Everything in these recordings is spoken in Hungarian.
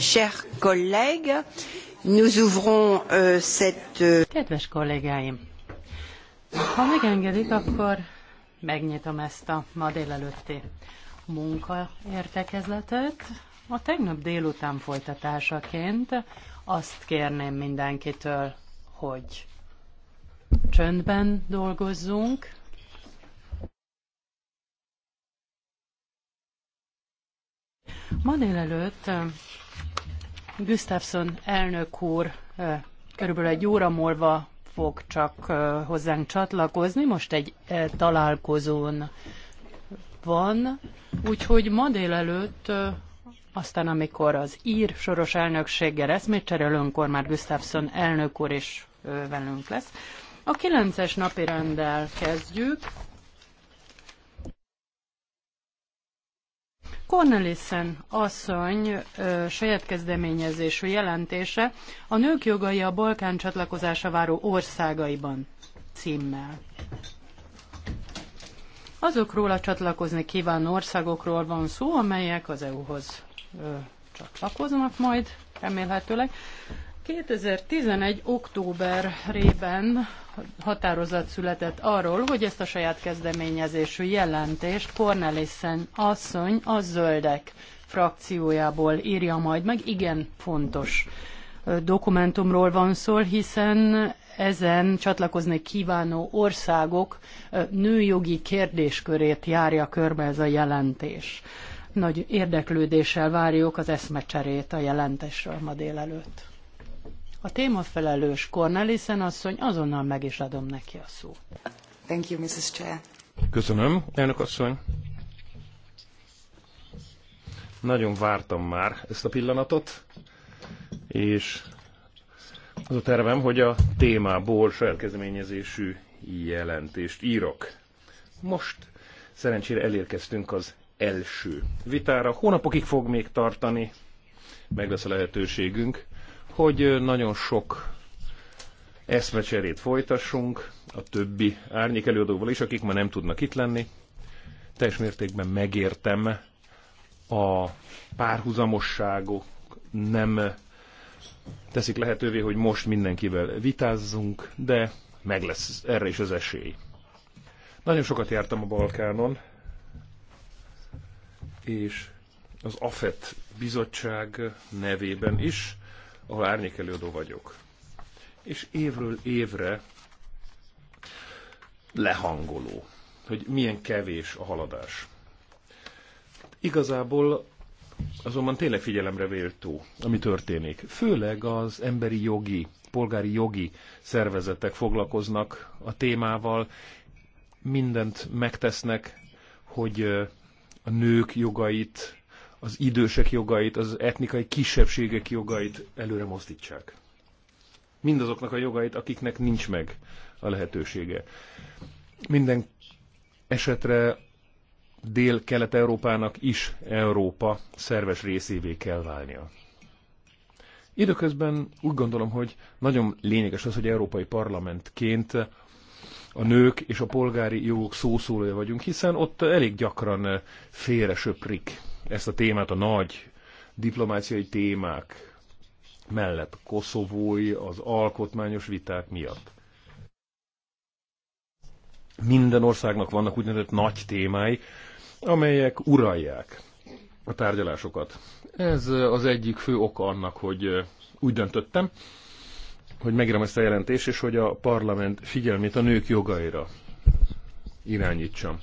Chers collègues, nous ouvrons euh, cette... Euh, Kedves kollégáim! Ha megengedik, akkor megnyitom ezt a ma délelőtti munkaértekezletet. A tegnap délután folytatásaként azt kérném mindenkitől, hogy csöndben dolgozzunk, Ma délelőtt Gustafsson elnök úr körülbelül egy óra múlva fog csak hozzánk csatlakozni. Most egy találkozón van, úgyhogy ma délelőtt aztán, amikor az ír soros elnökséggel eszmét cserél, önkor, már Gustafsson elnök úr is velünk lesz. A kilences napi rendel kezdjük. Cornelissen asszony ö, saját kezdeményezésű jelentése a nők jogai a Balkán csatlakozása váró országaiban címmel. Azokról a csatlakozni kíván országokról van szó, amelyek az EU-hoz csatlakoznak majd, remélhetőleg. 2011. októberében határozat született arról, hogy ezt a saját kezdeményezésű jelentést Cornelissen asszony a zöldek frakciójából írja majd meg. Igen fontos dokumentumról van szó, hiszen ezen csatlakozni kívánó országok nőjogi kérdéskörét járja körbe ez a jelentés. Nagy érdeklődéssel várjuk az eszmecserét a jelentésről ma délelőtt. A témafelelős Cornelissen asszony, azonnal meg is adom neki a szót. Thank you, Mrs. Chair. Köszönöm, elnök asszony. Nagyon vártam már ezt a pillanatot, és az a tervem, hogy a témából saját jelentést írok. Most szerencsére elérkeztünk az első vitára. Hónapokig fog még tartani, meg lesz a lehetőségünk hogy nagyon sok eszmecserét folytassunk a többi árnyék előadóval is, akik ma nem tudnak itt lenni. Teljes mértékben megértem a párhuzamosságok nem teszik lehetővé, hogy most mindenkivel vitázzunk, de meg lesz erre is az esély. Nagyon sokat jártam a Balkánon, és az AFET bizottság nevében is ahol árnyékelőadó vagyok. És évről évre lehangoló, hogy milyen kevés a haladás. Igazából azonban tényleg figyelemre véltó, ami történik. Főleg az emberi jogi, polgári jogi szervezetek foglalkoznak a témával, mindent megtesznek, hogy a nők jogait az idősek jogait, az etnikai kisebbségek jogait előre mozdítsák. Mindazoknak a jogait, akiknek nincs meg a lehetősége. Minden esetre Dél-Kelet-Európának is Európa szerves részévé kell válnia. Időközben úgy gondolom, hogy nagyon lényeges az, hogy Európai Parlamentként a nők és a polgári jogok szószólója vagyunk, hiszen ott elég gyakran félre söprik ezt a témát a nagy diplomáciai témák mellett, koszovói, az alkotmányos viták miatt. Minden országnak vannak úgynevezett nagy témái, amelyek uralják a tárgyalásokat. Ez az egyik fő oka annak, hogy úgy döntöttem, hogy megírom ezt a jelentést, és hogy a parlament figyelmét a nők jogaira irányítsam.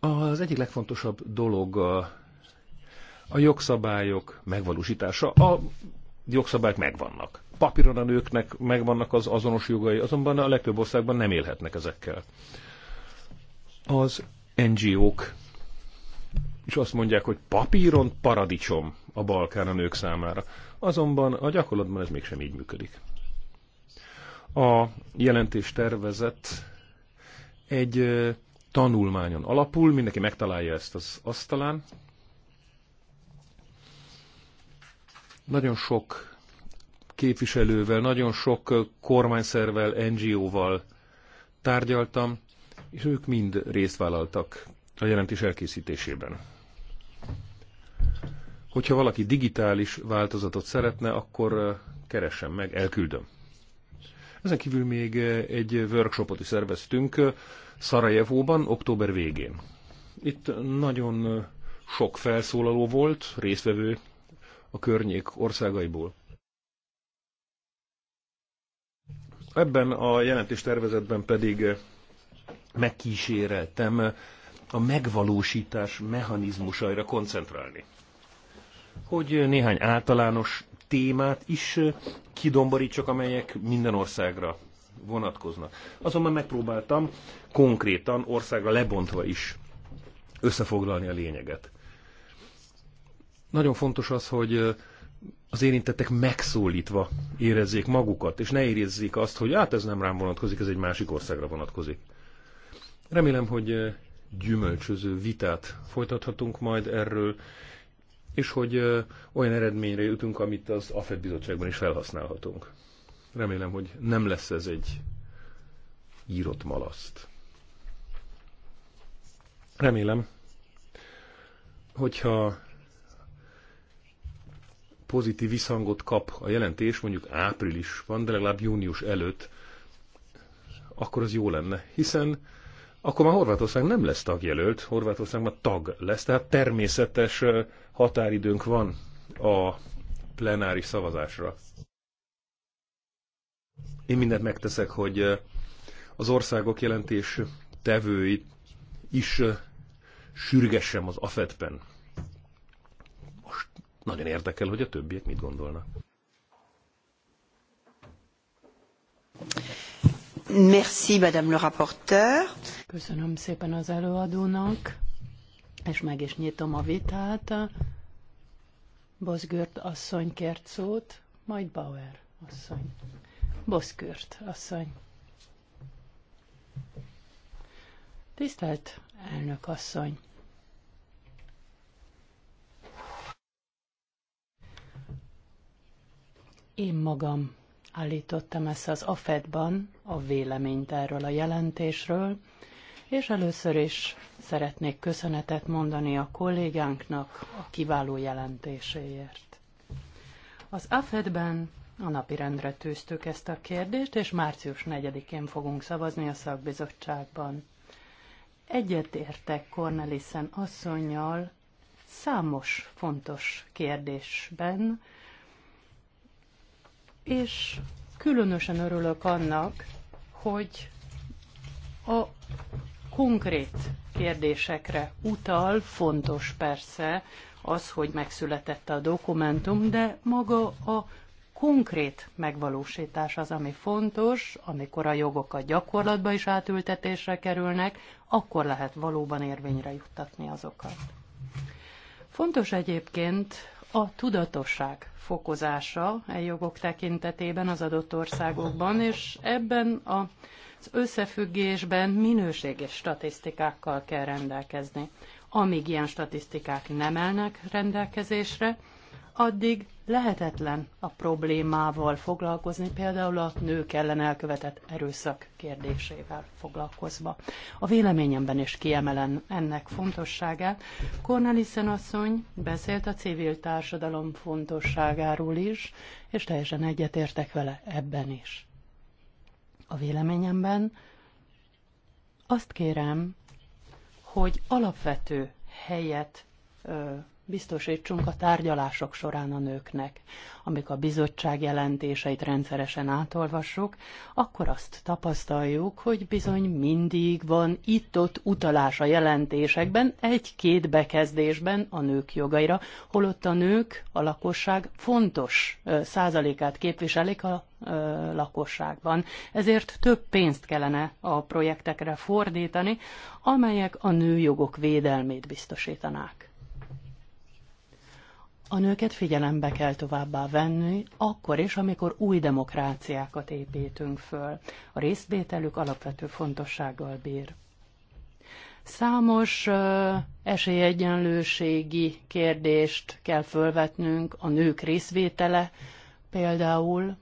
Az egyik legfontosabb dolog a, a jogszabályok megvalósítása. A jogszabályok megvannak. Papíron a nőknek megvannak az azonos jogai, azonban a legtöbb országban nem élhetnek ezekkel. Az NGO-k is azt mondják, hogy papíron paradicsom a Balkán a nők számára. Azonban a gyakorlatban ez mégsem így működik. A jelentés tervezet egy tanulmányon alapul, mindenki megtalálja ezt az asztalán. Nagyon sok képviselővel, nagyon sok kormányszervel, NGO-val tárgyaltam, és ők mind részt vállaltak a jelentés elkészítésében. Hogyha valaki digitális változatot szeretne, akkor keressen meg, elküldöm. Ezen kívül még egy workshopot is szerveztünk Szarajevóban október végén. Itt nagyon sok felszólaló volt, résztvevő a környék országaiból. Ebben a jelentés tervezetben pedig megkíséreltem a megvalósítás mechanizmusaira koncentrálni. Hogy néhány általános témát is kidomborítsak, amelyek minden országra vonatkoznak. Azonban megpróbáltam konkrétan országra lebontva is összefoglalni a lényeget. Nagyon fontos az, hogy az érintettek megszólítva érezzék magukat, és ne érezzék azt, hogy hát ez nem rám vonatkozik, ez egy másik országra vonatkozik. Remélem, hogy gyümölcsöző vitát folytathatunk majd erről, és hogy olyan eredményre jutunk, amit az AFED bizottságban is felhasználhatunk. Remélem, hogy nem lesz ez egy írott malaszt. Remélem, hogyha pozitív visszhangot kap a jelentés, mondjuk áprilisban, de legalább június előtt, akkor az jó lenne, hiszen akkor már Horvátország nem lesz tagjelölt, Horvátország már tag lesz, tehát természetes határidőnk van a plenáris szavazásra. Én mindent megteszek, hogy az országok jelentés tevőit is sürgessem az afetben. Most nagyon érdekel, hogy a többiek mit gondolnak. Merci, Madame le rapporteur. Köszönöm szépen az előadónak, és meg is nyitom a vitát. Bozgört asszony kért szót, majd Bauer asszony. Boszkürt asszony. Tisztelt elnök asszony! Én magam állítottam ezt az AFED-ban a véleményt erről a jelentésről, és először is szeretnék köszönetet mondani a kollégánknak a kiváló jelentéséért. Az AFED-ben a napi rendre tűztük ezt a kérdést, és március 4-én fogunk szavazni a szakbizottságban. Egyetértek Cornelissen asszonynal számos fontos kérdésben, és különösen örülök annak, hogy a konkrét kérdésekre utal, fontos persze az, hogy megszületett a dokumentum, de maga a konkrét megvalósítás az, ami fontos, amikor a jogok a gyakorlatba is átültetésre kerülnek, akkor lehet valóban érvényre juttatni azokat. Fontos egyébként a tudatosság fokozása e jogok tekintetében az adott országokban, és ebben az összefüggésben minőségi statisztikákkal kell rendelkezni. Amíg ilyen statisztikák nem elnek rendelkezésre, addig Lehetetlen a problémával foglalkozni, például a nők ellen elkövetett erőszak kérdésével foglalkozva. A véleményemben is kiemelen ennek fontosságát. Cornelissen asszony beszélt a civil társadalom fontosságáról is, és teljesen egyetértek vele ebben is. A véleményemben azt kérem, hogy alapvető helyet ö, biztosítsunk a tárgyalások során a nőknek. amik a bizottság jelentéseit rendszeresen átolvassuk, akkor azt tapasztaljuk, hogy bizony mindig van itt-ott utalás a jelentésekben, egy-két bekezdésben a nők jogaira, holott a nők, a lakosság fontos százalékát képviselik a lakosságban. Ezért több pénzt kellene a projektekre fordítani, amelyek a nőjogok védelmét biztosítanák. A nőket figyelembe kell továbbá venni, akkor is, amikor új demokráciákat építünk föl. A részvételük alapvető fontossággal bír. Számos uh, esélyegyenlőségi kérdést kell fölvetnünk, a nők részvétele például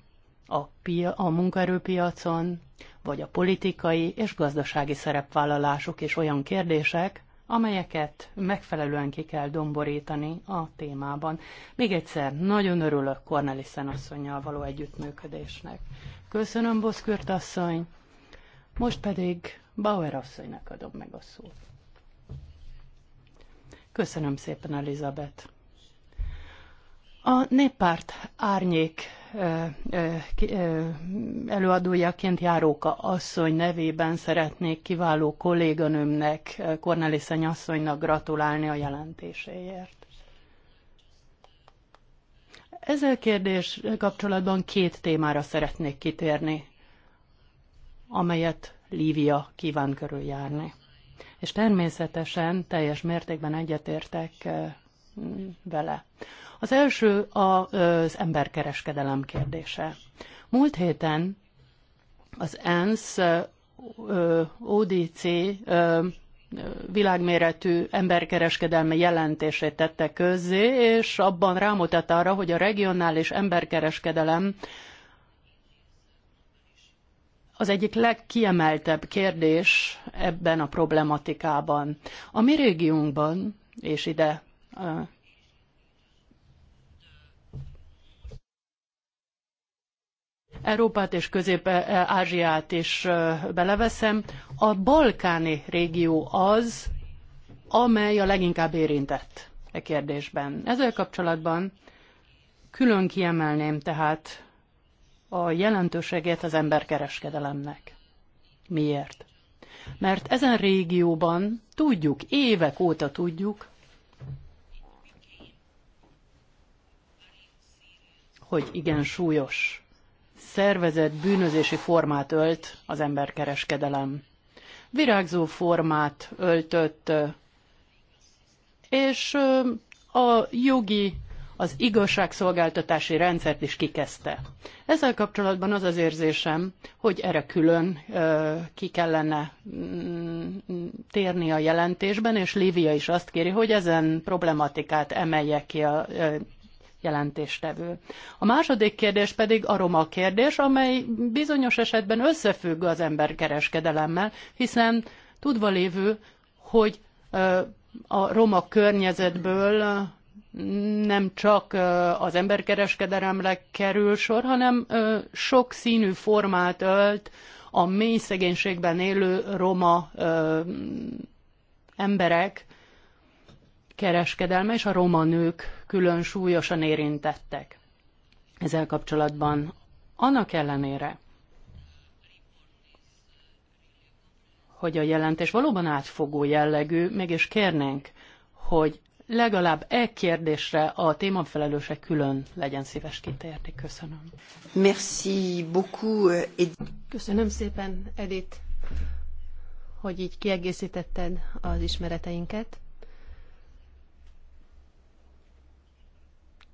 a, pia- a munkaerőpiacon, vagy a politikai és gazdasági szerepvállalások és olyan kérdések, amelyeket megfelelően ki kell domborítani a témában. Még egyszer, nagyon örülök Cornelissen asszonynal való együttműködésnek. Köszönöm, Boszkürt asszony. Most pedig Bauer asszonynak adom meg a szót. Köszönöm szépen, Elizabeth. A néppárt árnyék előadójaként Járóka asszony nevében szeretnék kiváló kolléganőmnek, Cornelissen asszonynak gratulálni a jelentéséért. Ezzel kérdés kapcsolatban két témára szeretnék kitérni, amelyet Lívia kíván körüljárni. És természetesen teljes mértékben egyetértek vele. Az első az emberkereskedelem kérdése. Múlt héten az ENSZ ODC világméretű emberkereskedelmi jelentését tette közzé, és abban rámutatta arra, hogy a regionális emberkereskedelem az egyik legkiemeltebb kérdés ebben a problematikában. A mi régiónkban, és ide Európát és Közép-Ázsiát is beleveszem, a balkáni régió az, amely a leginkább érintett e kérdésben. Ezzel kapcsolatban külön kiemelném tehát a jelentőségét az emberkereskedelemnek. Miért? Mert ezen régióban tudjuk, évek óta tudjuk, hogy igen súlyos szervezett bűnözési formát ölt az emberkereskedelem. Virágzó formát öltött, és a jogi, az igazságszolgáltatási rendszert is kikezdte. Ezzel kapcsolatban az az érzésem, hogy erre külön ki kellene mm, térni a jelentésben, és Lívia is azt kéri, hogy ezen problematikát emelje ki a jelentéstevő. A második kérdés pedig a roma kérdés, amely bizonyos esetben összefügg az emberkereskedelemmel, hiszen tudva lévő, hogy a roma környezetből nem csak az emberkereskedelemre kerül sor, hanem sok színű formát ölt a mély szegénységben élő roma emberek kereskedelme, és a roma nők külön súlyosan érintettek ezzel kapcsolatban. Annak ellenére, hogy a jelentés valóban átfogó jellegű, meg is kérnénk, hogy legalább e kérdésre a témafelelőse külön legyen szíves kitérni. Köszönöm. Merci beaucoup, Ed- Köszönöm szépen, Edith, hogy így kiegészítetted az ismereteinket.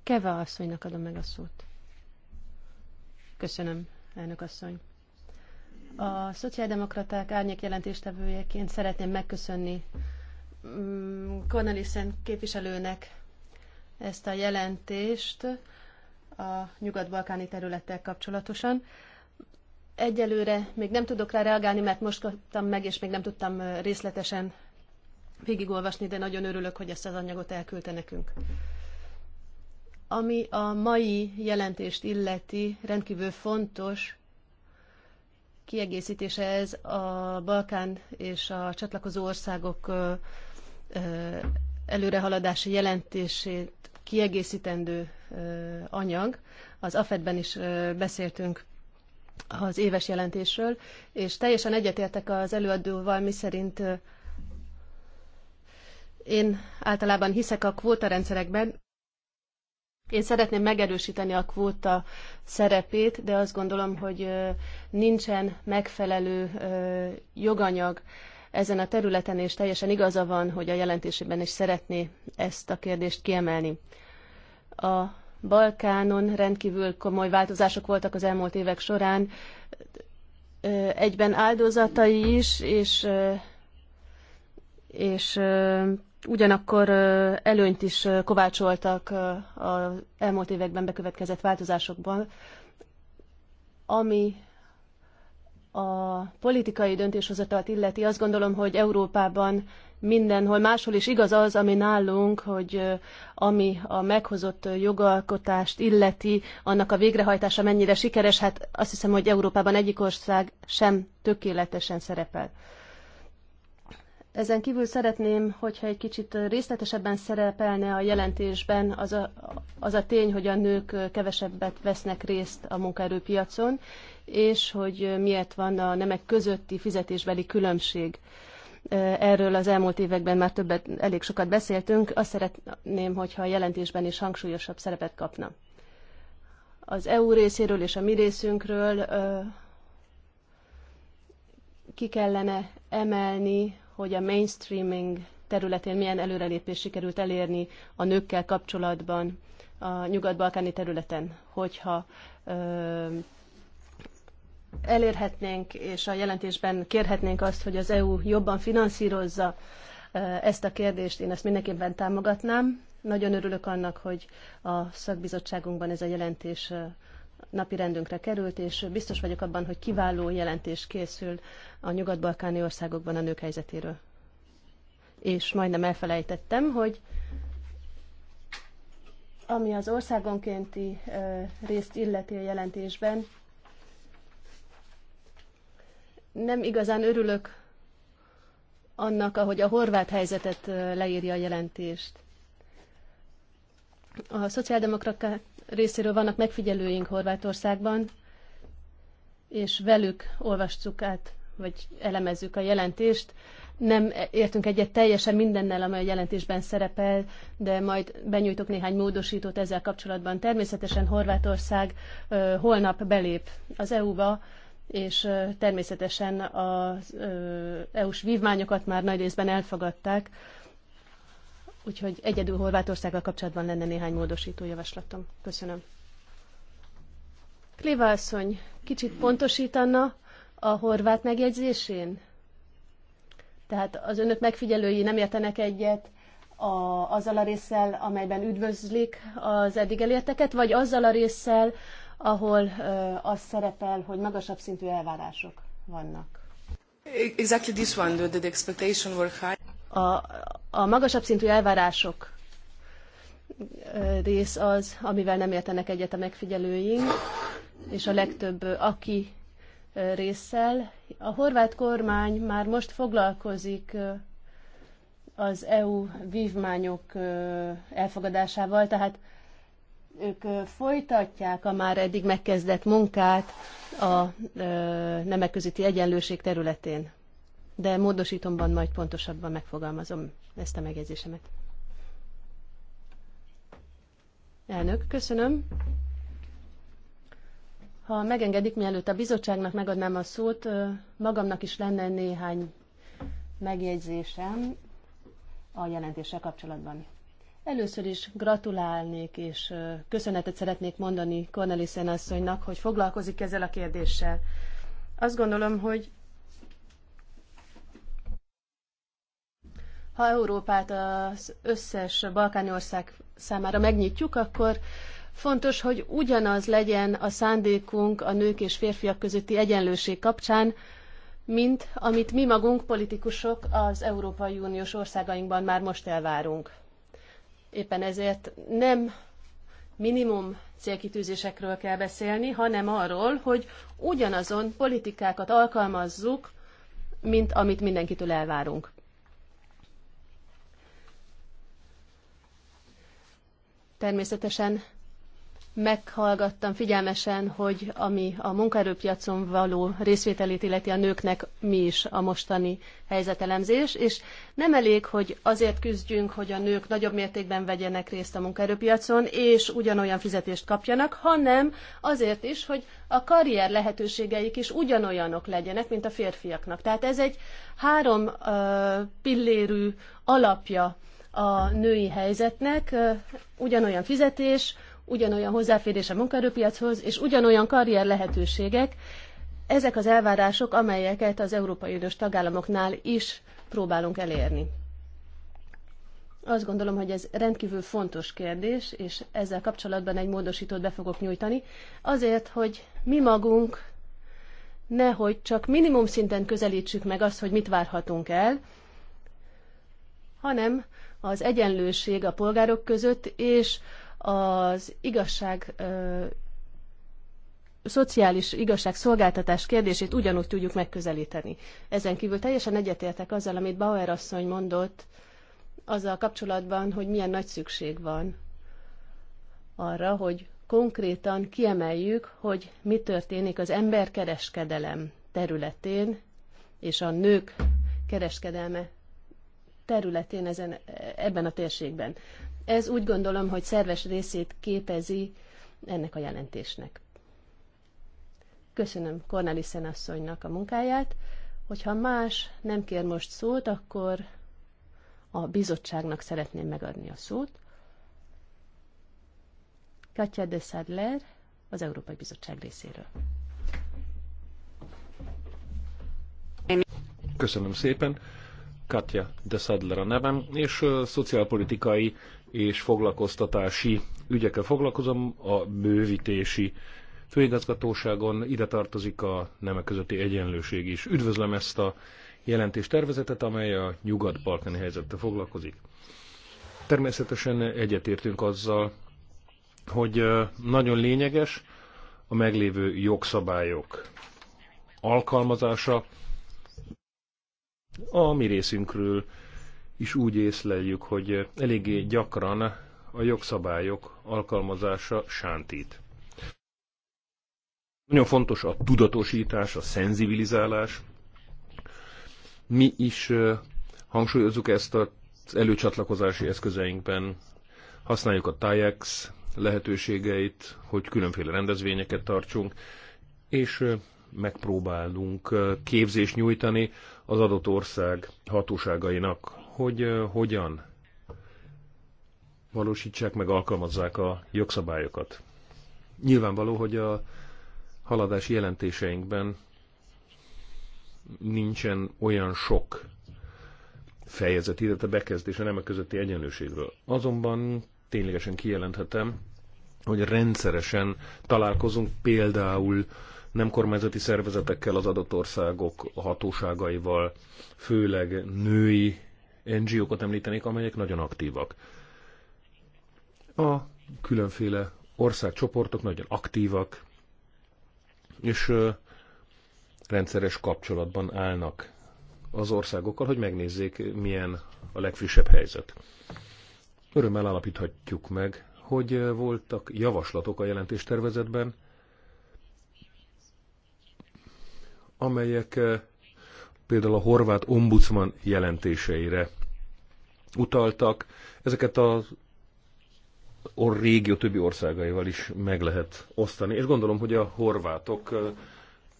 Keve asszonynak adom meg a szót. Köszönöm, elnök asszony. A szociáldemokraták árnyék jelentéstevőjeként szeretném megköszönni mm, Cornelissen képviselőnek ezt a jelentést a nyugat-balkáni területtel kapcsolatosan. Egyelőre még nem tudok rá reagálni, mert most kaptam meg, és még nem tudtam részletesen végigolvasni, de nagyon örülök, hogy ezt az anyagot elküldte nekünk. Ami a mai jelentést illeti, rendkívül fontos kiegészítése ez a Balkán és a csatlakozó országok előrehaladási jelentését kiegészítendő anyag. Az AFED-ben is beszéltünk az éves jelentésről, és teljesen egyetértek az előadóval, miszerint én általában hiszek a kvótarendszerekben, én szeretném megerősíteni a kvóta szerepét, de azt gondolom, hogy nincsen megfelelő joganyag ezen a területen, és teljesen igaza van, hogy a jelentésében is szeretné ezt a kérdést kiemelni. A Balkánon rendkívül komoly változások voltak az elmúlt évek során, egyben áldozatai is, és, és ugyanakkor előnyt is kovácsoltak az elmúlt években bekövetkezett változásokban, ami a politikai döntéshozatalt illeti, azt gondolom, hogy Európában mindenhol máshol is igaz az, ami nálunk, hogy ami a meghozott jogalkotást illeti, annak a végrehajtása mennyire sikeres, hát azt hiszem, hogy Európában egyik ország sem tökéletesen szerepel. Ezen kívül szeretném, hogyha egy kicsit részletesebben szerepelne a jelentésben az a, az a tény, hogy a nők kevesebbet vesznek részt a munkaerőpiacon, és hogy miért van a nemek közötti fizetésbeli különbség. Erről az elmúlt években már többet, elég sokat beszéltünk. Azt szeretném, hogyha a jelentésben is hangsúlyosabb szerepet kapna. Az EU részéről és a mi részünkről ki kellene emelni hogy a mainstreaming területén milyen előrelépés sikerült elérni a nőkkel kapcsolatban a nyugat-balkáni területen, hogyha ö, elérhetnénk, és a jelentésben kérhetnénk azt, hogy az EU jobban finanszírozza ezt a kérdést, én ezt mindenképpen támogatnám. Nagyon örülök annak, hogy a szakbizottságunkban ez a jelentés napi rendünkre került, és biztos vagyok abban, hogy kiváló jelentés készül a nyugat-balkáni országokban a nők helyzetéről. És majdnem elfelejtettem, hogy ami az országonkénti részt illeti a jelentésben, nem igazán örülök annak, ahogy a horvát helyzetet leírja a jelentést. A szociáldemokraták részéről vannak megfigyelőink Horvátországban, és velük olvastuk át, vagy elemezzük a jelentést. Nem értünk egyet teljesen mindennel, amely a jelentésben szerepel, de majd benyújtok néhány módosítót ezzel kapcsolatban. Természetesen Horvátország holnap belép az EU-ba, és természetesen az EU-s vívmányokat már nagy részben elfogadták, Úgyhogy egyedül Horvátországgal kapcsolatban lenne néhány módosító javaslatom. Köszönöm. Kléva asszony, kicsit pontosítana a horvát megjegyzésén? Tehát az önök megfigyelői nem értenek egyet a, azzal a résszel, amelyben üdvözlik az eddig elérteket, vagy azzal a résszel, ahol ö, az szerepel, hogy magasabb szintű elvárások vannak? Exactly this one, the expectation were high. A, a magasabb szintű elvárások rész az, amivel nem értenek egyet a megfigyelőink, és a legtöbb aki részsel. A horvát kormány már most foglalkozik az EU vívmányok elfogadásával, tehát ők folytatják a már eddig megkezdett munkát a nemek közötti egyenlőség területén de módosítomban majd pontosabban megfogalmazom ezt a megjegyzésemet. Elnök, köszönöm. Ha megengedik, mielőtt a bizottságnak megadnám a szót, magamnak is lenne néhány megjegyzésem a jelentéssel kapcsolatban. Először is gratulálnék és köszönetet szeretnék mondani Cornelissen asszonynak, hogy foglalkozik ezzel a kérdéssel. Azt gondolom, hogy Ha Európát az összes balkáni ország számára megnyitjuk, akkor fontos, hogy ugyanaz legyen a szándékunk a nők és férfiak közötti egyenlőség kapcsán, mint amit mi magunk, politikusok az Európai Uniós országainkban már most elvárunk. Éppen ezért nem minimum célkitűzésekről kell beszélni, hanem arról, hogy ugyanazon politikákat alkalmazzuk, mint amit mindenkitől elvárunk. természetesen meghallgattam figyelmesen, hogy ami a munkaerőpiacon való részvételét illeti a nőknek, mi is a mostani helyzetelemzés, és nem elég, hogy azért küzdjünk, hogy a nők nagyobb mértékben vegyenek részt a munkaerőpiacon, és ugyanolyan fizetést kapjanak, hanem azért is, hogy a karrier lehetőségeik is ugyanolyanok legyenek, mint a férfiaknak. Tehát ez egy három uh, pillérű alapja a női helyzetnek, ugyanolyan fizetés, ugyanolyan hozzáférés a munkaerőpiachoz, és ugyanolyan karrier lehetőségek. Ezek az elvárások, amelyeket az Európai Uniós tagállamoknál is próbálunk elérni. Azt gondolom, hogy ez rendkívül fontos kérdés, és ezzel kapcsolatban egy módosítót be fogok nyújtani, azért, hogy mi magunk nehogy csak minimum szinten közelítsük meg azt, hogy mit várhatunk el, hanem az egyenlőség a polgárok között, és az igazság szociális igazságszolgáltatás kérdését ugyanúgy tudjuk megközelíteni. Ezen kívül teljesen egyetértek azzal, amit Bauer asszony mondott, azzal kapcsolatban, hogy milyen nagy szükség van arra, hogy konkrétan kiemeljük, hogy mi történik az emberkereskedelem területén és a nők kereskedelme területén ezen, ebben a térségben. Ez úgy gondolom, hogy szerves részét képezi ennek a jelentésnek. Köszönöm Cornelissen asszonynak a munkáját. Hogyha más nem kér most szót, akkor a bizottságnak szeretném megadni a szót. Katja de Sadler az Európai Bizottság részéről. Köszönöm szépen. Katja de Sadler a nevem, és szociálpolitikai és foglalkoztatási ügyekkel foglalkozom a bővítési főigazgatóságon. Ide tartozik a nemek közötti egyenlőség is. Üdvözlöm ezt a tervezetet amely a nyugat balkani helyzettel foglalkozik. Természetesen egyetértünk azzal, hogy nagyon lényeges a meglévő jogszabályok alkalmazása, a mi részünkről is úgy észleljük, hogy eléggé gyakran a jogszabályok alkalmazása sántít. Nagyon fontos a tudatosítás, a szenzibilizálás. Mi is hangsúlyozzuk ezt az előcsatlakozási eszközeinkben. Használjuk a TAIEX lehetőségeit, hogy különféle rendezvényeket tartsunk, és megpróbálunk képzést nyújtani az adott ország hatóságainak, hogy hogyan valósítsák meg, alkalmazzák a jogszabályokat. Nyilvánvaló, hogy a haladás jelentéseinkben nincsen olyan sok fejezet, illetve bekezdés a nemek közötti egyenlőségről. Azonban ténylegesen kijelenthetem, hogy rendszeresen találkozunk például nem kormányzati szervezetekkel, az adott országok hatóságaival, főleg női NGO-kat említenék, amelyek nagyon aktívak. A különféle országcsoportok nagyon aktívak, és rendszeres kapcsolatban állnak az országokkal, hogy megnézzék, milyen a legfrissebb helyzet. Örömmel állapíthatjuk meg, hogy voltak javaslatok a jelentéstervezetben, amelyek eh, például a horvát ombudsman jelentéseire utaltak. Ezeket a a régió többi országaival is meg lehet osztani, és gondolom, hogy a horvátok eh,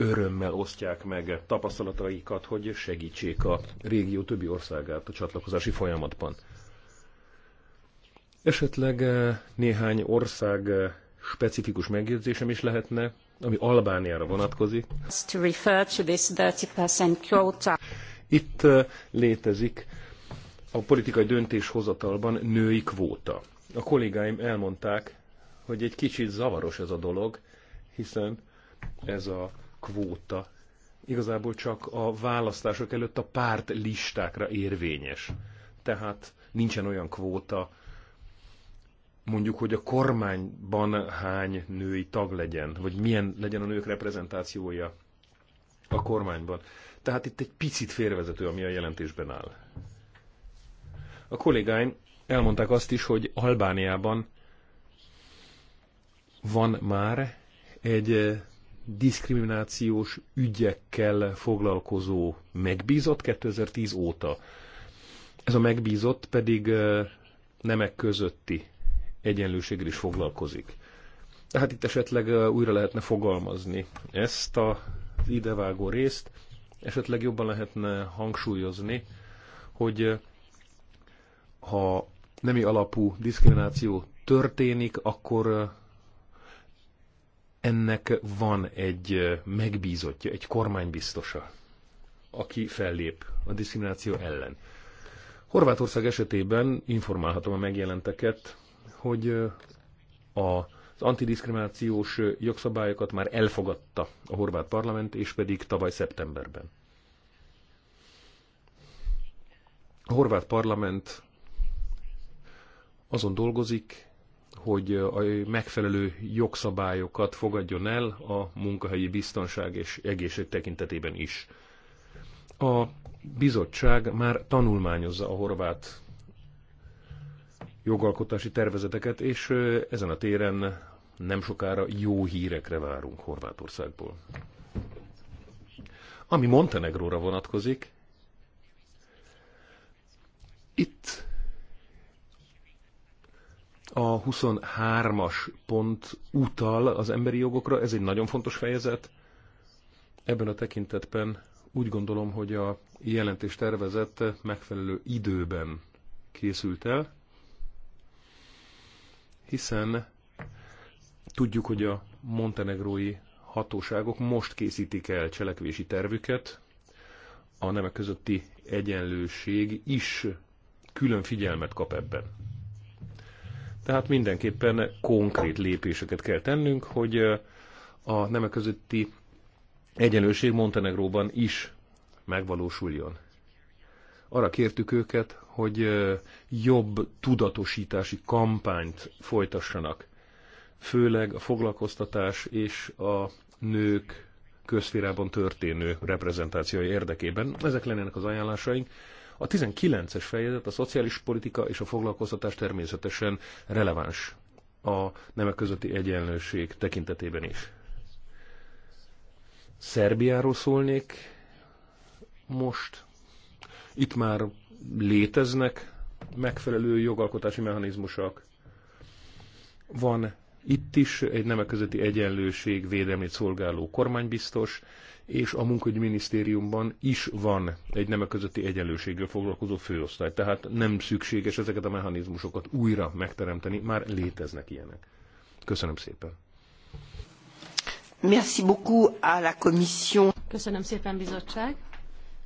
örömmel osztják meg tapasztalataikat, hogy segítsék a régió többi országát a csatlakozási folyamatban. Esetleg eh, néhány ország specifikus megjegyzésem is lehetne, ami Albániára vonatkozik. To refer to this 30% quota. Itt létezik a politikai döntéshozatalban női kvóta. A kollégáim elmondták, hogy egy kicsit zavaros ez a dolog, hiszen ez a kvóta igazából csak a választások előtt a párt listákra érvényes. Tehát nincsen olyan kvóta, mondjuk, hogy a kormányban hány női tag legyen, vagy milyen legyen a nők reprezentációja a kormányban. Tehát itt egy picit félrevezető, ami a jelentésben áll. A kollégáim elmondták azt is, hogy Albániában van már egy eh, diszkriminációs ügyekkel foglalkozó megbízott 2010 óta. Ez a megbízott pedig eh, nemek közötti egyenlőséggel is foglalkozik. Tehát itt esetleg újra lehetne fogalmazni ezt a idevágó részt, esetleg jobban lehetne hangsúlyozni, hogy ha nemi alapú diszkrimináció történik, akkor ennek van egy megbízottja, egy kormánybiztosa, aki fellép a diszkrimináció ellen. Horvátország esetében informálhatom a megjelenteket hogy a az antidiskriminációs jogszabályokat már elfogadta a horvát parlament, és pedig tavaly szeptemberben. A horvát parlament azon dolgozik, hogy a megfelelő jogszabályokat fogadjon el a munkahelyi biztonság és egészség tekintetében is. A bizottság már tanulmányozza a horvát jogalkotási tervezeteket, és ezen a téren nem sokára jó hírekre várunk Horvátországból. Ami Montenegróra vonatkozik, itt a 23-as pont utal az emberi jogokra, ez egy nagyon fontos fejezet. Ebben a tekintetben úgy gondolom, hogy a jelentés tervezet megfelelő időben készült el, hiszen tudjuk, hogy a montenegrói hatóságok most készítik el cselekvési tervüket, a nemek közötti egyenlőség is külön figyelmet kap ebben. Tehát mindenképpen konkrét lépéseket kell tennünk, hogy a nemek közötti egyenlőség Montenegróban is megvalósuljon. Arra kértük őket, hogy jobb tudatosítási kampányt folytassanak, főleg a foglalkoztatás és a nők közférában történő reprezentációi érdekében. Ezek lennének az ajánlásaink. A 19-es fejezet, a szociális politika és a foglalkoztatás természetesen releváns a nemek közötti egyenlőség tekintetében is. Szerbiáról szólnék most. Itt már léteznek megfelelő jogalkotási mechanizmusok. Van itt is egy nemek közötti egyenlőség védelmét szolgáló kormánybiztos, és a munkaügyminisztériumban is van egy nemek közötti egyenlőséggel foglalkozó főosztály. Tehát nem szükséges ezeket a mechanizmusokat újra megteremteni, már léteznek ilyenek. Köszönöm szépen. Merci beaucoup à la commission. Köszönöm szépen, bizottság.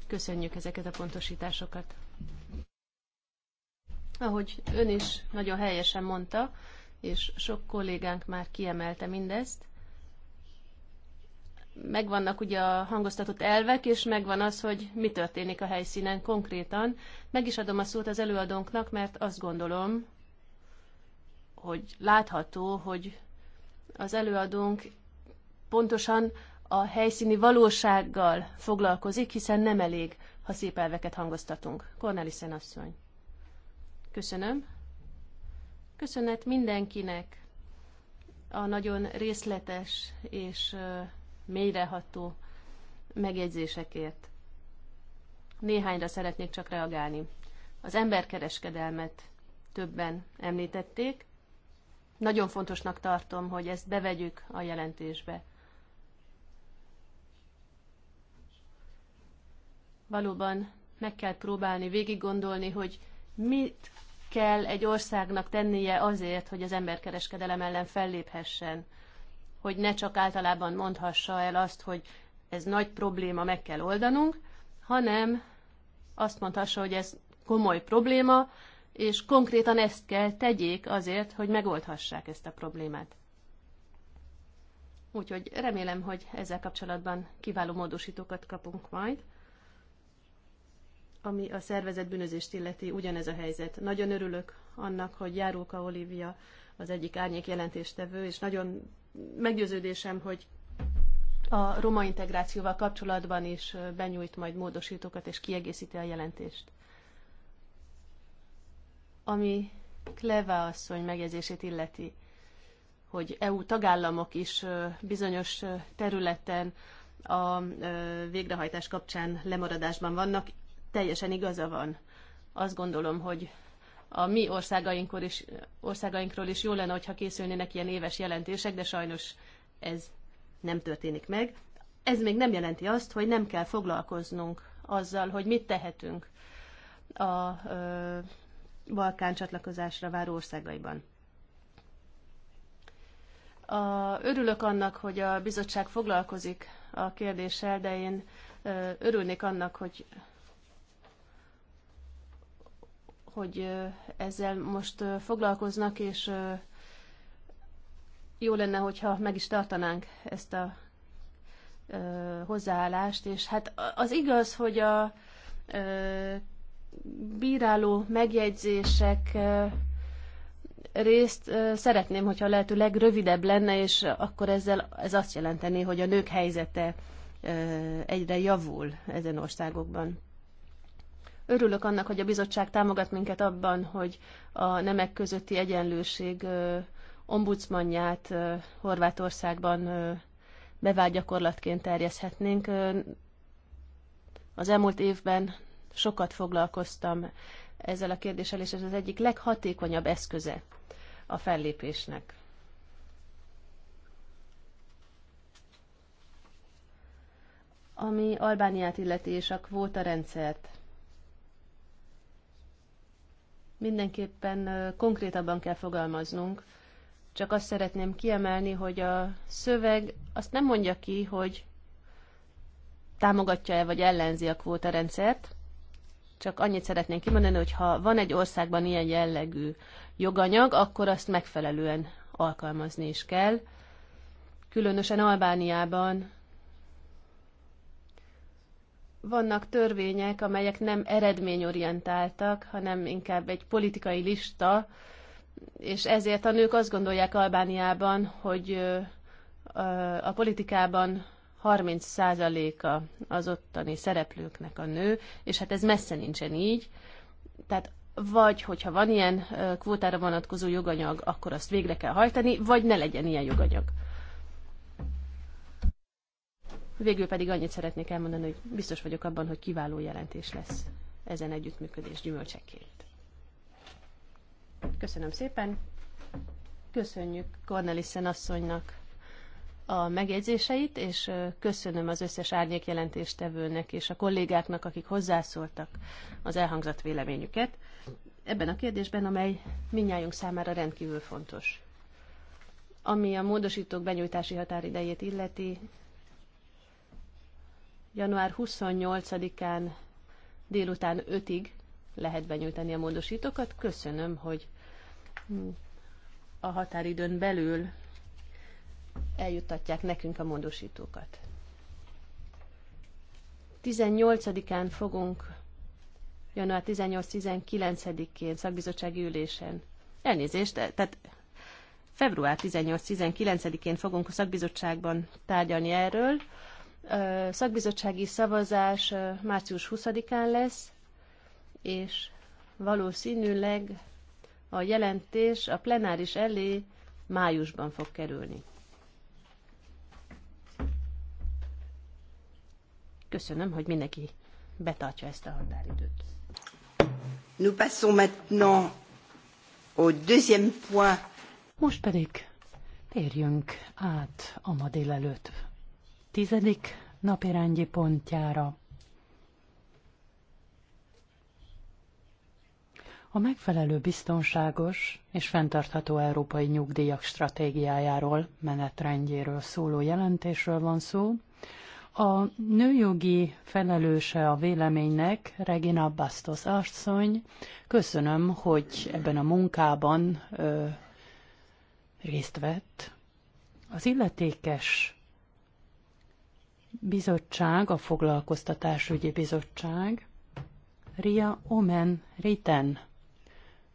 Köszönjük ezeket a pontosításokat. Ahogy ön is nagyon helyesen mondta, és sok kollégánk már kiemelte mindezt, megvannak ugye a hangoztatott elvek, és megvan az, hogy mi történik a helyszínen konkrétan. Meg is adom a szót az előadónknak, mert azt gondolom, hogy látható, hogy az előadónk pontosan a helyszíni valósággal foglalkozik, hiszen nem elég, ha szép elveket hangoztatunk. Cornelissen asszony. Köszönöm. Köszönet mindenkinek a nagyon részletes és mélyreható megjegyzésekért. Néhányra szeretnék csak reagálni. Az emberkereskedelmet többen említették. Nagyon fontosnak tartom, hogy ezt bevegyük a jelentésbe. valóban meg kell próbálni végig gondolni, hogy mit kell egy országnak tennie azért, hogy az emberkereskedelem ellen felléphessen, hogy ne csak általában mondhassa el azt, hogy ez nagy probléma, meg kell oldanunk, hanem azt mondhassa, hogy ez komoly probléma, és konkrétan ezt kell tegyék azért, hogy megoldhassák ezt a problémát. Úgyhogy remélem, hogy ezzel kapcsolatban kiváló módosítókat kapunk majd ami a szervezet bűnözést illeti, ugyanez a helyzet. Nagyon örülök annak, hogy Járóka Olivia az egyik árnyék jelentéstevő, és nagyon meggyőződésem, hogy a roma integrációval kapcsolatban is benyújt majd módosítókat, és kiegészíti a jelentést. Ami Kleva asszony megjegyzését illeti, hogy EU tagállamok is bizonyos területen a végrehajtás kapcsán lemaradásban vannak teljesen igaza van. Azt gondolom, hogy a mi országainkról is, országainkról is jó lenne, hogyha készülnének ilyen éves jelentések, de sajnos ez nem történik meg. Ez még nem jelenti azt, hogy nem kell foglalkoznunk azzal, hogy mit tehetünk a ö, Balkán csatlakozásra váró országaiban. A, örülök annak, hogy a bizottság foglalkozik a kérdéssel, de én ö, örülnék annak, hogy hogy ezzel most foglalkoznak, és jó lenne, hogyha meg is tartanánk ezt a hozzáállást, és hát az igaz, hogy a bíráló megjegyzések részt szeretném, hogyha a lehető legrövidebb lenne, és akkor ezzel ez azt jelenteni, hogy a nők helyzete egyre javul ezen országokban. Örülök annak, hogy a bizottság támogat minket abban, hogy a nemek közötti egyenlőség ombudsmanját Horvátországban bevált gyakorlatként terjeszhetnénk. Az elmúlt évben sokat foglalkoztam ezzel a kérdéssel, és ez az egyik leghatékonyabb eszköze a fellépésnek. Ami Albániát illeti és a kvóta rendszert mindenképpen konkrétabban kell fogalmaznunk. Csak azt szeretném kiemelni, hogy a szöveg azt nem mondja ki, hogy támogatja-e vagy ellenzi a kvótarendszert, csak annyit szeretnénk kimondani, hogy ha van egy országban ilyen jellegű joganyag, akkor azt megfelelően alkalmazni is kell. Különösen Albániában vannak törvények, amelyek nem eredményorientáltak, hanem inkább egy politikai lista, és ezért a nők azt gondolják Albániában, hogy a politikában 30%-a az ottani szereplőknek a nő, és hát ez messze nincsen így. Tehát vagy hogyha van ilyen kvótára vonatkozó joganyag, akkor azt végre kell hajtani, vagy ne legyen ilyen joganyag. Végül pedig annyit szeretnék elmondani, hogy biztos vagyok abban, hogy kiváló jelentés lesz ezen együttműködés gyümölcsekként. Köszönöm szépen. Köszönjük Cornelissen asszonynak a megjegyzéseit, és köszönöm az összes árnyék jelentéstevőnek és a kollégáknak, akik hozzászóltak az elhangzott véleményüket ebben a kérdésben, amely minnyájunk számára rendkívül fontos. Ami a módosítók benyújtási határidejét illeti, január 28-án délután 5-ig lehet benyújtani a módosítókat. Köszönöm, hogy a határidőn belül eljuttatják nekünk a módosítókat. 18-án fogunk, január 18-19-én szakbizottsági ülésen, elnézést, tehát február 18-19-én fogunk a szakbizottságban tárgyalni erről, szakbizottsági szavazás március 20-án lesz, és valószínűleg a jelentés a plenáris elé májusban fog kerülni. Köszönöm, hogy mindenki betartja ezt a határidőt. Nous passons maintenant au deuxième point. Most pedig térjünk át a ma délelőtt tizedik napirendi pontjára. A megfelelő biztonságos és fenntartható európai nyugdíjak stratégiájáról, menetrendjéről szóló jelentésről van szó. A nőjogi felelőse a véleménynek, Regina Bastos Arszony, köszönöm, hogy ebben a munkában ö, részt vett. Az illetékes bizottság, a foglalkoztatásügyi bizottság, Ria Omen Riten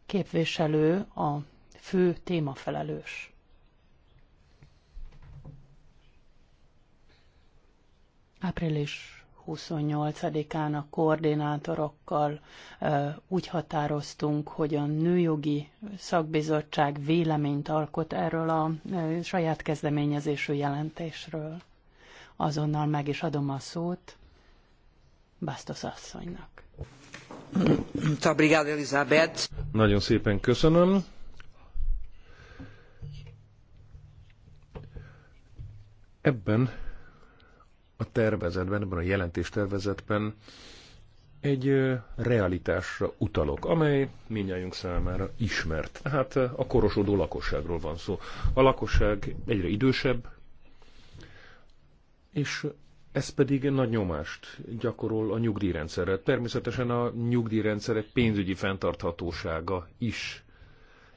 képviselő a fő témafelelős. Április 28-án a koordinátorokkal úgy határoztunk, hogy a Nőjogi Szakbizottság véleményt alkot erről a saját kezdeményezésű jelentésről azonnal meg is adom a szót Bastos asszonynak. Elizabeth. Nagyon szépen köszönöm. Ebben a tervezetben, ebben a jelentéstervezetben egy realitásra utalok, amely minnyájunk számára ismert. Hát a korosodó lakosságról van szó. A lakosság egyre idősebb, és ez pedig nagy nyomást gyakorol a nyugdíjrendszerre. Természetesen a nyugdíjrendszerek pénzügyi fenntarthatósága is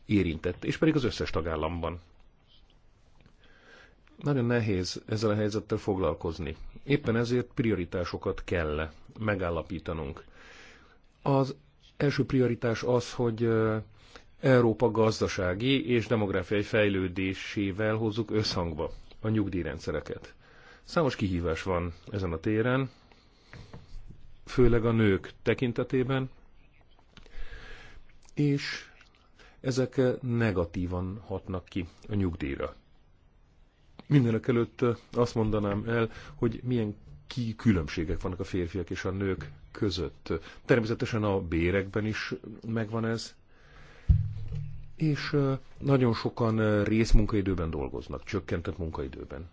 érintett, és pedig az összes tagállamban. Nagyon nehéz ezzel a helyzettel foglalkozni. Éppen ezért prioritásokat kell megállapítanunk. Az első prioritás az, hogy Európa gazdasági és demográfiai fejlődésével hozzuk összhangba a nyugdíjrendszereket. Számos kihívás van ezen a téren, főleg a nők tekintetében, és ezek negatívan hatnak ki a nyugdíjra. Mindenek előtt azt mondanám el, hogy milyen ki különbségek vannak a férfiak és a nők között. Természetesen a bérekben is megvan ez, és nagyon sokan részmunkaidőben dolgoznak, csökkentett munkaidőben.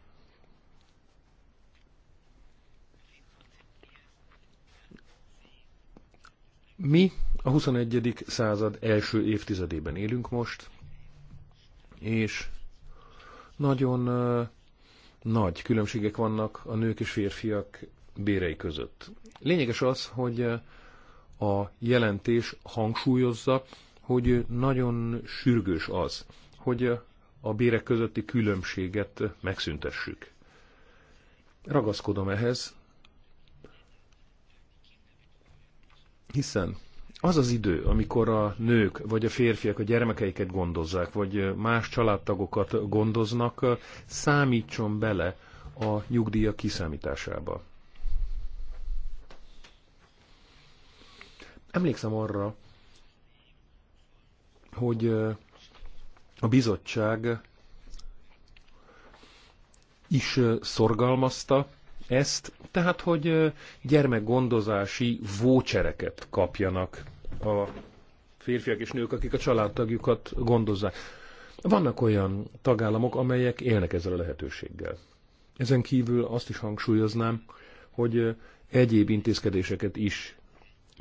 Mi a 21. század első évtizedében élünk most, és nagyon nagy különbségek vannak a nők és férfiak bérei között. Lényeges az, hogy a jelentés hangsúlyozza, hogy nagyon sürgős az, hogy a bérek közötti különbséget megszüntessük. Ragaszkodom ehhez, Hiszen az az idő, amikor a nők vagy a férfiak a gyermekeiket gondozzák, vagy más családtagokat gondoznak, számítson bele a nyugdíja kiszámításába. Emlékszem arra, hogy a bizottság is szorgalmazta ezt, tehát hogy gyermekgondozási vócsereket kapjanak a férfiak és nők, akik a családtagjukat gondozzák. Vannak olyan tagállamok, amelyek élnek ezzel a lehetőséggel. Ezen kívül azt is hangsúlyoznám, hogy egyéb intézkedéseket is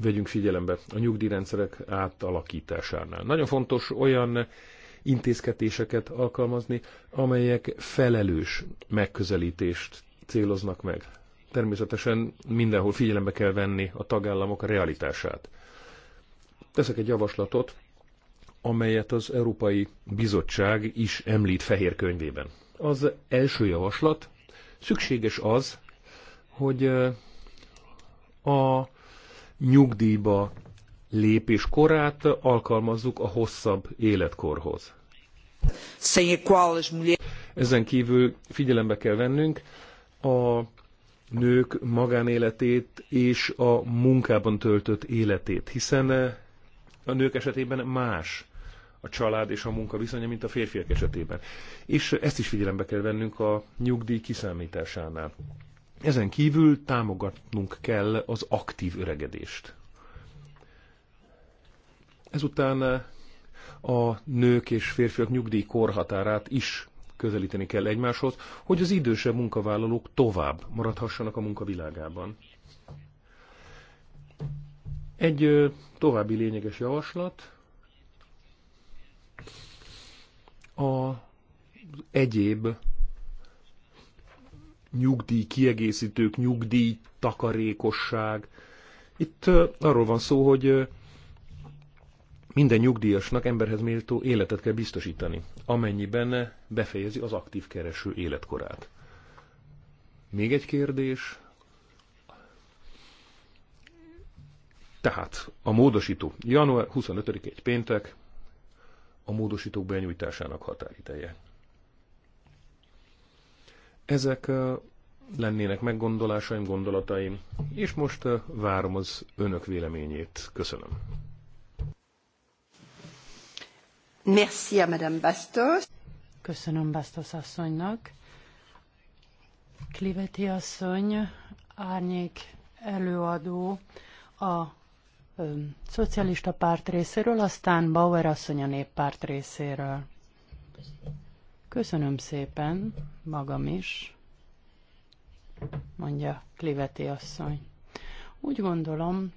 vegyünk figyelembe a nyugdíjrendszerek átalakításánál. Nagyon fontos olyan intézkedéseket alkalmazni, amelyek felelős megközelítést céloznak meg. Természetesen mindenhol figyelembe kell venni a tagállamok realitását. Teszek egy javaslatot, amelyet az Európai Bizottság is említ fehér könyvében. Az első javaslat szükséges az, hogy a nyugdíjba lépés korát alkalmazzuk a hosszabb életkorhoz. Ezen kívül figyelembe kell vennünk, a nők magánéletét és a munkában töltött életét, hiszen eh, a nők esetében más a család és a munka viszonya, mint a férfiak esetében. És ezt is figyelembe kell vennünk a nyugdíj kiszámításánál. Ezen kívül támogatnunk kell az aktív öregedést. Ezután eh, a nők és férfiak nyugdíj korhatárát is közelíteni kell egymáshoz, hogy az idősebb munkavállalók tovább maradhassanak a munkavilágában. Egy további lényeges javaslat a egyéb nyugdíj kiegészítők, nyugdíj takarékosság. Itt arról van szó, hogy minden nyugdíjasnak emberhez méltó életet kell biztosítani amennyiben befejezi az aktív kereső életkorát. Még egy kérdés. Tehát a módosító. Január 25 egy péntek a módosítók benyújtásának határideje. Ezek lennének meggondolásaim, gondolataim, és most várom az önök véleményét. Köszönöm. Merci à Madame Bastos. Köszönöm Bastos asszonynak. Kliveti asszony, árnyék előadó a ö, szocialista párt részéről, aztán Bauer asszony a néppárt részéről. Köszönöm szépen, magam is, mondja Kliveti asszony. Úgy gondolom,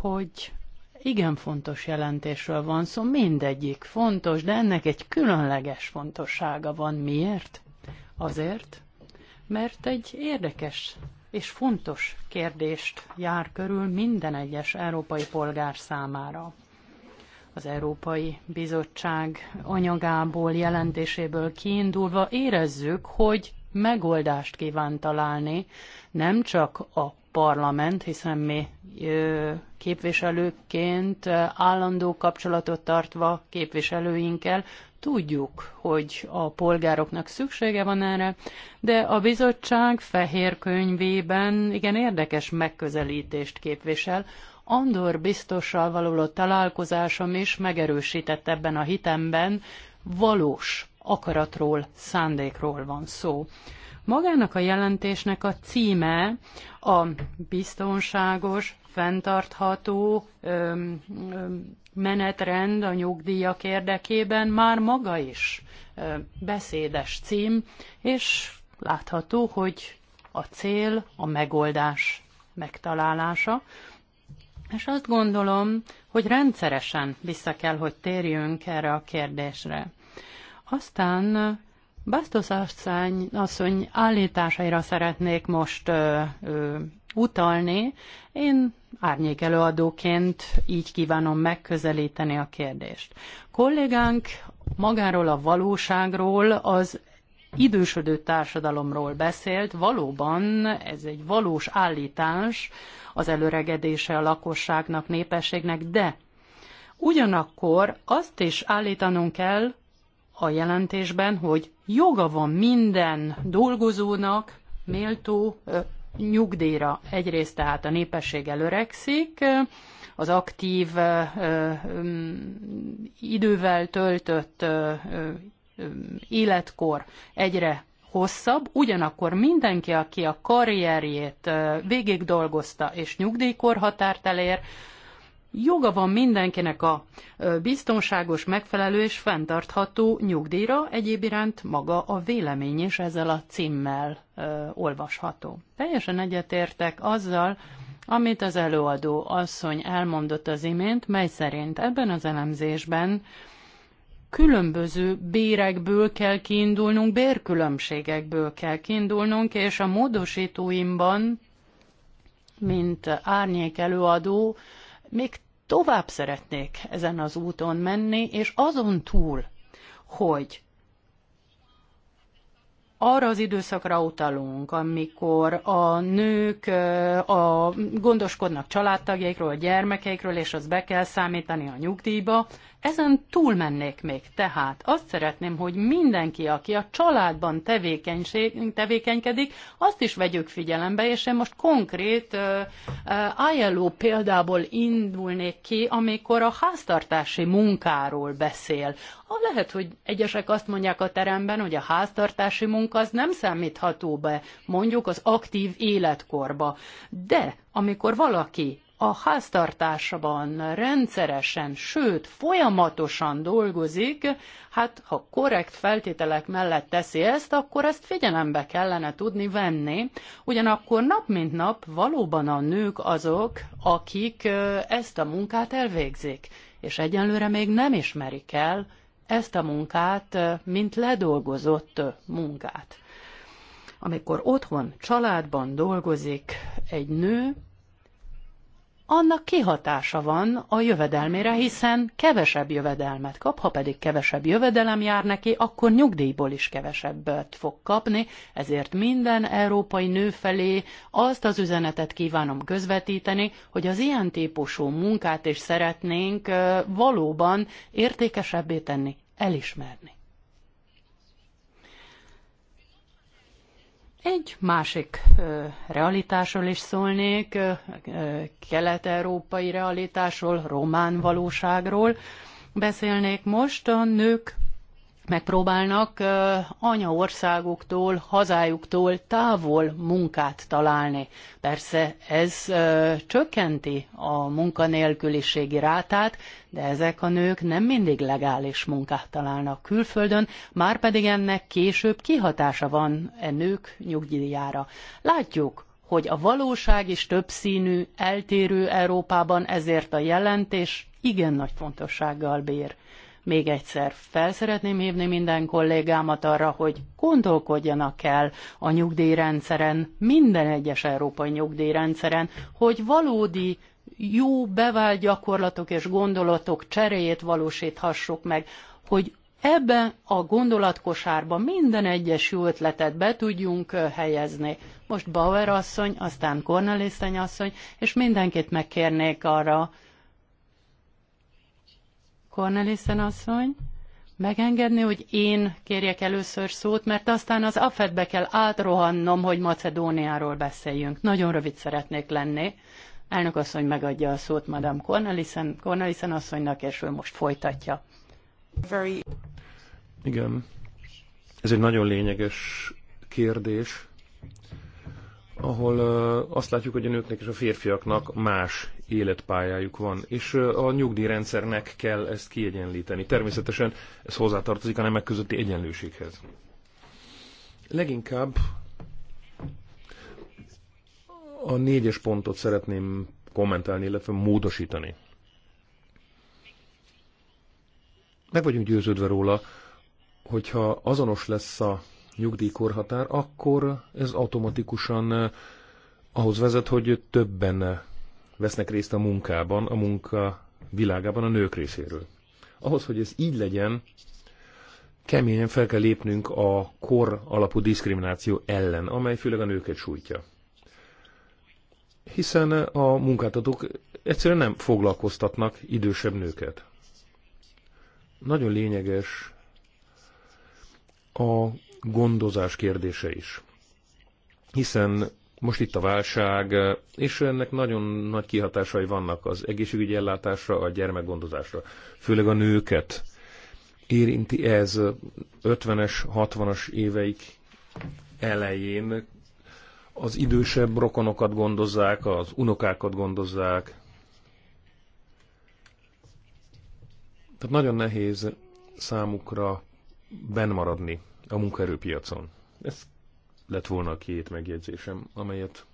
hogy igen fontos jelentésről van szó, mindegyik fontos, de ennek egy különleges fontossága van. Miért? Azért, mert egy érdekes és fontos kérdést jár körül minden egyes európai polgár számára. Az Európai Bizottság anyagából, jelentéséből kiindulva érezzük, hogy megoldást kíván találni nem csak a parlament, hiszen mi képviselőként állandó kapcsolatot tartva képviselőinkkel tudjuk, hogy a polgároknak szüksége van erre, de a bizottság fehér könyvében igen érdekes megközelítést képvisel. Andor biztossal való találkozásom is megerősített ebben a hitemben, valós akaratról, szándékról van szó. Magának a jelentésnek a címe a biztonságos, fenntartható öm, öm, menetrend a nyugdíjak érdekében már maga is öm, beszédes cím, és látható, hogy a cél a megoldás megtalálása. És azt gondolom, hogy rendszeresen vissza kell, hogy térjünk erre a kérdésre. Aztán Bastos asszony, asszony állításaira szeretnék most ö, ö, utalni. Én árnyékelőadóként így kívánom megközelíteni a kérdést. Kollégánk magáról a valóságról, az idősödő társadalomról beszélt, valóban ez egy valós állítás az előregedése a lakosságnak, népességnek, de ugyanakkor azt is állítanunk kell, a jelentésben, hogy joga van minden dolgozónak méltó nyugdíjra. Egyrészt tehát a népesség előrekszik, az aktív mm, idővel töltött életkor egyre hosszabb, ugyanakkor mindenki, aki a karrierjét végig dolgozta és nyugdíjkorhatárt elér, joga van mindenkinek a biztonságos, megfelelő és fenntartható nyugdíjra, egyéb iránt maga a vélemény is ezzel a címmel ö, olvasható. Teljesen egyetértek azzal, amit az előadó asszony elmondott az imént, mely szerint ebben az elemzésben különböző bérekből kell kiindulnunk, bérkülönbségekből kell kiindulnunk, és a módosítóimban, mint árnyék előadó, még tovább szeretnék ezen az úton menni, és azon túl, hogy arra az időszakra utalunk, amikor a nők a, gondoskodnak családtagjaikról, a gyermekeikről, és az be kell számítani a nyugdíjba, ezen túlmennék még. Tehát azt szeretném, hogy mindenki, aki a családban tevékenykedik, azt is vegyük figyelembe, és én most konkrét ILO példából indulnék ki, amikor a háztartási munkáról beszél. Lehet, hogy egyesek azt mondják a teremben, hogy a háztartási munka az nem számítható be mondjuk az aktív életkorba. De amikor valaki a háztartásban rendszeresen, sőt folyamatosan dolgozik, hát ha korrekt feltételek mellett teszi ezt, akkor ezt figyelembe kellene tudni venni. Ugyanakkor nap mint nap valóban a nők azok, akik ezt a munkát elvégzik, és egyelőre még nem ismerik el, ezt a munkát, mint ledolgozott munkát. Amikor otthon, családban dolgozik egy nő, annak kihatása van a jövedelmére, hiszen kevesebb jövedelmet kap, ha pedig kevesebb jövedelem jár neki, akkor nyugdíjból is kevesebbet fog kapni, ezért minden európai nő felé azt az üzenetet kívánom közvetíteni, hogy az ilyen típusú munkát is szeretnénk valóban értékesebbé tenni, elismerni. Egy másik ö, realitásról is szólnék, kelet-európai realitásról, román valóságról beszélnék most. A nők megpróbálnak anyaországuktól, hazájuktól távol munkát találni. Persze ez csökkenti a munkanélküliségi rátát, de ezek a nők nem mindig legális munkát találnak külföldön, már pedig ennek később kihatása van e nők nyugdíjára. Látjuk, hogy a valóság is többszínű, eltérő Európában ezért a jelentés igen nagy fontossággal bír. Még egyszer fel szeretném hívni minden kollégámat arra, hogy gondolkodjanak el a nyugdíjrendszeren, minden egyes európai nyugdíjrendszeren, hogy valódi jó bevált gyakorlatok és gondolatok cseréjét valósíthassuk meg, hogy ebbe a gondolatkosárba minden egyes jó ötletet be tudjunk helyezni. Most Bauer asszony, aztán Corneliszteny asszony, és mindenkit megkérnék arra, Cornelissen asszony, megengedni, hogy én kérjek először szót, mert aztán az afed kell átrohannom, hogy Macedóniáról beszéljünk. Nagyon rövid szeretnék lenni. Elnök asszony megadja a szót Madame Cornelissen, Cornelissen asszonynak, és ő most folytatja. Very... Igen. Ez egy nagyon lényeges kérdés, ahol azt látjuk, hogy a nőknek és a férfiaknak más életpályájuk van, és a nyugdíjrendszernek kell ezt kiegyenlíteni. Természetesen ez hozzátartozik a nemek közötti egyenlőséghez. Leginkább a négyes pontot szeretném kommentálni, illetve módosítani. Meg vagyunk győződve róla, hogyha azonos lesz a nyugdíjkorhatár, akkor ez automatikusan ahhoz vezet, hogy többen vesznek részt a munkában, a munka világában a nők részéről. Ahhoz, hogy ez így legyen, keményen fel kell lépnünk a kor alapú diszkrimináció ellen, amely főleg a nőket sújtja. Hiszen a munkáltatók egyszerűen nem foglalkoztatnak idősebb nőket. Nagyon lényeges a gondozás kérdése is. Hiszen most itt a válság, és ennek nagyon nagy kihatásai vannak az egészségügyi ellátásra, a gyermekgondozásra, főleg a nőket. Érinti ez 50-es, 60-as éveik elején az idősebb rokonokat gondozzák, az unokákat gondozzák. Tehát nagyon nehéz számukra benmaradni a munkaerőpiacon. Ez lett volna a két megjegyzésem, amelyet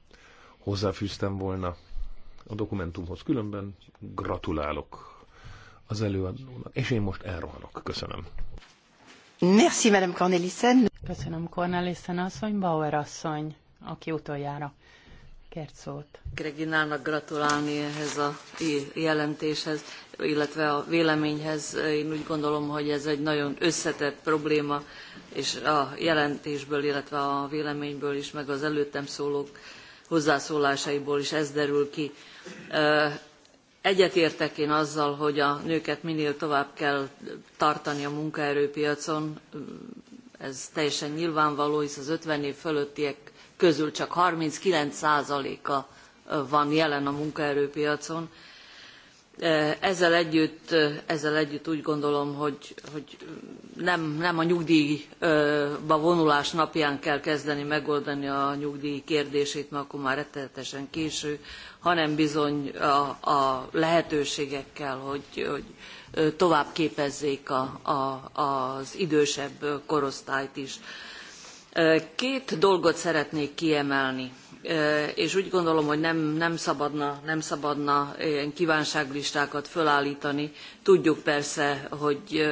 hozzáfűztem volna a dokumentumhoz. Különben gratulálok az előadónak, és én most elrohanok. Köszönöm. Merci, Madame Cornelissen. Köszönöm, Cornelissen asszony, Bauer asszony, aki utoljára kért szót. Greginának gratulálni ehhez a jelentéshez, illetve a véleményhez. Én úgy gondolom, hogy ez egy nagyon összetett probléma, és a jelentésből, illetve a véleményből is, meg az előttem szólók hozzászólásaiból is ez derül ki. Egyetértek én azzal, hogy a nőket minél tovább kell tartani a munkaerőpiacon, ez teljesen nyilvánvaló, hisz az 50 év fölöttiek közül csak 39%-a van jelen a munkaerőpiacon. Ezzel együtt, ezzel együtt úgy gondolom, hogy, hogy nem, nem a nyugdíjba vonulás napján kell kezdeni megoldani a nyugdíj kérdését, mert akkor már rettenetesen késő, hanem bizony a, a lehetőségekkel, hogy, hogy tovább képezzék a, a, az idősebb korosztályt is. Két dolgot szeretnék kiemelni, és úgy gondolom, hogy nem, nem szabadna, nem szabadna ilyen kívánságlistákat fölállítani. Tudjuk persze, hogy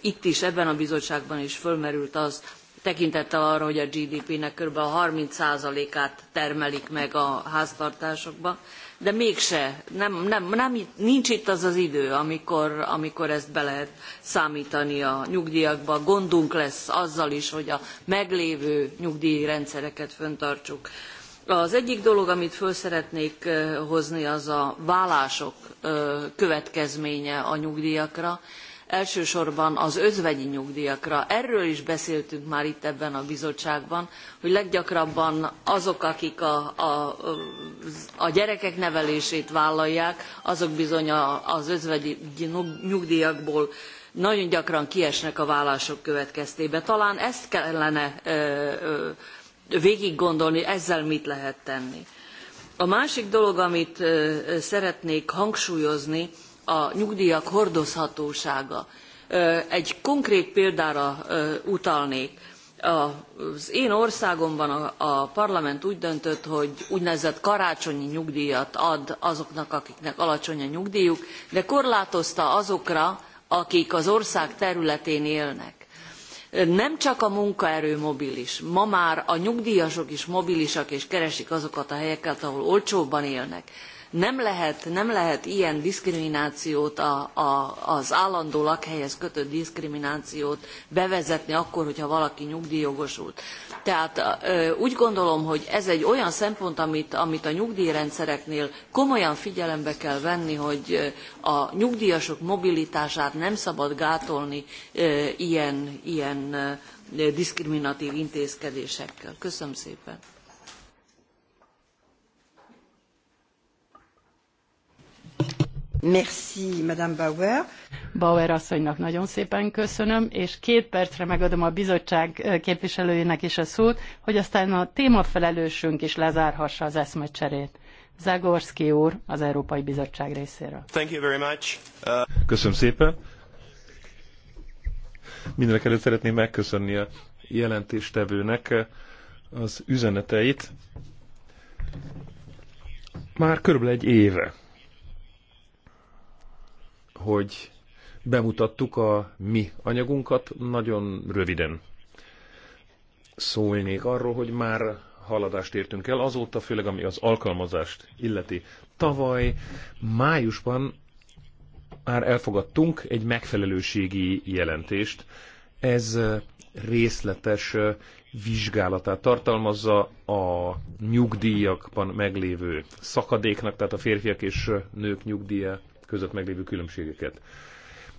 itt is, ebben a bizottságban is fölmerült az, tekintettel arra, hogy a GDP-nek kb. a 30%-át termelik meg a háztartásokban, de mégse, nem, nem, nem, nincs itt az az idő, amikor, amikor ezt be lehet számítani a nyugdíjakba. Gondunk lesz azzal is, hogy a meglévő nyugdíjrendszereket föntartsuk. Az egyik dolog, amit föl szeretnék hozni, az a vállások következménye a nyugdíjakra elsősorban az özvegyi nyugdíjakra. Erről is beszéltünk már itt ebben a bizottságban, hogy leggyakrabban azok, akik a, a, a gyerekek nevelését vállalják, azok bizony a, az özvegyi nyugdíjakból nagyon gyakran kiesnek a vállások következtében. Talán ezt kellene ö, ö, végiggondolni, ezzel mit lehet tenni. A másik dolog, amit ö, szeretnék hangsúlyozni, a nyugdíjak hordozhatósága. Egy konkrét példára utalnék. Az én országomban a parlament úgy döntött, hogy úgynevezett karácsonyi nyugdíjat ad azoknak, akiknek alacsony a nyugdíjuk, de korlátozta azokra, akik az ország területén élnek nem csak a munkaerő mobilis, ma már a nyugdíjasok is mobilisak és keresik azokat a helyeket, ahol olcsóbban élnek nem lehet, nem lehet ilyen diszkriminációt, a, a, az állandó lakhelyhez kötött diszkriminációt bevezetni akkor, hogyha valaki nyugdíjjogosult. Tehát úgy gondolom, hogy ez egy olyan szempont, amit, amit a nyugdíjrendszereknél komolyan figyelembe kell venni, hogy a nyugdíjasok mobilitását nem szabad gátolni ilyen, ilyen diszkriminatív intézkedésekkel. Köszönöm szépen. Merci, Madame Bauer. Bauer asszonynak nagyon szépen köszönöm, és két percre megadom a bizottság képviselőjének is a szót, hogy aztán a témafelelősünk is lezárhassa az eszmecserét. Zagorski úr az Európai Bizottság részéről. Thank you very much. Uh... Köszönöm szépen. Mindenek előtt szeretném megköszönni a jelentéstevőnek az üzeneteit. Már körülbelül egy éve hogy bemutattuk a mi anyagunkat nagyon röviden. Szólnék arról, hogy már haladást értünk el azóta, főleg ami az alkalmazást illeti. Tavaly májusban már elfogadtunk egy megfelelőségi jelentést. Ez részletes vizsgálatát tartalmazza a nyugdíjakban meglévő szakadéknak, tehát a férfiak és nők nyugdíja között meglévő különbségeket.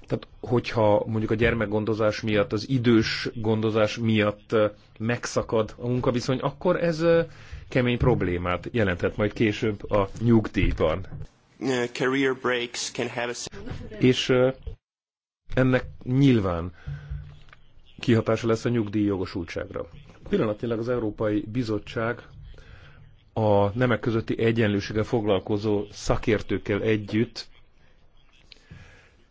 Tehát, hogyha mondjuk a gyermekgondozás miatt, az idős gondozás miatt megszakad a munkaviszony, akkor ez kemény problémát jelenthet majd később a nyugdíjban. Uh, career breaks can have a... És ennek nyilván kihatása lesz a nyugdíj jogosultságra. Pillanatilag az Európai Bizottság a nemek közötti egyenlőséggel foglalkozó szakértőkkel együtt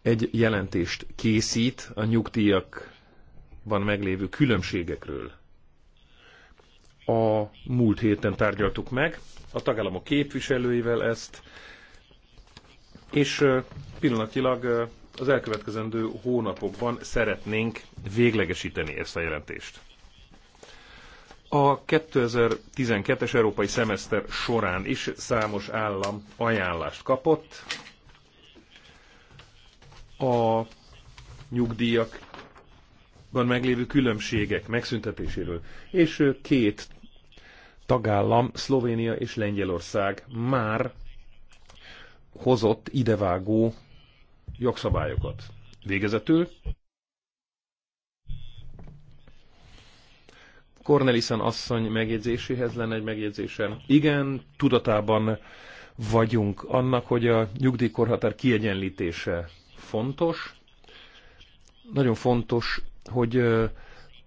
egy jelentést készít a nyugdíjakban meglévő különbségekről. A múlt héten tárgyaltuk meg a tagállamok képviselőivel ezt, és pillanatilag az elkövetkezendő hónapokban szeretnénk véglegesíteni ezt a jelentést. A 2012-es európai szemeszter során is számos állam ajánlást kapott, a nyugdíjakban meglévő különbségek megszüntetéséről. És két tagállam, Szlovénia és Lengyelország már hozott idevágó jogszabályokat. Végezetül Cornelissen asszony megjegyzéséhez lenne egy megjegyzésem. Igen, tudatában vagyunk annak, hogy a nyugdíjkorhatár kiegyenlítése fontos. Nagyon fontos, hogy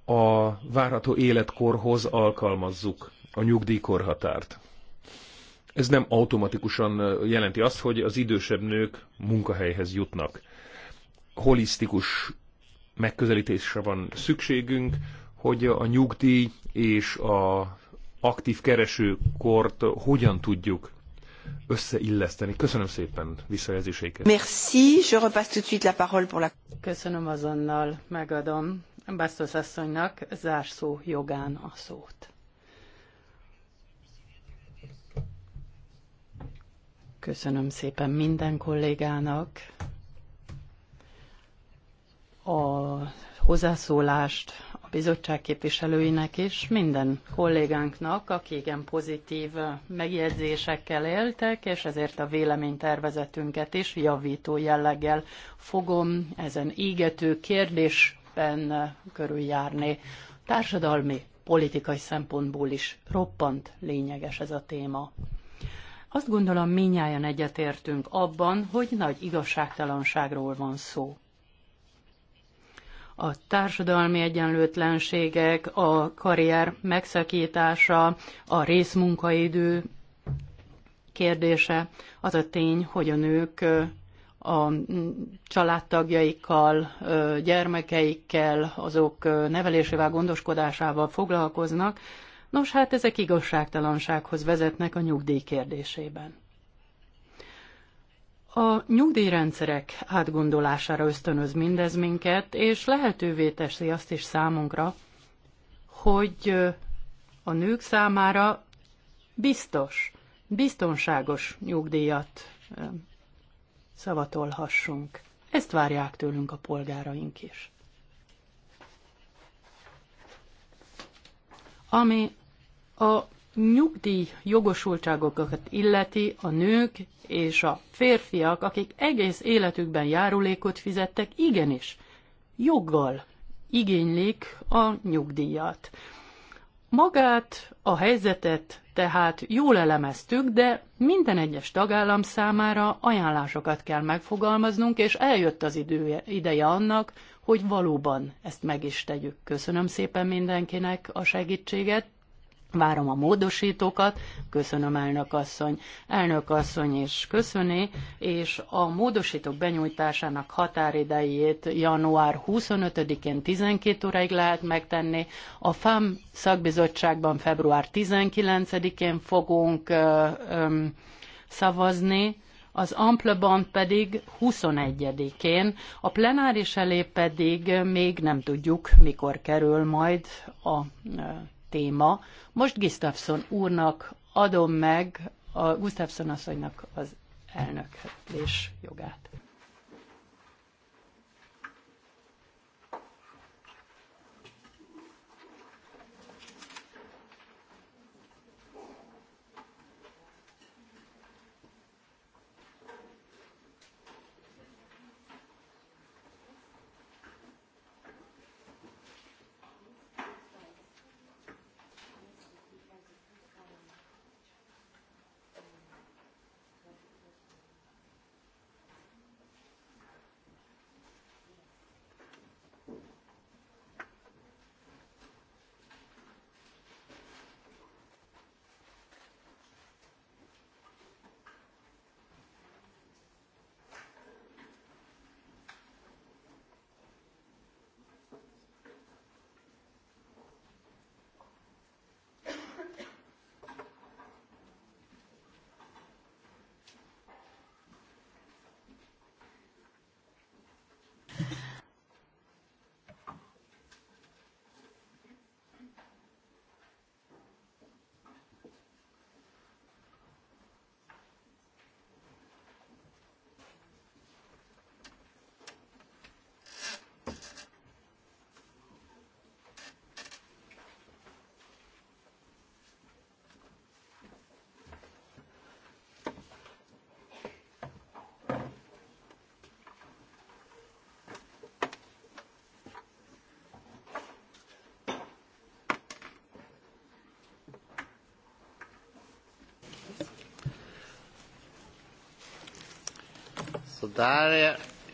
a várható életkorhoz alkalmazzuk a nyugdíjkorhatárt. Ez nem automatikusan jelenti azt, hogy az idősebb nők munkahelyhez jutnak. Holisztikus megközelítésre van szükségünk, hogy a nyugdíj és a aktív keresőkort hogyan tudjuk összeilleszteni. Köszönöm szépen visszajelzéseiket. Merci, je repasse tout de suite la parole pour la... Köszönöm azonnal, megadom Bastos asszonynak zárszó jogán a szót. Köszönöm szépen minden kollégának, A hozzászólást a bizottság képviselőinek is, minden kollégánknak, akik igen pozitív megjegyzésekkel éltek, és ezért a véleménytervezetünket is javító jelleggel fogom ezen égető kérdésben körüljárni. Társadalmi, politikai szempontból is roppant lényeges ez a téma. Azt gondolom, minnyáján egyetértünk abban, hogy nagy igazságtalanságról van szó a társadalmi egyenlőtlenségek, a karrier megszakítása, a részmunkaidő kérdése, az a tény, hogy a nők a családtagjaikkal, gyermekeikkel, azok nevelésével, gondoskodásával foglalkoznak. Nos, hát ezek igazságtalansághoz vezetnek a nyugdíj kérdésében. A nyugdíjrendszerek átgondolására ösztönöz mindez minket, és lehetővé teszi azt is számunkra, hogy a nők számára biztos, biztonságos nyugdíjat szavatolhassunk. Ezt várják tőlünk a polgáraink is. Ami a nyugdíj jogosultságokat illeti a nők és a férfiak, akik egész életükben járulékot fizettek, igenis, joggal igénylik a nyugdíjat. Magát, a helyzetet tehát jól elemeztük, de minden egyes tagállam számára ajánlásokat kell megfogalmaznunk, és eljött az idő, ideje annak, hogy valóban ezt meg is tegyük. Köszönöm szépen mindenkinek a segítséget, Várom a módosítókat, köszönöm elnök asszony. Elnök asszony is köszöni, és a módosítók benyújtásának határidejét január 25-én 12 óráig lehet megtenni. A FAM szakbizottságban február 19-én fogunk ö, ö, szavazni, az Ampleban pedig 21-én, a plenáris elé pedig még nem tudjuk, mikor kerül majd a téma. Most Gustafsson úrnak adom meg, a Gustafsson asszonynak az elnöklés jogát.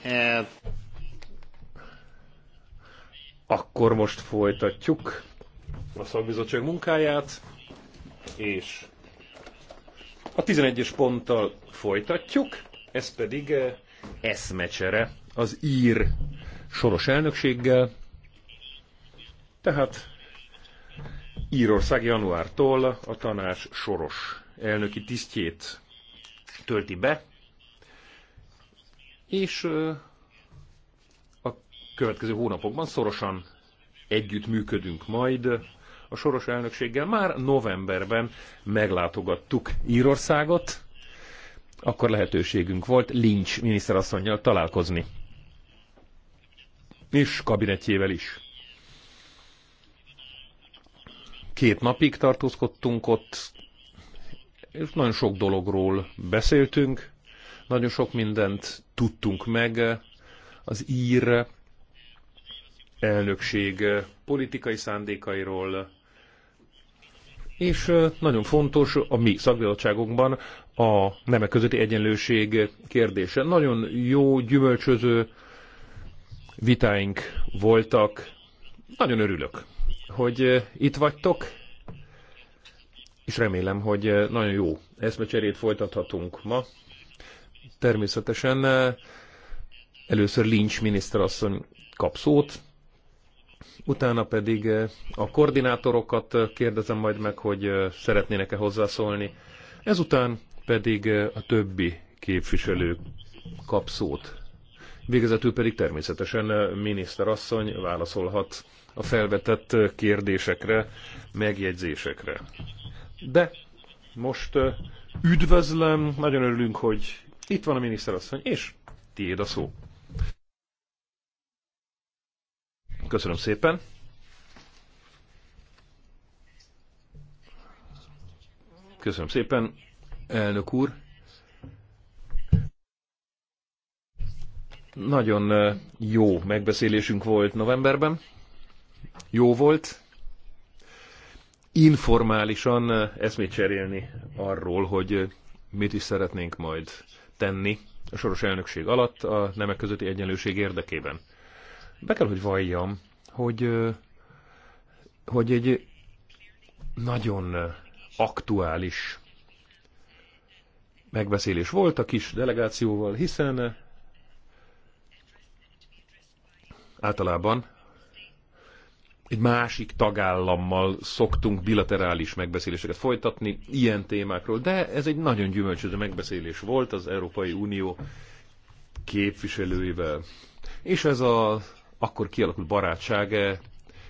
Eh, Akkor most folytatjuk a szakbizottság munkáját, és a 11-es ponttal folytatjuk, ez pedig eh, eszmecsere az ír soros elnökséggel, tehát Írország januártól a tanács soros elnöki tisztjét tölti be, és a következő hónapokban szorosan együtt működünk majd a soros elnökséggel. Már novemberben meglátogattuk Írországot, akkor lehetőségünk volt Lynch miniszterasszonynal találkozni. És kabinetjével is. Két napig tartózkodtunk ott, és nagyon sok dologról beszéltünk, nagyon sok mindent tudtunk meg az ír elnökség politikai szándékairól, és nagyon fontos a mi szakbizottságunkban a nemek közötti egyenlőség kérdése. Nagyon jó, gyümölcsöző vitáink voltak. Nagyon örülök, hogy itt vagytok, és remélem, hogy nagyon jó eszmecserét folytathatunk ma természetesen eh, először Lynch miniszterasszony kap szót, utána pedig eh, a koordinátorokat eh, kérdezem majd meg, hogy szeretnének-e hozzászólni. Ezután pedig a többi képviselő kap szót. Végezetül pedig természetesen miniszterasszony válaszolhat a felvetett kérdésekre, megjegyzésekre. De most üdvözlöm, nagyon örülünk, hogy itt van a miniszterasszony, és tiéd a szó. Köszönöm szépen. Köszönöm szépen, elnök úr. Nagyon eh, jó megbeszélésünk volt novemberben. Jó volt informálisan eh, eszmét cserélni arról, hogy eh, mit is szeretnénk majd tenni a soros elnökség alatt a nemek közötti egyenlőség érdekében. Be kell, hogy valljam, hogy, hogy egy nagyon aktuális megbeszélés volt a kis delegációval, hiszen általában egy másik tagállammal szoktunk bilaterális megbeszéléseket folytatni ilyen témákról, de ez egy nagyon gyümölcsöző megbeszélés volt az Európai Unió képviselőivel. És ez a akkor kialakult barátság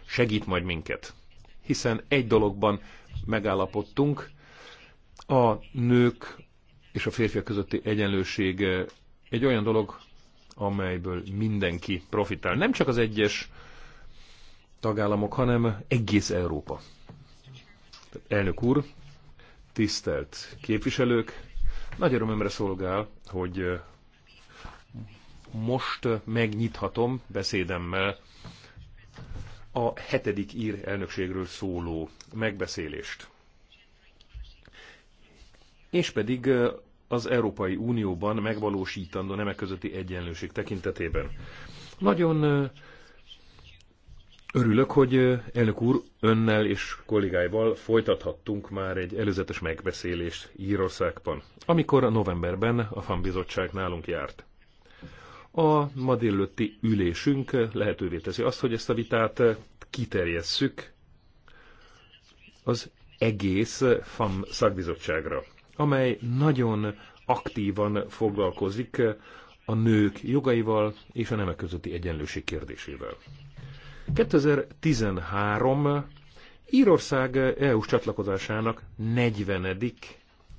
segít majd minket. Hiszen egy dologban megállapodtunk, a nők és a férfiak közötti egyenlőség egy olyan dolog, amelyből mindenki profitál. Nem csak az egyes tagállamok, hanem egész Európa. Elnök úr, tisztelt képviselők, nagy örömömre szolgál, hogy most megnyithatom beszédemmel a hetedik ír elnökségről szóló megbeszélést. És pedig az Európai Unióban megvalósítandó nemek közötti egyenlőség tekintetében. Nagyon Örülök, hogy elnök úr önnel és kollégáival folytathattunk már egy előzetes megbeszélést Írországban, amikor a novemberben a FAM bizottság nálunk járt. A ma délőtti ülésünk lehetővé teszi azt, hogy ezt a vitát kiterjesszük az egész FAM szakbizottságra, amely nagyon aktívan foglalkozik a nők jogaival és a nemek közötti egyenlőség kérdésével. 2013 Írország EU-s csatlakozásának 40.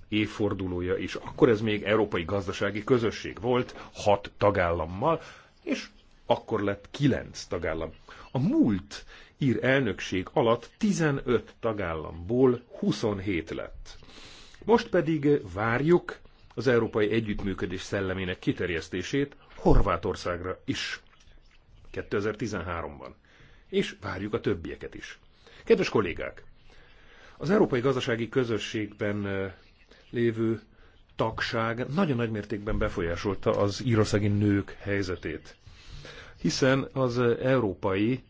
évfordulója is. Akkor ez még Európai Gazdasági Közösség volt, hat tagállammal, és akkor lett kilenc tagállam. A múlt ír elnökség alatt 15 tagállamból 27 lett. Most pedig várjuk az európai együttműködés szellemének kiterjesztését Horvátországra is 2013-ban és várjuk a többieket is. Kedves kollégák! Az Európai Gazdasági Közösségben lévő tagság nagyon nagy mértékben befolyásolta az írországi nők helyzetét. Hiszen az európai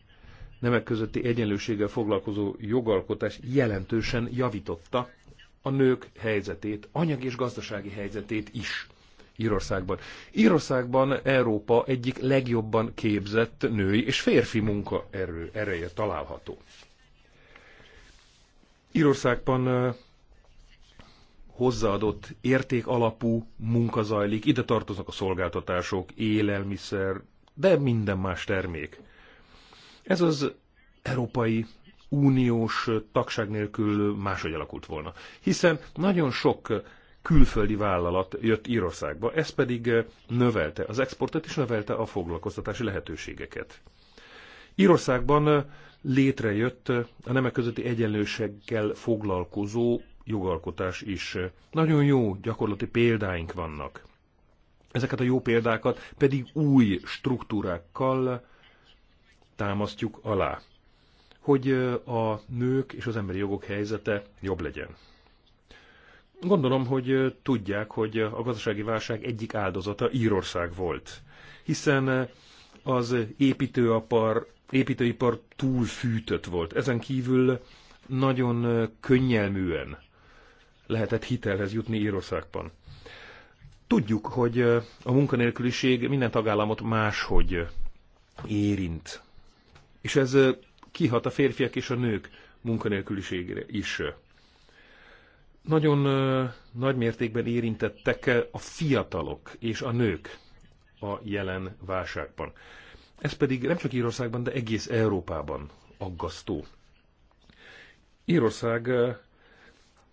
nemek közötti egyenlőséggel foglalkozó jogalkotás jelentősen javította a nők helyzetét, anyagi és gazdasági helyzetét is. Írországban. Írországban Európa egyik legjobban képzett női és férfi munkaerő ereje található. Írországban hozzáadott érték alapú munka zajlik, ide tartoznak a szolgáltatások, élelmiszer, de minden más termék. Ez az Európai Uniós tagság nélkül máshogy alakult volna. Hiszen nagyon sok külföldi vállalat jött Írországba, ez pedig eh, növelte az exportot és növelte a foglalkoztatási lehetőségeket. Írországban eh, létrejött eh, a nemek közötti egyenlőséggel foglalkozó jogalkotás is. Nagyon jó gyakorlati példáink vannak. Ezeket a jó példákat pedig új struktúrákkal támasztjuk alá, hogy a nők és az emberi jogok helyzete jobb legyen. Gondolom, hogy tudják, hogy a gazdasági válság egyik áldozata Írország volt, hiszen az építőapar, építőipar túl fűtött volt. Ezen kívül nagyon könnyelműen lehetett hitelhez jutni Írországban. Tudjuk, hogy a munkanélküliség minden tagállamot máshogy érint. És ez kihat a férfiak és a nők munkanélküliségére is. Nagyon nagy mértékben érintettek a fiatalok és a nők a jelen válságban. Ez pedig nem csak Írországban, de egész Európában aggasztó. Írország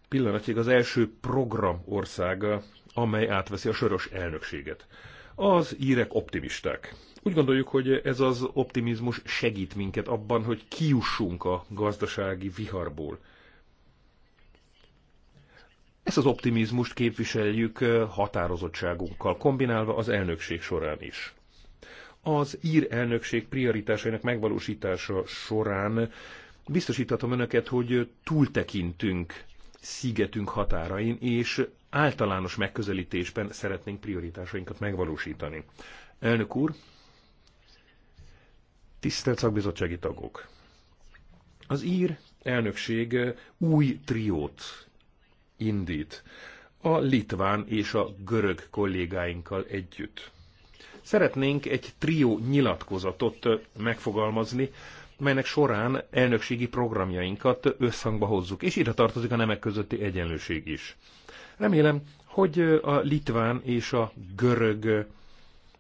pillanatig az első program országa, amely átveszi a soros elnökséget. Az írek optimisták. Úgy gondoljuk, hogy ez az optimizmus segít minket abban, hogy kiussunk a gazdasági viharból. Ezt az optimizmust képviseljük határozottságunkkal, kombinálva az elnökség során is. Az ír elnökség prioritásainak megvalósítása során biztosíthatom önöket, hogy túltekintünk szigetünk határain, és általános megközelítésben szeretnénk prioritásainkat megvalósítani. Elnök úr, tisztelt szakbizottsági tagok! Az ír elnökség új triót indít a litván és a görög kollégáinkkal együtt. Szeretnénk egy trió nyilatkozatot megfogalmazni, melynek során elnökségi programjainkat összhangba hozzuk, és ide tartozik a nemek közötti egyenlőség is. Remélem, hogy a litván és a görög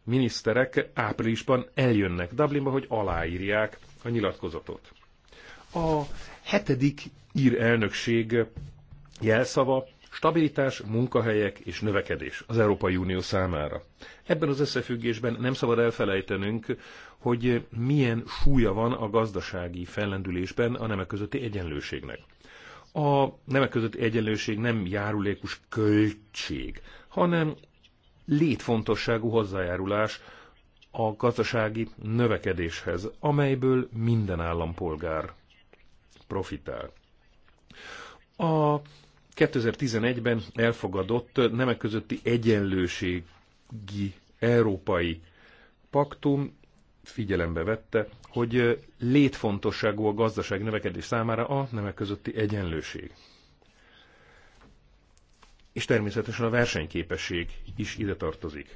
miniszterek áprilisban eljönnek Dublinba, hogy aláírják a nyilatkozatot. A hetedik ír elnökség jelszava stabilitás, munkahelyek és növekedés az Európai Unió számára. Ebben az összefüggésben nem szabad elfelejtenünk, hogy milyen súlya van a gazdasági fellendülésben a nemek közötti egyenlőségnek. A nemek közötti egyenlőség nem járulékos költség, hanem létfontosságú hozzájárulás a gazdasági növekedéshez, amelyből minden állampolgár profitál. A 2011-ben elfogadott nemek közötti egyenlőségi európai paktum figyelembe vette, hogy létfontosságú a gazdaság növekedés számára a nemek közötti egyenlőség. És természetesen a versenyképesség is ide tartozik.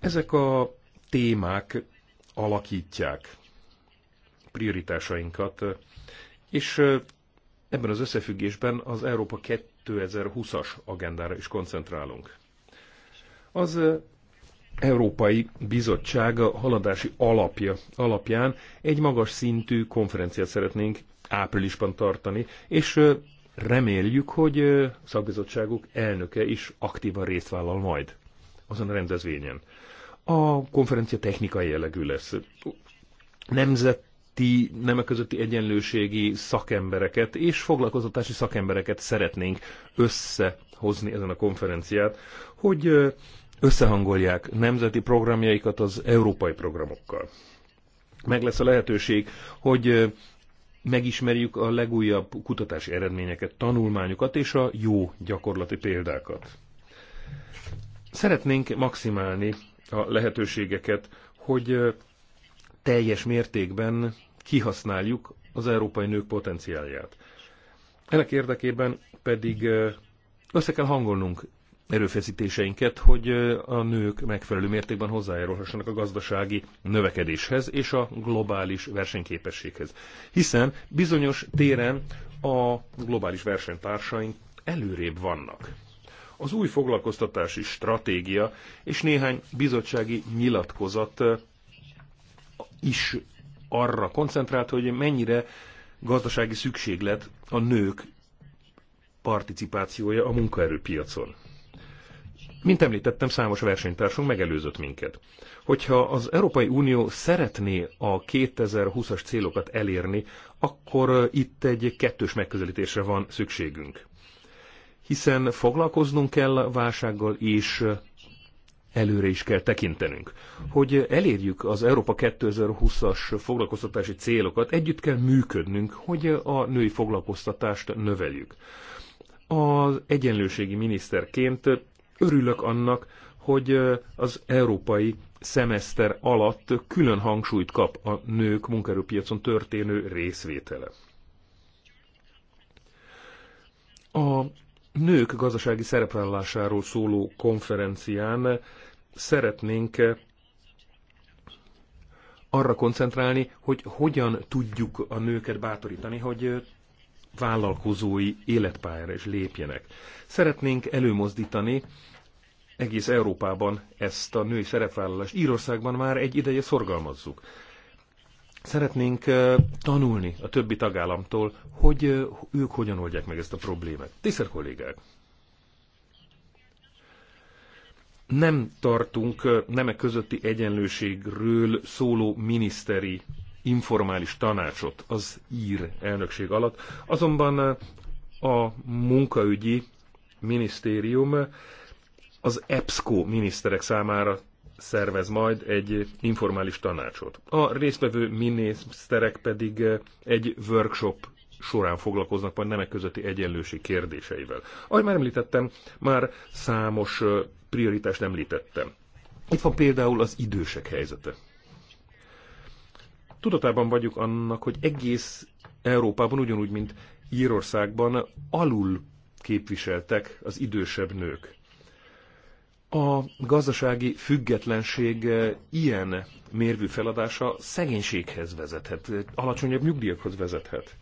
Ezek a témák alakítják prioritásainkat, és Ebben az összefüggésben az Európa 2020-as agendára is koncentrálunk. Az Európai Bizottság haladási alapja alapján egy magas szintű konferenciát szeretnénk áprilisban tartani, és reméljük, hogy szakbizottságuk elnöke is aktívan részt vállal majd azon a rendezvényen. A konferencia technikai jellegű lesz. Nemzet ti nemek közötti egyenlőségi szakembereket és foglalkoztatási szakembereket szeretnénk összehozni ezen a konferenciát, hogy összehangolják nemzeti programjaikat az európai programokkal. Meg lesz a lehetőség, hogy megismerjük a legújabb kutatási eredményeket, tanulmányokat és a jó gyakorlati példákat. Szeretnénk maximálni a lehetőségeket, hogy teljes mértékben kihasználjuk az európai nők potenciálját. Ennek érdekében pedig össze kell hangolnunk erőfeszítéseinket, hogy a nők megfelelő mértékben hozzájárulhassanak a gazdasági növekedéshez és a globális versenyképességhez. Hiszen bizonyos téren a globális versenytársaink előrébb vannak. Az új foglalkoztatási stratégia és néhány bizottsági nyilatkozat is arra koncentrált, hogy mennyire gazdasági szükséglet a nők participációja a munkaerőpiacon. Mint említettem, számos versenytársunk megelőzött minket. Hogyha az Európai Unió szeretné a 2020-as célokat elérni, akkor uh, itt egy kettős megközelítésre van szükségünk. Hiszen foglalkoznunk kell a válsággal, és előre is kell tekintenünk. Hogy elérjük az Európa 2020-as foglalkoztatási célokat, együtt kell működnünk, hogy a női foglalkoztatást növeljük. Az egyenlőségi miniszterként örülök annak, hogy az európai szemeszter alatt külön hangsúlyt kap a nők munkaerőpiacon történő részvétele. A nők gazdasági szerepvállásáról szóló konferencián szeretnénk arra koncentrálni, hogy hogyan tudjuk a nőket bátorítani, hogy vállalkozói életpályára is lépjenek. Szeretnénk előmozdítani egész Európában ezt a női szerepvállalást. Írországban már egy ideje szorgalmazzuk. Szeretnénk tanulni a többi tagállamtól, hogy ők hogyan oldják meg ezt a problémát. Tiszer kollégák, nem tartunk nemek közötti egyenlőségről szóló miniszteri informális tanácsot az ír elnökség alatt. Azonban a munkaügyi minisztérium az EPSCO miniszterek számára szervez majd egy informális tanácsot. A résztvevő miniszterek pedig eh, egy workshop során foglalkoznak majd nemek közötti egyenlőség kérdéseivel. Ahogy már említettem, már számos eh, prioritást említettem. Itt van például az idősek helyzete. Tudatában vagyunk annak, hogy egész Európában, ugyanúgy, mint Írországban alul képviseltek az idősebb nők. A gazdasági függetlenség eh, ilyen mérvű feladása szegénységhez vezethet, eh, alacsonyabb nyugdíjakhoz vezethet.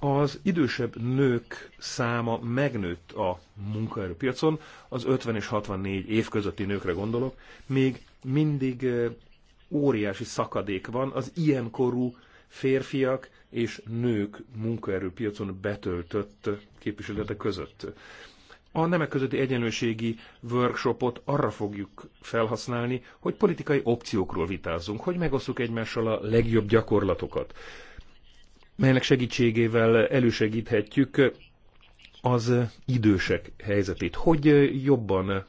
Az idősebb nők száma megnőtt a munkaerőpiacon, az 50 és 64 év közötti nőkre gondolok, még mindig eh, óriási szakadék van az ilyenkorú férfiak és nők munkaerőpiacon betöltött képviseletek között a nemek közötti egyenlőségi workshopot arra fogjuk felhasználni, hogy politikai opciókról vitázzunk, hogy megosszuk egymással a legjobb gyakorlatokat, melynek segítségével elősegíthetjük az idősek helyzetét, hogy jobban,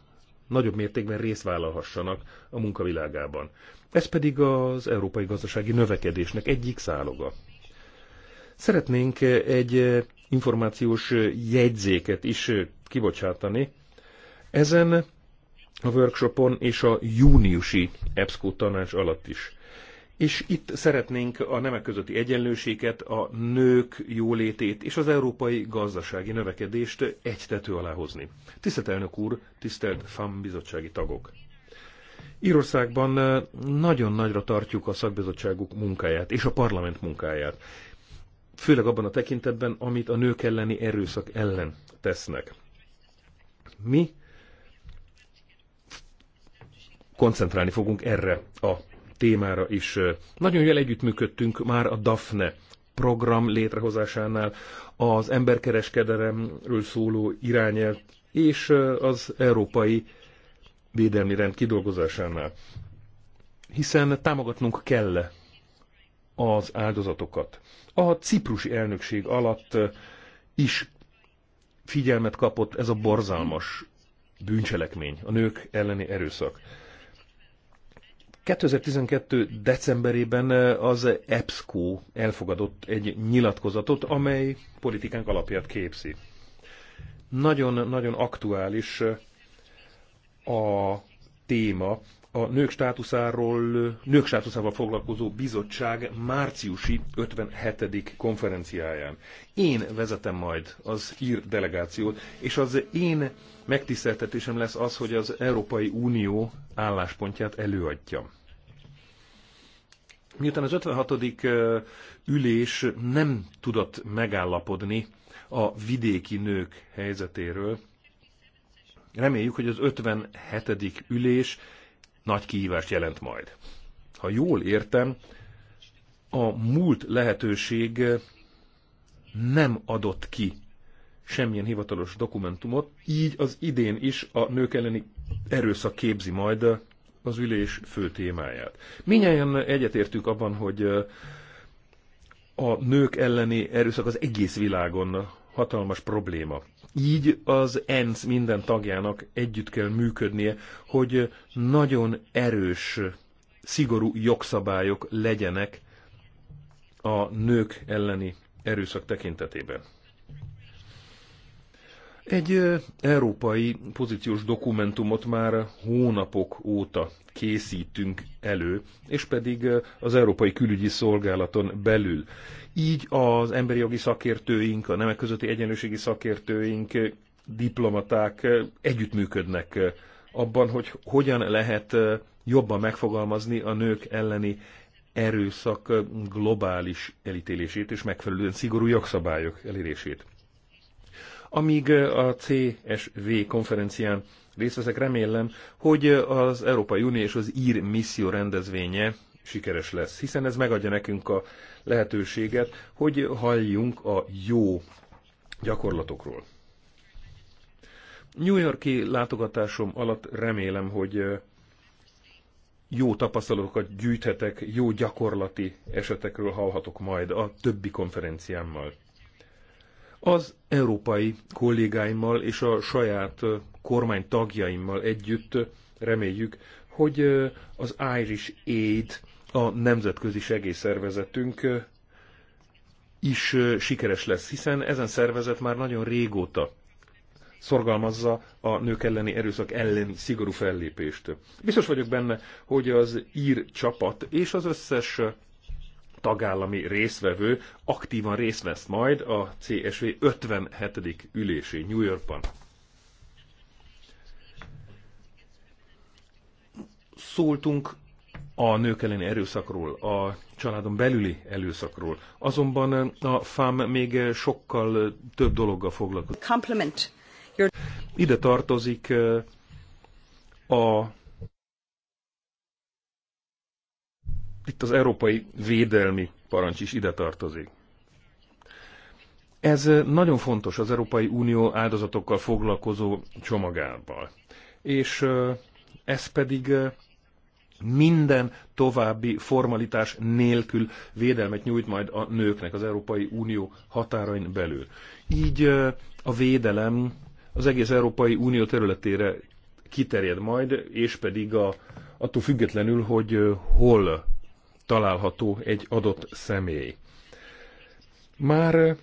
nagyobb mértékben részt vállalhassanak a munkavilágában. Ez pedig az európai gazdasági növekedésnek egyik száloga. Szeretnénk egy információs jegyzéket is kibocsátani. Ezen a workshopon és a júniusi EBSCO tanács alatt is. És itt szeretnénk a nemek közötti egyenlőséget, a nők jólétét és az európai gazdasági növekedést egy tető alá hozni. Tisztelt elnök úr, tisztelt FAM bizottsági tagok! Írországban nagyon nagyra tartjuk a szakbizottságuk munkáját és a parlament munkáját főleg abban a tekintetben, amit a nők elleni erőszak ellen tesznek. Mi koncentrálni fogunk erre a témára is. Nagyon jól együttműködtünk már a DAFNE program létrehozásánál, az emberkereskedelemről szóló irányel és az európai védelmi rend kidolgozásánál. Hiszen támogatnunk kell az áldozatokat. A ciprusi elnökség alatt is figyelmet kapott ez a borzalmas bűncselekmény, a nők elleni erőszak. 2012. decemberében az EBSCO elfogadott egy nyilatkozatot, amely politikánk alapját képzi. Nagyon-nagyon aktuális a téma a nők státuszáról, nők státuszával foglalkozó bizottság márciusi 57. konferenciáján. Én vezetem majd az ír delegációt, és az én megtiszteltetésem lesz az, hogy az Európai Unió álláspontját előadja. Miután az 56. ülés nem tudott megállapodni a vidéki nők helyzetéről, reméljük, hogy az 57. ülés nagy kihívást jelent majd. Ha jól értem, a múlt lehetőség nem adott ki semmilyen hivatalos dokumentumot, így az idén is a nők elleni erőszak képzi majd az ülés fő témáját. Minnyáján egyetértünk abban, hogy a nők elleni erőszak az egész világon hatalmas probléma. Így az ENSZ minden tagjának együtt kell működnie, hogy nagyon erős, szigorú jogszabályok legyenek a nők elleni erőszak tekintetében. Egy európai pozíciós dokumentumot már hónapok óta készítünk elő, és pedig az Európai Külügyi Szolgálaton belül. Így az emberi jogi szakértőink, a nemek közötti egyenlőségi szakértőink, diplomaták együttműködnek abban, hogy hogyan lehet jobban megfogalmazni a nők elleni erőszak globális elítélését és megfelelően szigorú jogszabályok elérését. Amíg a CSV konferencián részt veszek. Remélem, hogy az Európai Unió és az ír misszió rendezvénye sikeres lesz, hiszen ez megadja nekünk a lehetőséget, hogy halljunk a jó gyakorlatokról. New Yorki látogatásom alatt remélem, hogy jó tapasztalatokat gyűjthetek, jó gyakorlati esetekről hallhatok majd a többi konferenciámmal. Az európai kollégáimmal és a saját kormány tagjaimmal együtt reméljük, hogy az Irish Aid, a nemzetközi segélyszervezetünk is sikeres lesz, hiszen ezen szervezet már nagyon régóta szorgalmazza a nők elleni erőszak elleni szigorú fellépést. Biztos vagyok benne, hogy az ír csapat és az összes tagállami részvevő aktívan részt vesz majd a CSV 57. ülésé New Yorkban. Szóltunk a nők elleni erőszakról, a családon belüli erőszakról. Azonban a FAM még sokkal több dologgal foglalkozik. Ide tartozik a itt az európai védelmi parancs is ide tartozik. Ez nagyon fontos az Európai Unió áldozatokkal foglalkozó csomagával. És ez pedig minden további formalitás nélkül védelmet nyújt majd a nőknek az Európai Unió határain belül. Így a védelem az egész Európai Unió területére kiterjed majd, és pedig a, attól függetlenül, hogy hol található egy adott személy. Már eh,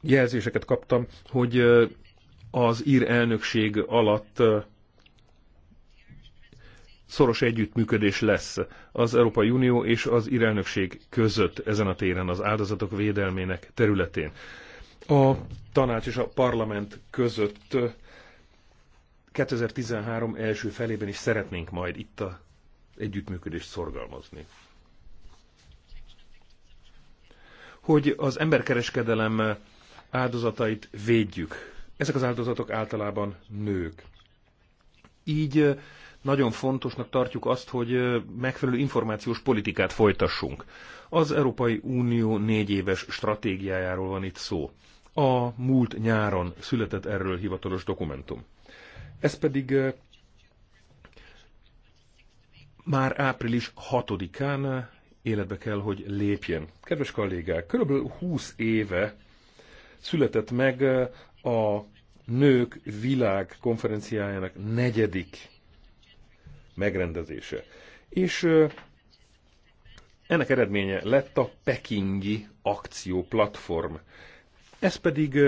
jelzéseket kaptam, hogy eh, az ír elnökség alatt eh, szoros együttműködés lesz az Európai Unió és az ír elnökség között ezen a téren, az áldozatok védelmének területén. A tanács és a parlament között 2013 első felében is szeretnénk majd itt a együttműködést szorgalmazni. Hogy az emberkereskedelem áldozatait védjük. Ezek az áldozatok általában nők. Így nagyon fontosnak tartjuk azt, hogy megfelelő információs politikát folytassunk. Az Európai Unió négy éves stratégiájáról van itt szó. A múlt nyáron született erről hivatalos dokumentum. Ez pedig már április 6-án életbe kell, hogy lépjen. Kedves kollégák, körülbelül 20 éve született meg a Nők Világ konferenciájának negyedik megrendezése. És ennek eredménye lett a Pekingi Platform. Ez pedig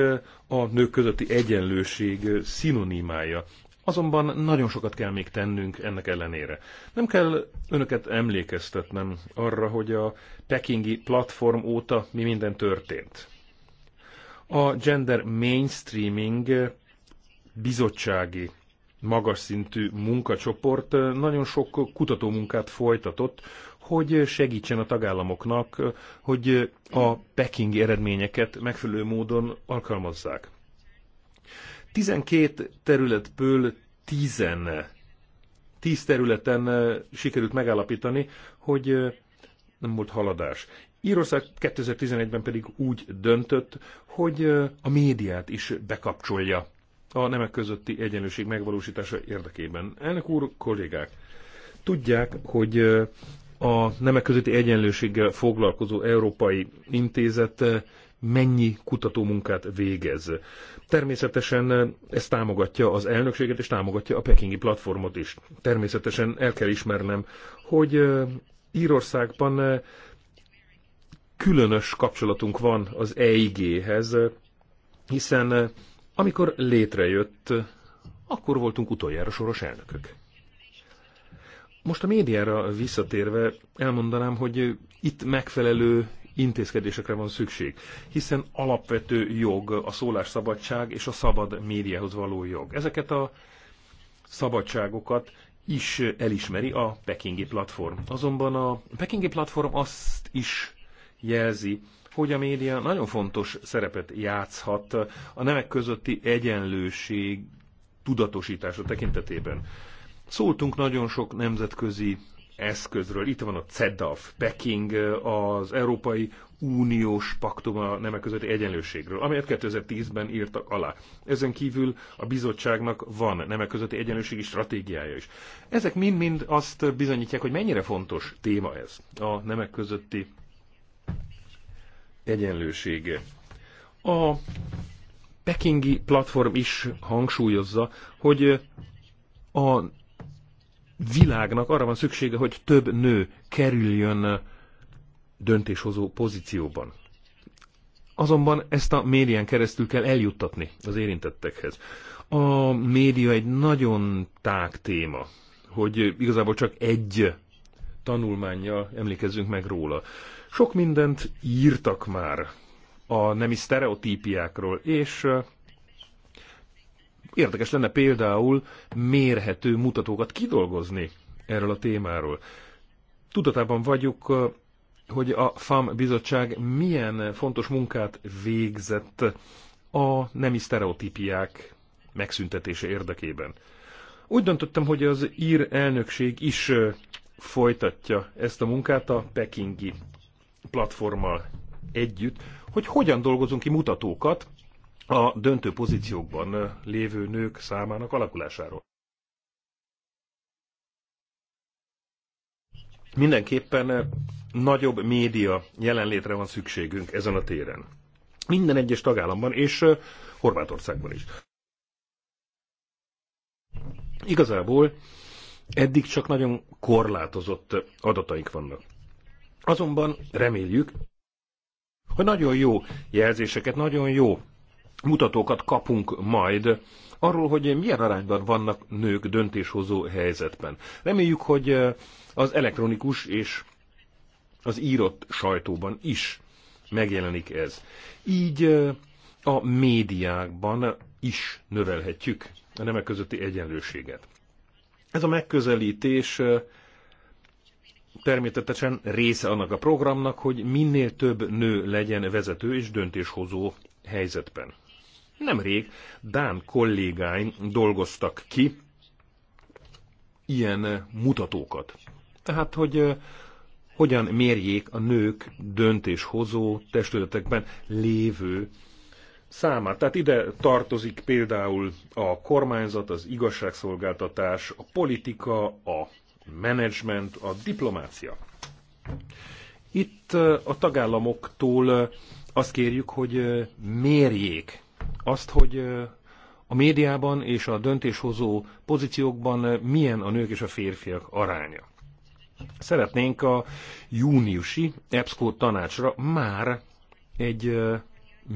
a nők közötti egyenlőség szinonimája. Azonban nagyon sokat kell még tennünk ennek ellenére. Nem kell önöket emlékeztetnem arra, hogy a pekingi platform óta mi minden történt. A gender mainstreaming bizottsági magas szintű munkacsoport nagyon sok kutatómunkát folytatott, hogy segítsen a tagállamoknak, hogy a pekingi eredményeket megfelelő módon alkalmazzák. 12 területből 10 10 területen eh, sikerült megállapítani, hogy eh, nem volt haladás. Írország 2011-ben pedig úgy döntött, hogy eh, a médiát is bekapcsolja a nemek közötti egyenlőség megvalósítása érdekében. Elnök úr, kollégák, tudják, hogy a nemek közötti egyenlőséggel foglalkozó Európai Intézet mennyi kutatómunkát végez. Természetesen ez támogatja az elnökséget, és támogatja a pekingi platformot is. Természetesen el kell ismernem, hogy eh, Írországban eh, különös kapcsolatunk van az EIG-hez, hiszen eh, amikor létrejött, akkor voltunk utoljára soros elnökök. Most a médiára visszatérve elmondanám, hogy itt megfelelő intézkedésekre van szükség, hiszen alapvető jog a szólásszabadság és a szabad médiához való jog. Ezeket a szabadságokat is elismeri a Pekingi platform. Azonban a Pekingi platform azt is jelzi, hogy a média nagyon fontos szerepet játszhat a nemek közötti egyenlőség tudatosítása tekintetében. Szóltunk nagyon sok nemzetközi eszközről. Itt van a CEDAF, Peking, az Európai Uniós Paktum a nemek közötti egyenlőségről, amelyet 2010-ben írtak alá. Ezen kívül a bizottságnak van nemek közötti egyenlőségi stratégiája is. Ezek mind-mind azt bizonyítják, hogy mennyire fontos téma ez, a nemek közötti egyenlősége. A pekingi platform is hangsúlyozza, hogy a világnak arra van szüksége, hogy több nő kerüljön döntéshozó pozícióban. Azonban ezt a médián keresztül kell eljuttatni az érintettekhez. A média egy nagyon tág téma, hogy igazából csak egy tanulmányjal emlékezzünk meg róla. Sok mindent írtak már a nemi sztereotípiákról, és Érdekes lenne például mérhető mutatókat kidolgozni erről a témáról. Tudatában vagyok, hogy a FAM bizottság milyen fontos munkát végzett a nemi sztereotípiák megszüntetése érdekében. Úgy döntöttem, hogy az ír elnökség is folytatja ezt a munkát a pekingi platformmal együtt, hogy hogyan dolgozunk ki mutatókat, a döntő pozíciókban lévő nők számának alakulásáról. Mindenképpen nagyobb média jelenlétre van szükségünk ezen a téren. Minden egyes tagállamban és Horvátországban is. Igazából eddig csak nagyon korlátozott adataink vannak. Azonban reméljük, hogy nagyon jó jelzéseket, nagyon jó mutatókat kapunk majd arról, hogy milyen arányban vannak nők döntéshozó helyzetben. Reméljük, hogy eh, az elektronikus és az írott sajtóban is megjelenik ez. Így eh, a médiákban is növelhetjük a nemek közötti egyenlőséget. Ez a megközelítés eh, természetesen része annak a programnak, hogy minél több nő legyen vezető és döntéshozó helyzetben. Nemrég Dán kollégáim dolgoztak ki ilyen eh, mutatókat. Tehát, hogy eh, hogyan mérjék a nők döntéshozó testületekben lévő számát. Tehát ide tartozik például a kormányzat, az igazságszolgáltatás, a politika, a menedzsment, a diplomácia. Itt eh, a tagállamoktól azt kérjük, hogy mérjék azt, hogy a médiában és a döntéshozó pozíciókban milyen a nők és a férfiak aránya. Szeretnénk a júniusi EBSCO tanácsra már egy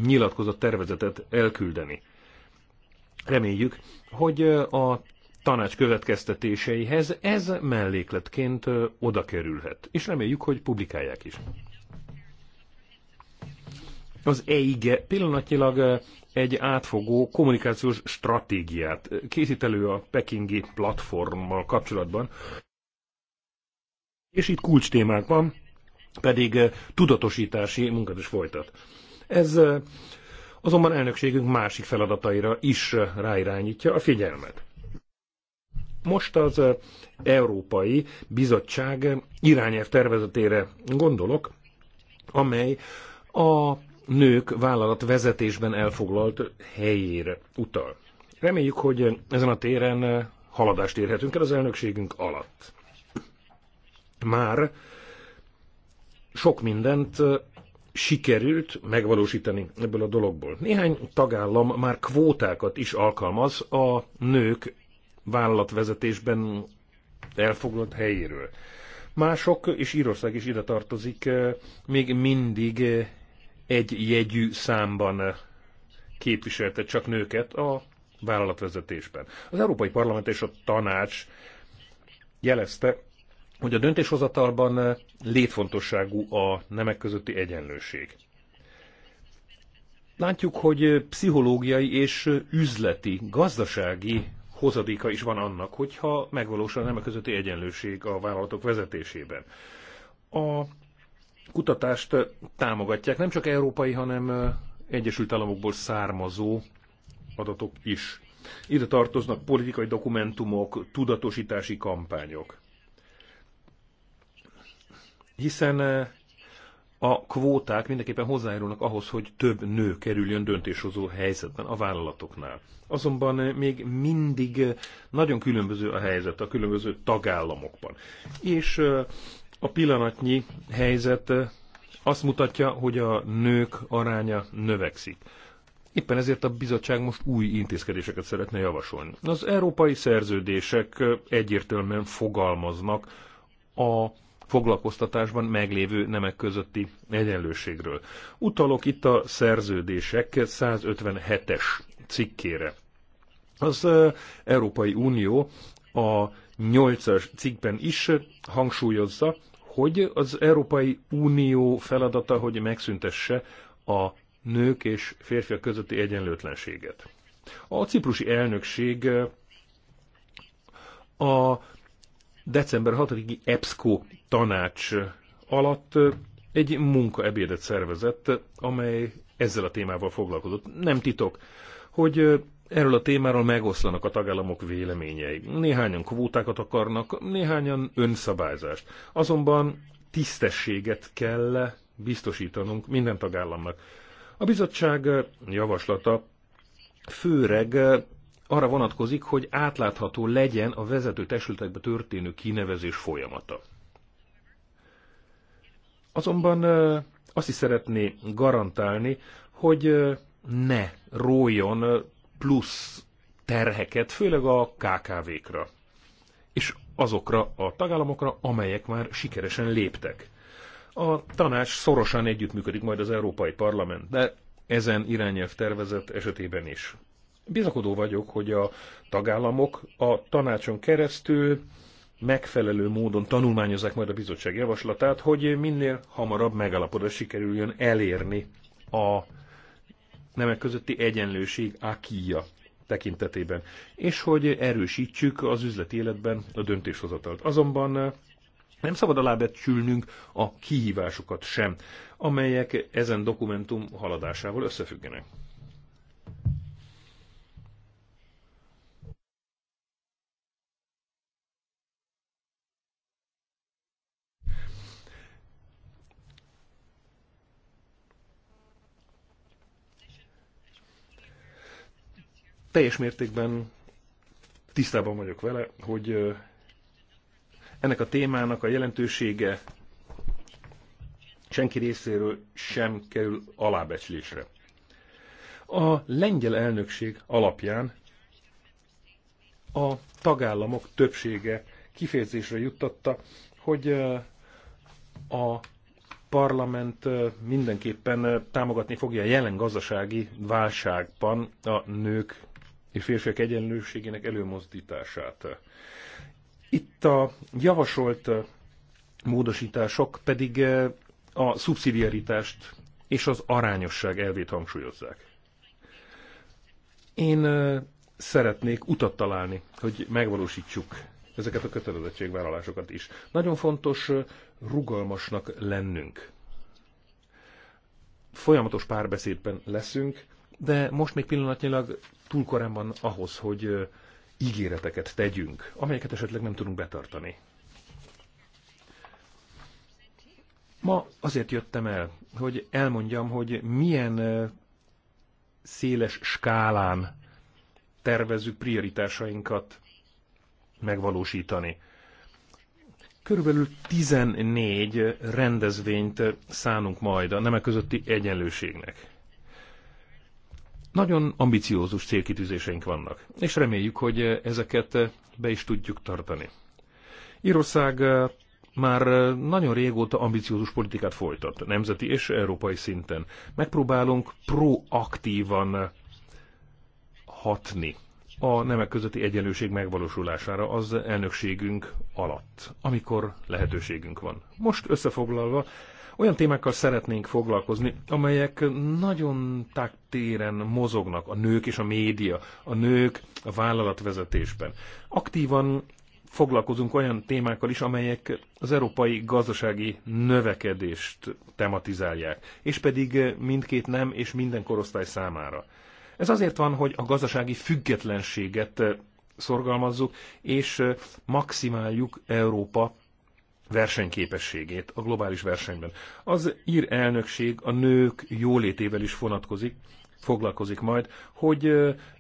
nyilatkozott tervezetet elküldeni. Reméljük, hogy a tanács következtetéseihez ez mellékletként oda kerülhet, és reméljük, hogy publikálják is. Az EIGE pillanatnyilag egy átfogó kommunikációs stratégiát. Készít elő a pekingi platformmal kapcsolatban. És itt kulcs van, pedig eh, tudatosítási munkát is folytat. Ez eh, azonban elnökségünk másik feladataira is eh, ráirányítja a figyelmet. Most az Európai Bizottság irányelv tervezetére gondolok, amely a nők vállalat vezetésben elfoglalt helyére utal. Reméljük, hogy ezen a téren haladást érhetünk el az elnökségünk alatt. Már sok mindent sikerült megvalósítani ebből a dologból. Néhány tagállam már kvótákat is alkalmaz a nők vállalatvezetésben elfoglalt helyéről. Mások, és Írország is ide tartozik, még mindig egy jegyű számban képviselte csak nőket a vállalatvezetésben. Az Európai Parlament és a tanács jelezte, hogy a döntéshozatalban létfontosságú a nemek közötti egyenlőség. Látjuk, hogy pszichológiai és üzleti, gazdasági hozadéka is van annak, hogyha megvalósul a nemek közötti egyenlőség a vállalatok vezetésében. A kutatást támogatják nem csak európai, hanem Egyesült Államokból származó adatok is. Ide tartoznak politikai dokumentumok, tudatosítási kampányok. Hiszen a kvóták mindenképpen hozzájárulnak ahhoz, hogy több nő kerüljön döntéshozó helyzetben a vállalatoknál. Azonban még mindig nagyon különböző a helyzet a különböző tagállamokban. És a pillanatnyi helyzet azt mutatja, hogy a nők aránya növekszik. Éppen ezért a bizottság most új intézkedéseket szeretne javasolni. Az európai szerződések egyértelműen fogalmaznak a foglalkoztatásban meglévő nemek közötti egyenlőségről. Utalok itt a szerződések 157-es cikkére. Az Európai Unió a 8-as cikkben is hangsúlyozza, hogy az Európai Unió feladata, hogy megszüntesse a nők és férfiak közötti egyenlőtlenséget. A ciprusi elnökség eh, a december 6-i EBSCO tanács alatt eh, egy munkaebédet szervezett, amely ezzel a témával foglalkozott. Nem titok, hogy eh, erről a témáról megoszlanak a tagállamok véleményei. Néhányan kvótákat akarnak, néhányan önszabályzást. Azonban tisztességet kell biztosítanunk minden tagállamnak. A bizottság javaslata főreg arra vonatkozik, hogy átlátható legyen a vezető testületekbe történő kinevezés folyamata. Azonban azt is szeretné garantálni, hogy ne rójon plusz terheket, főleg a KKV-kra, és azokra a tagállamokra, amelyek már sikeresen léptek. A tanács szorosan együttműködik majd az Európai Parlament, de ezen irányelv tervezet esetében is. Bizakodó vagyok, hogy a tagállamok a tanácson keresztül megfelelő módon tanulmányozzák majd a bizottság javaslatát, hogy minél hamarabb megalapodás sikerüljön elérni a nemek közötti egyenlőség akíja tekintetében, és hogy erősítsük az üzleti életben a döntéshozatalt. Azonban eh, nem szabad alábecsülnünk a kihívásokat sem, amelyek ezen dokumentum haladásával összefüggenek. teljes mértékben tisztában vagyok vele, hogy ennek a témának a jelentősége senki részéről sem kerül alábecslésre. A lengyel elnökség alapján a tagállamok többsége kifejezésre juttatta, hogy a parlament mindenképpen támogatni fogja a jelen gazdasági válságban a nők és férfiak egyenlőségének előmozdítását. Itt a javasolt módosítások pedig a szubszidiaritást és az arányosság elvét hangsúlyozzák. Én szeretnék utat találni, hogy megvalósítsuk ezeket a kötelezettségvállalásokat is. Nagyon fontos rugalmasnak lennünk. Folyamatos párbeszédben leszünk, de most még pillanatnyilag túl korán van ahhoz, hogy ígéreteket tegyünk, amelyeket esetleg nem tudunk betartani. Ma azért jöttem el, hogy elmondjam, hogy milyen széles skálán tervezzük prioritásainkat megvalósítani. Körülbelül 14 rendezvényt szánunk majd a nemek közötti egyenlőségnek. Nagyon ambiciózus célkitűzéseink vannak, és reméljük, hogy ezeket be is tudjuk tartani. Írország eh, már eh, nagyon régóta ambiciózus politikát folytat, nemzeti és európai szinten. Megpróbálunk proaktívan eh, hatni a nemek közötti egyenlőség megvalósulására az elnökségünk alatt, amikor lehetőségünk van. Most összefoglalva, olyan témákkal szeretnénk foglalkozni, amelyek nagyon tágtéren mozognak a nők és a média, a nők a vállalatvezetésben. Aktívan foglalkozunk olyan témákkal is, amelyek az európai gazdasági növekedést tematizálják, és pedig mindkét nem és minden korosztály számára. Ez azért van, hogy a gazdasági függetlenséget szorgalmazzuk, és maximáljuk Európa versenyképességét a globális versenyben. Az ír elnökség a nők jólétével is vonatkozik, foglalkozik majd, hogy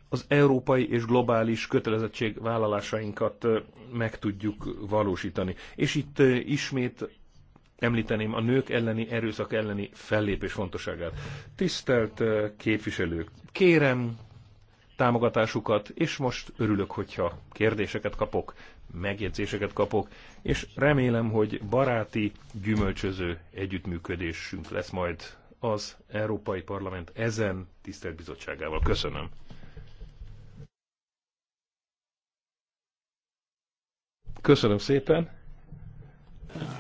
az európai és globális kötelezettség vállalásainkat meg tudjuk valósítani. És itt ismét említeném a nők elleni erőszak elleni fellépés fontosságát. Tisztelt képviselők, kérem támogatásukat, és most örülök, hogyha kérdéseket kapok megjegyzéseket kapok, és remélem, hogy baráti, gyümölcsöző együttműködésünk lesz majd az Európai Parlament ezen tisztelt bizottságával. Köszönöm. Köszönöm szépen.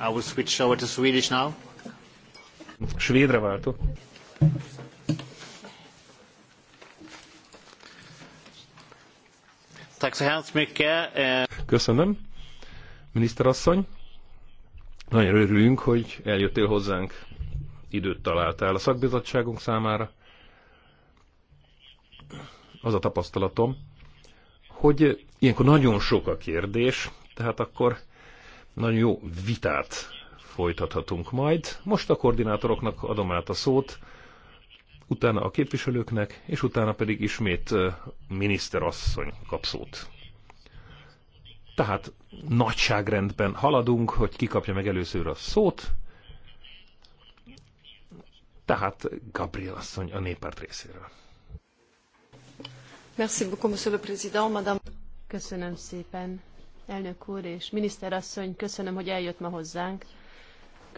I will switch over to Swedish now. Svédre váltok. Tack så hemskt eh. Köszönöm, miniszterasszony. Nagyon örülünk, hogy eljöttél hozzánk, időt találtál a szakbizottságunk számára. Az a tapasztalatom, hogy ilyenkor nagyon sok a kérdés, tehát akkor nagyon jó vitát folytathatunk majd. Most a koordinátoroknak adom át a szót, utána a képviselőknek, és utána pedig ismét miniszterasszony kap szót. Tehát nagyságrendben haladunk, hogy kapja meg először a szót. Tehát Gabriel asszony a néppárt részéről. Merci beaucoup, monsieur le président, madame. Köszönöm szépen, elnök úr és miniszterasszony, köszönöm, hogy eljött ma hozzánk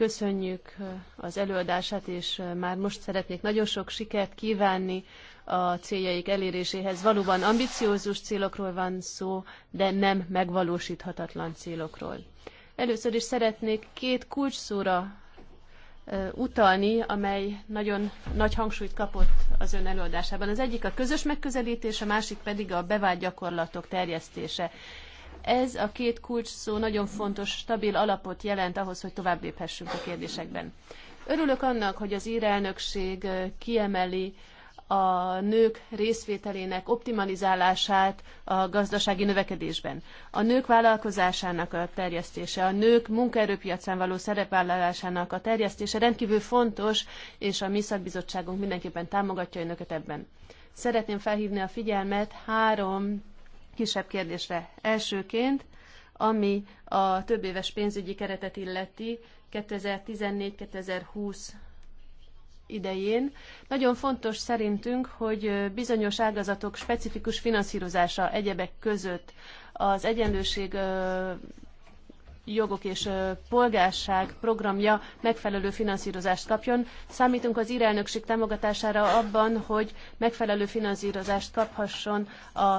köszönjük az előadását, és már most szeretnék nagyon sok sikert kívánni a céljaik eléréséhez. Valóban ambiciózus célokról van szó, de nem megvalósíthatatlan célokról. Először is szeretnék két kulcsszóra utalni, amely nagyon nagy hangsúlyt kapott az ön előadásában. Az egyik a közös megközelítés, a másik pedig a bevált gyakorlatok terjesztése. Ez a két kulcs szó nagyon fontos, stabil alapot jelent ahhoz, hogy tovább léphessünk a kérdésekben. Örülök annak, hogy az írelnökség kiemeli a nők részvételének optimalizálását a gazdasági növekedésben. A nők vállalkozásának a terjesztése, a nők munkaerőpiacán való szerepvállalásának a terjesztése rendkívül fontos, és a mi szakbizottságunk mindenképpen támogatja önöket ebben. Szeretném felhívni a figyelmet három kisebb kérdésre. Elsőként, ami a több éves pénzügyi keretet illeti 2014-2020 idején. Nagyon fontos szerintünk, hogy bizonyos ágazatok specifikus finanszírozása egyebek között az egyenlőség jogok és polgárság programja megfelelő finanszírozást kapjon. Számítunk az irelnökség támogatására abban, hogy megfelelő finanszírozást kaphasson a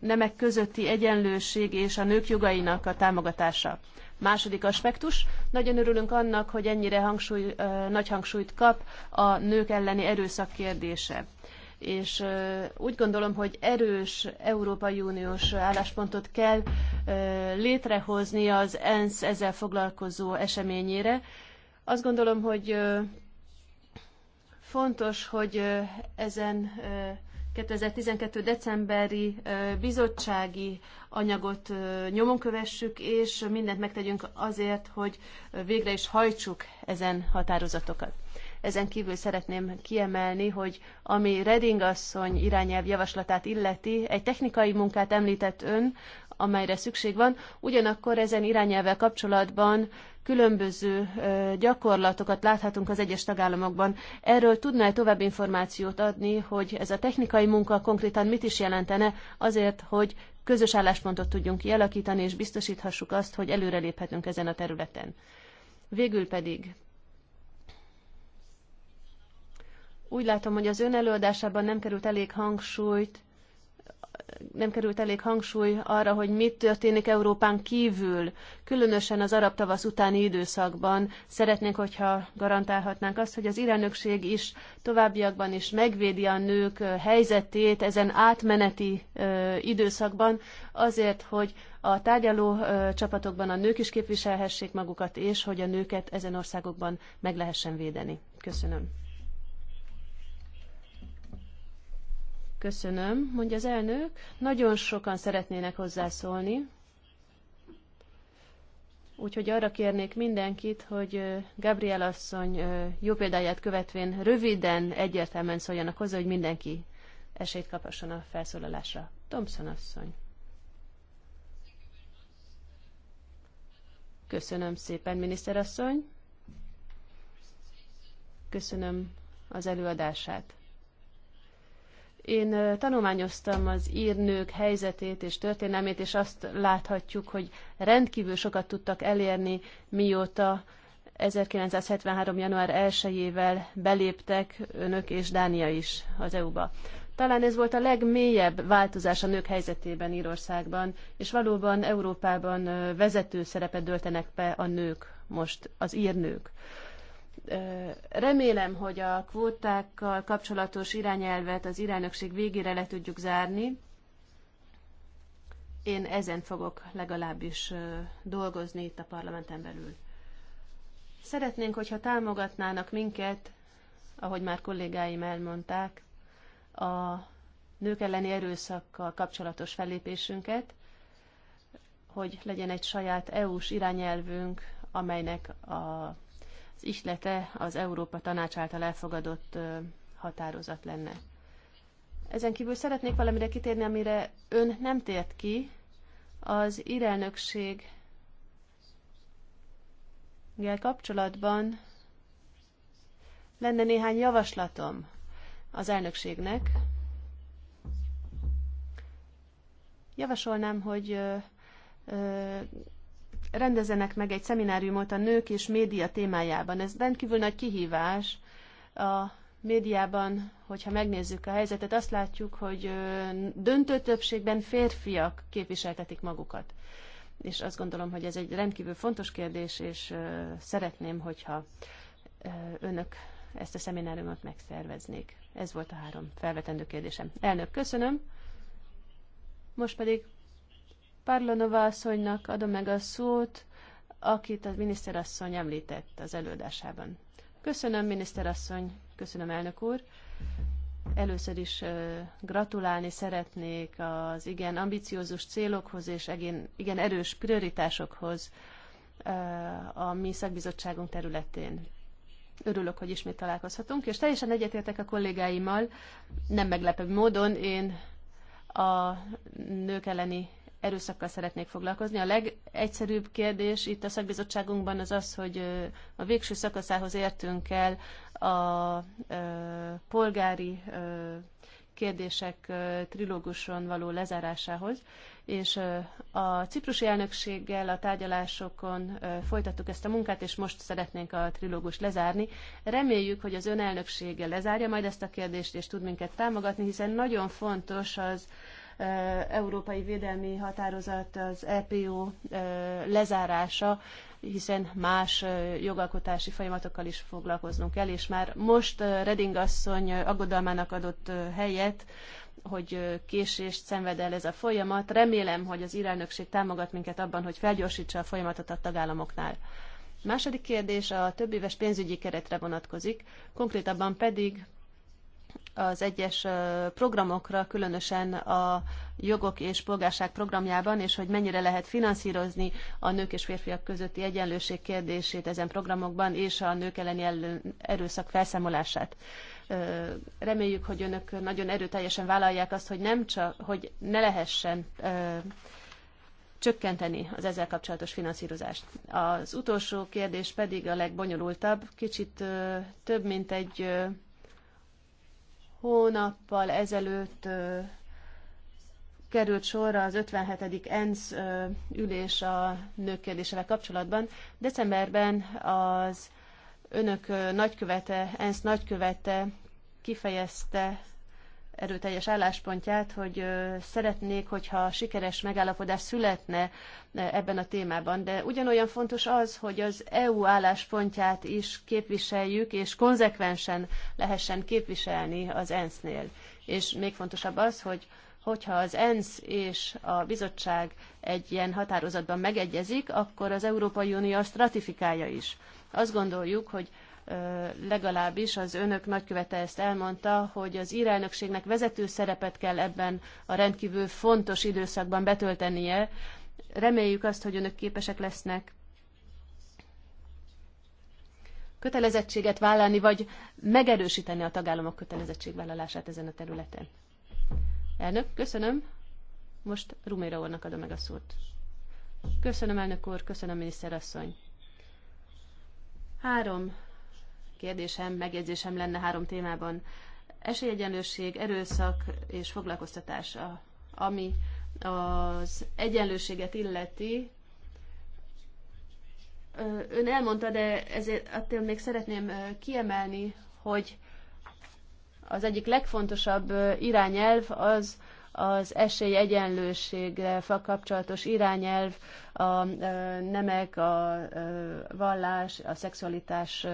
nemek közötti egyenlőség és a nők jogainak a támogatása. Második aspektus, nagyon örülünk annak, hogy ennyire hangsúly, nagy hangsúlyt kap a nők elleni erőszak kérdése és úgy gondolom, hogy erős Európai Uniós álláspontot kell létrehozni az ENSZ ezzel foglalkozó eseményére. Azt gondolom, hogy fontos, hogy ezen 2012. decemberi bizottsági anyagot nyomon kövessük, és mindent megtegyünk azért, hogy végre is hajtsuk ezen határozatokat. Ezen kívül szeretném kiemelni, hogy ami Reding asszony irányelv javaslatát illeti, egy technikai munkát említett ön, amelyre szükség van, ugyanakkor ezen irányelvvel kapcsolatban különböző gyakorlatokat láthatunk az egyes tagállamokban. Erről tudná-e tovább információt adni, hogy ez a technikai munka konkrétan mit is jelentene azért, hogy közös álláspontot tudjunk kialakítani, és biztosíthassuk azt, hogy előreléphetünk ezen a területen. Végül pedig Úgy látom, hogy az ön előadásában nem került elég hangsúlyt nem került elég hangsúly arra, hogy mit történik Európán kívül, különösen az arab tavasz utáni időszakban. Szeretnénk, hogyha garantálhatnánk azt, hogy az iránökség is továbbiakban is megvédi a nők helyzetét ezen átmeneti ö, időszakban, azért, hogy a tárgyaló ö, csapatokban a nők is képviselhessék magukat, és hogy a nőket ezen országokban meg lehessen védeni. Köszönöm. Köszönöm, mondja az elnök. Nagyon sokan szeretnének hozzászólni, úgyhogy arra kérnék mindenkit, hogy Gabriel asszony jó példáját követvén röviden, egyértelműen szóljanak hozzá, hogy mindenki esélyt kaphasson a felszólalásra. Thompson asszony. Köszönöm szépen, miniszterasszony. Köszönöm az előadását. Én tanulmányoztam az írnők helyzetét és történelmét, és azt láthatjuk, hogy rendkívül sokat tudtak elérni, mióta 1973. január 1-ével beléptek önök és Dánia is az EU-ba. Talán ez volt a legmélyebb változás a nők helyzetében Írországban, és valóban Európában vezető szerepet döltenek be a nők, most az írnők. Remélem, hogy a kvótákkal kapcsolatos irányelvet az irányokség végére le tudjuk zárni. Én ezen fogok legalábbis dolgozni itt a parlamenten belül. Szeretnénk, hogyha támogatnának minket, ahogy már kollégáim elmondták, a nők elleni erőszakkal kapcsolatos fellépésünket, hogy legyen egy saját EU-s irányelvünk, amelynek a az islete az Európa Tanács által elfogadott határozat lenne. Ezen kívül szeretnék valamire kitérni, amire ön nem tért ki, az irelnökség kapcsolatban lenne néhány javaslatom az elnökségnek. Javasolnám, hogy ö, ö, rendezenek meg egy szemináriumot a nők és média témájában. Ez rendkívül nagy kihívás. A médiában, hogyha megnézzük a helyzetet, azt látjuk, hogy döntő többségben férfiak képviseltetik magukat. És azt gondolom, hogy ez egy rendkívül fontos kérdés, és szeretném, hogyha önök ezt a szemináriumot megszerveznék. Ez volt a három felvetendő kérdésem. Elnök, köszönöm. Most pedig Parlonova asszonynak adom meg a szót, akit a miniszterasszony említett az előadásában. Köszönöm, miniszterasszony, köszönöm, elnök úr. Először is gratulálni szeretnék az igen ambiciózus célokhoz és igen, igen erős prioritásokhoz a mi szakbizottságunk területén. Örülök, hogy ismét találkozhatunk, és teljesen egyetértek a kollégáimmal, nem meglepő módon én a nők elleni erőszakkal szeretnék foglalkozni. A legegyszerűbb kérdés itt a szakbizottságunkban az az, hogy a végső szakaszához értünk el a polgári kérdések trilóguson való lezárásához, és a ciprusi elnökséggel a tárgyalásokon folytattuk ezt a munkát, és most szeretnénk a trilógust lezárni. Reméljük, hogy az ön elnöksége lezárja majd ezt a kérdést, és tud minket támogatni, hiszen nagyon fontos az Eh, európai védelmi határozat, az EPO eh, lezárása, hiszen más eh, jogalkotási folyamatokkal is foglalkoznunk el, és már most Reding asszony aggodalmának adott helyet, hogy késést szenved el ez a folyamat. Remélem, hogy az irányokség támogat minket abban, hogy felgyorsítsa a folyamatot a tagállamoknál. Második kérdés a többéves pénzügyi keretre vonatkozik, konkrétabban pedig az egyes programokra, különösen a jogok és polgárság programjában, és hogy mennyire lehet finanszírozni a nők és férfiak közötti egyenlőség kérdését ezen programokban, és a nők elleni erőszak felszámolását. Reméljük, hogy önök nagyon erőteljesen vállalják azt, hogy, nem csak, hogy ne lehessen csökkenteni az ezzel kapcsolatos finanszírozást. Az utolsó kérdés pedig a legbonyolultabb, kicsit több mint egy hónappal ezelőtt került sorra az 57. ENSZ ülés a nők kérdésével kapcsolatban. Decemberben az önök nagykövete, ENSZ nagykövete kifejezte erőteljes álláspontját, hogy szeretnék, hogyha sikeres megállapodás születne ebben a témában, de ugyanolyan fontos az, hogy az EU álláspontját is képviseljük, és konzekvensen lehessen képviselni az ENSZ-nél. És még fontosabb az, hogy hogyha az ENSZ és a bizottság egy ilyen határozatban megegyezik, akkor az Európai Unió azt ratifikálja is. Azt gondoljuk, hogy legalábbis az önök nagykövete ezt elmondta, hogy az írelnökségnek vezető szerepet kell ebben a rendkívül fontos időszakban betöltenie. Reméljük azt, hogy önök képesek lesznek kötelezettséget vállalni, vagy megerősíteni a tagállamok kötelezettségvállalását ezen a területen. Elnök, köszönöm. Most Ruméra úrnak adom meg a szót. Köszönöm, elnök úr, köszönöm, miniszterasszony. Három kérdésem, megjegyzésem lenne három témában. Esélyegyenlőség, erőszak és foglalkoztatása, ami az egyenlőséget illeti. Ön elmondta, de ezért attól még szeretném kiemelni, hogy az egyik legfontosabb irányelv az az esélyegyenlőségre kapcsolatos irányelv, a nemek, a vallás, a szexualitás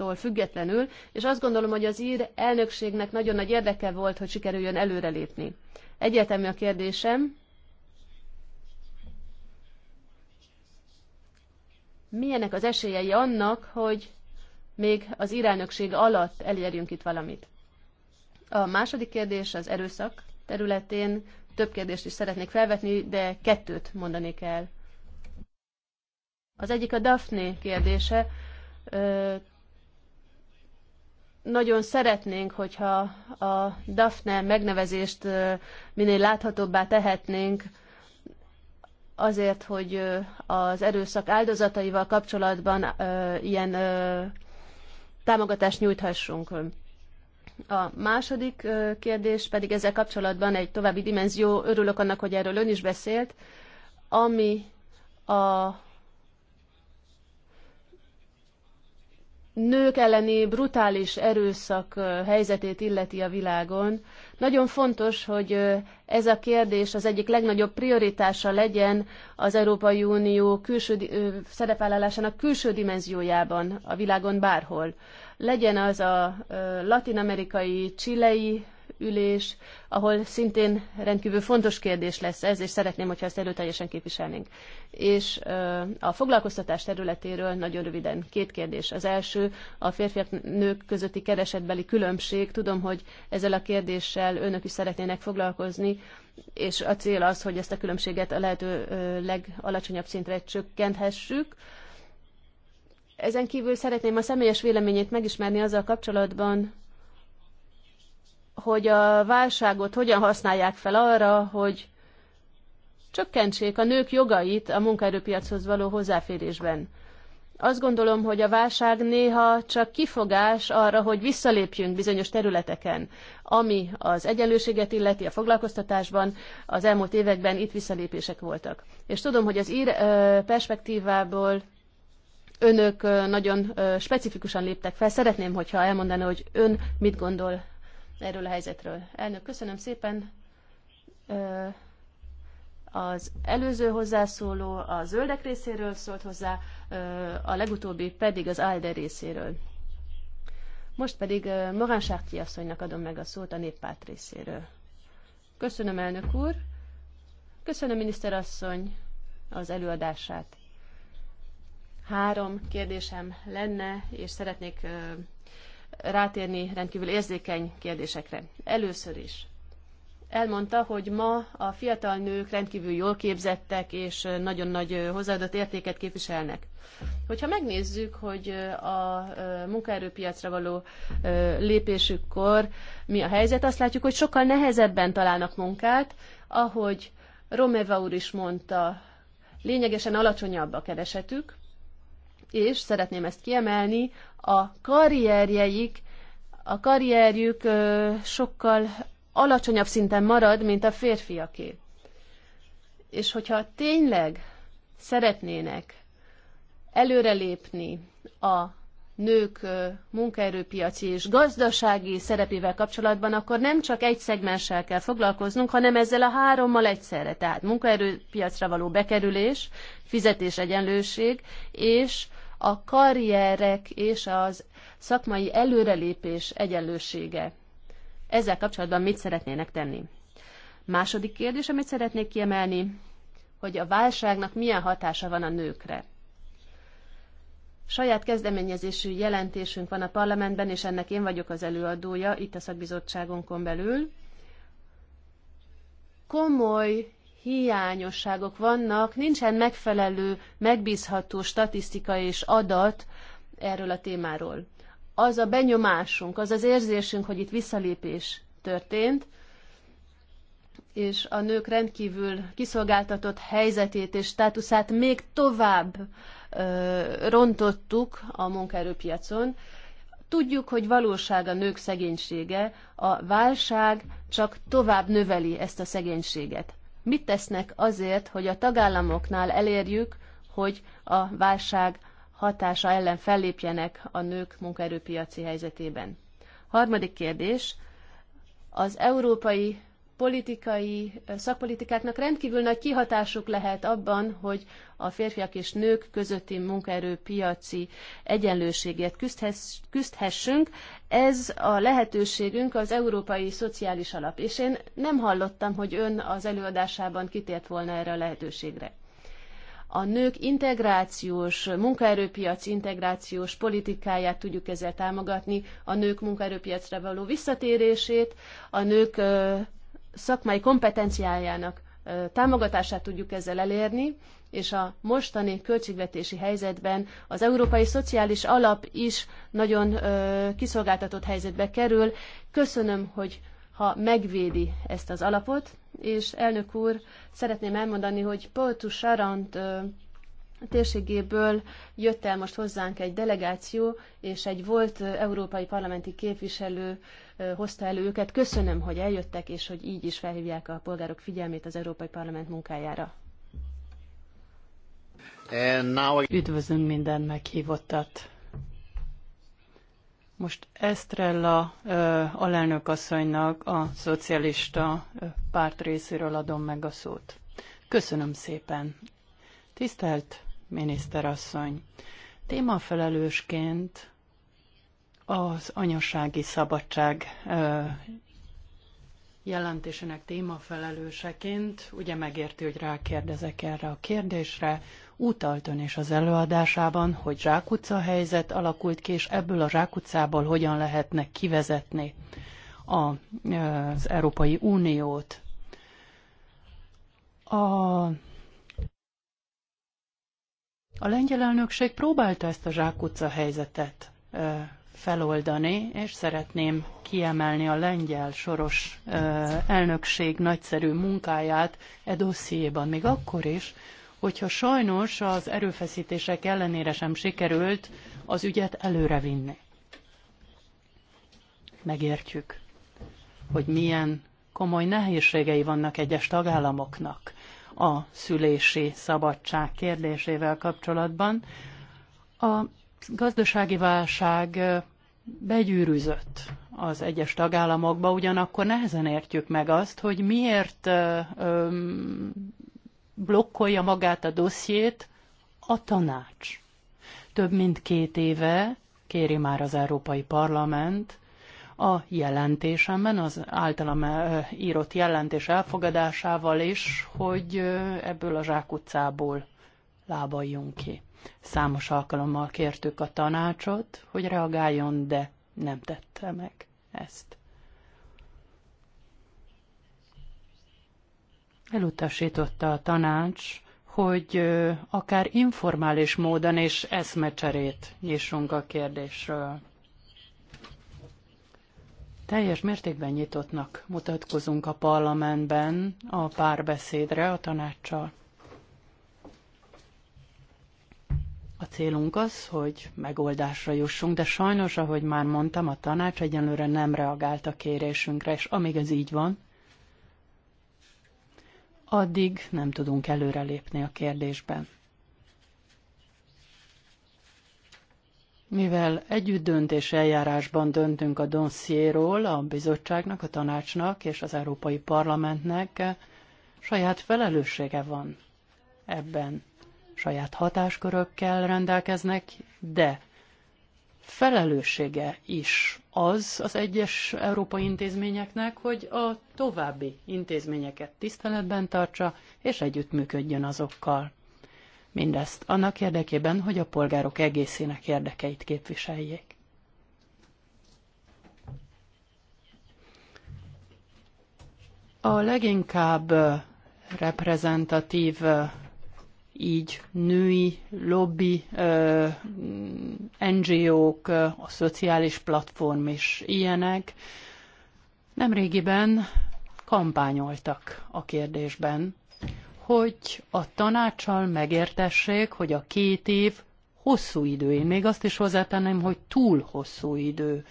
attól függetlenül, és azt gondolom, hogy az ír elnökségnek nagyon nagy érdeke volt, hogy sikerüljön előrelépni. Egyetemű a kérdésem. Milyenek az esélyei annak, hogy még az irányokség alatt elérjünk itt valamit? A második kérdés az erőszak területén. Több kérdést is szeretnék felvetni, de kettőt mondanék el. Az egyik a Daphne kérdése nagyon szeretnénk, hogyha a Daphne megnevezést minél láthatóbbá tehetnénk, azért, hogy az erőszak áldozataival kapcsolatban ilyen támogatást nyújthassunk. A második kérdés pedig ezzel kapcsolatban egy további dimenzió, örülök annak, hogy erről ön is beszélt, ami a nők elleni brutális erőszak helyzetét illeti a világon, nagyon fontos, hogy ez a kérdés az egyik legnagyobb prioritása legyen az Európai Unió külső szerepállásának külső dimenziójában a világon bárhol. Legyen az a latin-amerikai, csilei ülés, ahol szintén rendkívül fontos kérdés lesz ez, és szeretném, hogyha ezt előteljesen képviselnénk. És a foglalkoztatás területéről nagyon röviden két kérdés. Az első, a férfiak nők közötti keresetbeli különbség. Tudom, hogy ezzel a kérdéssel önök is szeretnének foglalkozni, és a cél az, hogy ezt a különbséget a lehető legalacsonyabb szintre csökkenthessük. Ezen kívül szeretném a személyes véleményét megismerni azzal kapcsolatban, hogy a válságot hogyan használják fel arra, hogy csökkentsék a nők jogait a munkaerőpiachoz való hozzáférésben. Azt gondolom, hogy a válság néha csak kifogás arra, hogy visszalépjünk bizonyos területeken, ami az egyenlőséget illeti a foglalkoztatásban, az elmúlt években itt visszalépések voltak. És tudom, hogy az ír perspektívából önök nagyon specifikusan léptek fel. Szeretném, hogyha elmondaná, hogy ön mit gondol erről a helyzetről. Elnök, köszönöm szépen. Az előző hozzászóló a zöldek részéről szólt hozzá, a legutóbbi pedig az ALDE részéről. Most pedig Morán Sárti asszonynak adom meg a szót a néppárt részéről. Köszönöm, elnök úr. Köszönöm, miniszterasszony, az előadását. Három kérdésem lenne, és szeretnék rátérni rendkívül érzékeny kérdésekre. Először is elmondta, hogy ma a fiatal nők rendkívül jól képzettek, és nagyon nagy hozzáadott értéket képviselnek. Hogyha megnézzük, hogy a munkaerőpiacra való lépésükkor mi a helyzet, azt látjuk, hogy sokkal nehezebben találnak munkát, ahogy Romeva úr is mondta, lényegesen alacsonyabb a keresetük, és szeretném ezt kiemelni, a karrierjeik, a karrierjük sokkal alacsonyabb szinten marad, mint a férfiaké. És hogyha tényleg szeretnének előrelépni a nők munkaerőpiaci és gazdasági szerepével kapcsolatban, akkor nem csak egy szegmenssel kell foglalkoznunk, hanem ezzel a hárommal egyszerre. Tehát munkaerőpiacra való bekerülés, fizetés egyenlőség, és a karrierek és az szakmai előrelépés egyenlősége. Ezzel kapcsolatban mit szeretnének tenni? Második kérdés, amit szeretnék kiemelni, hogy a válságnak milyen hatása van a nőkre. Saját kezdeményezésű jelentésünk van a parlamentben, és ennek én vagyok az előadója, itt a szakbizottságunkon belül. Komoly hiányosságok vannak, nincsen megfelelő, megbízható statisztika és adat erről a témáról. Az a benyomásunk, az az érzésünk, hogy itt visszalépés történt, és a nők rendkívül kiszolgáltatott helyzetét és státuszát még tovább uh, rontottuk a munkaerőpiacon. Tudjuk, hogy valóság a nők szegénysége, a válság csak tovább növeli ezt a szegénységet. Mit tesznek azért, hogy a tagállamoknál elérjük, hogy a válság hatása ellen fellépjenek a nők munkaerőpiaci helyzetében? Harmadik kérdés. Az európai politikai szakpolitikáknak rendkívül nagy kihatásuk lehet abban, hogy a férfiak és nők közötti munkaerőpiaci egyenlőségért küzdhessünk. Ez a lehetőségünk az Európai Szociális Alap, és én nem hallottam, hogy ön az előadásában kitért volna erre a lehetőségre a nők integrációs, munkaerőpiac integrációs politikáját tudjuk ezzel támogatni, a nők munkaerőpiacra való visszatérését, a nők szakmai kompetenciájának támogatását tudjuk ezzel elérni, és a mostani költségvetési helyzetben az Európai Szociális Alap is nagyon kiszolgáltatott helyzetbe kerül. Köszönöm, hogy ha megvédi ezt az alapot, és elnök úr, szeretném elmondani, hogy Poltus Sarant térségéből jött el most hozzánk egy delegáció, és egy volt európai parlamenti képviselő hozta elő őket. Köszönöm, hogy eljöttek, és hogy így is felhívják a polgárok figyelmét az Európai Parlament munkájára. Üdvözlünk minden meghívottat. Most Estrella alelnök asszonynak a szocialista párt részéről adom meg a szót. Köszönöm szépen. Tisztelt miniszterasszony. Témafelelősként az anyasági szabadság jelentésének témafelelőseként, ugye megérti, hogy rákérdezek erre a kérdésre, utaltan és az előadásában, hogy zsákutca helyzet alakult ki, és ebből a zsákutcából hogyan lehetne kivezetni az Európai Uniót. A a lengyel elnökség próbálta ezt a zsákutca helyzetet feloldani, és szeretném kiemelni a lengyel soros elnökség nagyszerű munkáját e dossziéban, még akkor is, hogyha sajnos az erőfeszítések ellenére sem sikerült az ügyet előrevinni. Megértjük, hogy milyen komoly nehézségei vannak egyes tagállamoknak a szülési szabadság kérdésével kapcsolatban. A gazdasági válság begyűrűzött az egyes tagállamokba, ugyanakkor nehezen értjük meg azt, hogy miért blokkolja magát a dossziét a tanács. Több mint két éve kéri már az Európai Parlament a jelentésemben, az általam eh, írott jelentés elfogadásával is, hogy eh, ebből a zsákutcából lábaljunk ki. Számos alkalommal kértük a tanácsot, hogy reagáljon, de nem tette meg ezt. Elutasította a tanács, hogy eh, akár informális módon és eszmecserét nyissunk a kérdésről teljes mértékben nyitottnak mutatkozunk a parlamentben a párbeszédre a tanácssal. A célunk az, hogy megoldásra jussunk, de sajnos, ahogy már mondtam, a tanács egyenlőre nem reagált a kérésünkre, és amíg ez így van, addig nem tudunk előrelépni a kérdésben. Mivel együtt döntés eljárásban döntünk a dossziéról, a bizottságnak, a tanácsnak és az Európai Parlamentnek saját felelőssége van ebben. Saját hatáskörökkel rendelkeznek, de felelőssége is az az egyes európai intézményeknek, hogy a további intézményeket tiszteletben tartsa és együttműködjön azokkal. Mindezt annak érdekében, hogy a polgárok egészének érdekeit képviseljék. A leginkább reprezentatív így női lobby NGO-k, a szociális platform is ilyenek. Nemrégiben kampányoltak a kérdésben, hogy a tanácssal megértessék, hogy a két év hosszú idő. Én még azt is hozzátenném, hogy túl hosszú idő.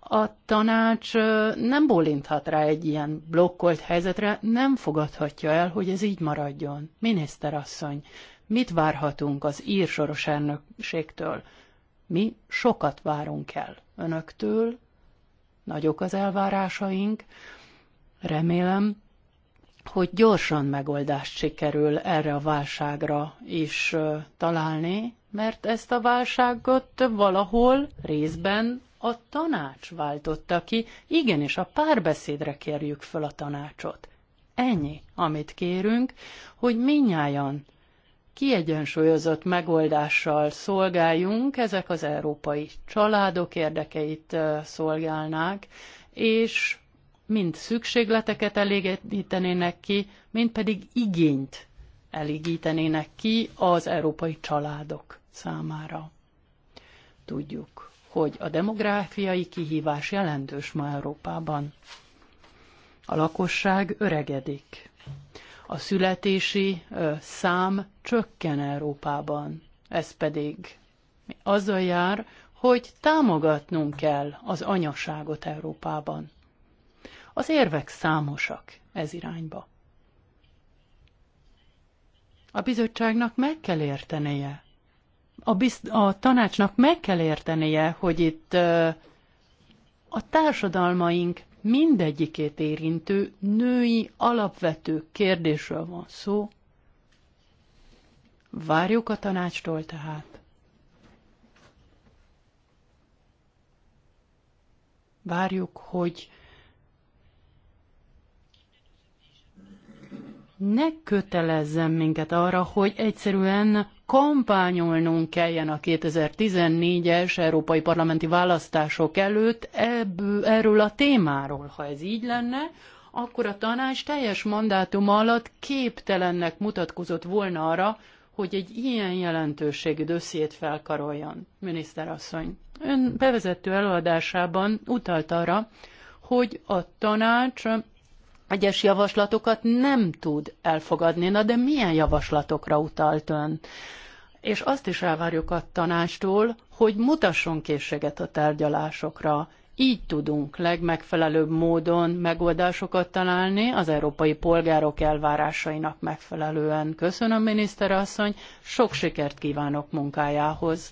A tanács nem bólinthat rá egy ilyen blokkolt helyzetre, nem fogadhatja el, hogy ez így maradjon. Miniszterasszony, mit várhatunk az ír soros elnökségtől? Mi sokat várunk el önöktől, nagyok az elvárásaink, remélem, hogy gyorsan megoldást sikerül erre a válságra is találni, mert ezt a válságot valahol részben a tanács váltotta ki, igenis a párbeszédre kérjük föl a tanácsot. Ennyi, amit kérünk, hogy minnyáján kiegyensúlyozott megoldással szolgáljunk, ezek az európai családok érdekeit szolgálnák, és mind szükségleteket elégítenének ki, mind pedig igényt elégítenének ki az európai családok számára. Tudjuk, hogy a demográfiai kihívás jelentős ma Európában. A lakosság öregedik. A születési szám csökken Európában. Ez pedig azzal jár, hogy támogatnunk kell az anyaságot Európában. Az érvek számosak ez irányba. A bizottságnak meg kell értenie, a, bizt- a tanácsnak meg kell értenie, hogy itt a társadalmaink mindegyikét érintő női alapvető kérdésről van szó. Várjuk a tanácstól tehát. Várjuk, hogy ne kötelezzen minket arra, hogy egyszerűen kampányolnunk kelljen a 2014-es európai parlamenti választások előtt ebből, erről a témáról. Ha ez így lenne, akkor a tanács teljes mandátum alatt képtelennek mutatkozott volna arra, hogy egy ilyen jelentőségű dossziét felkaroljon. Miniszterasszony, ön bevezető előadásában utalt arra, hogy a tanács egyes javaslatokat nem tud elfogadni. Na de milyen javaslatokra utalt ön? És azt is elvárjuk a tanástól, hogy mutasson készséget a tárgyalásokra. Így tudunk legmegfelelőbb módon megoldásokat találni az európai polgárok elvárásainak megfelelően. Köszönöm, miniszterasszony, sok sikert kívánok munkájához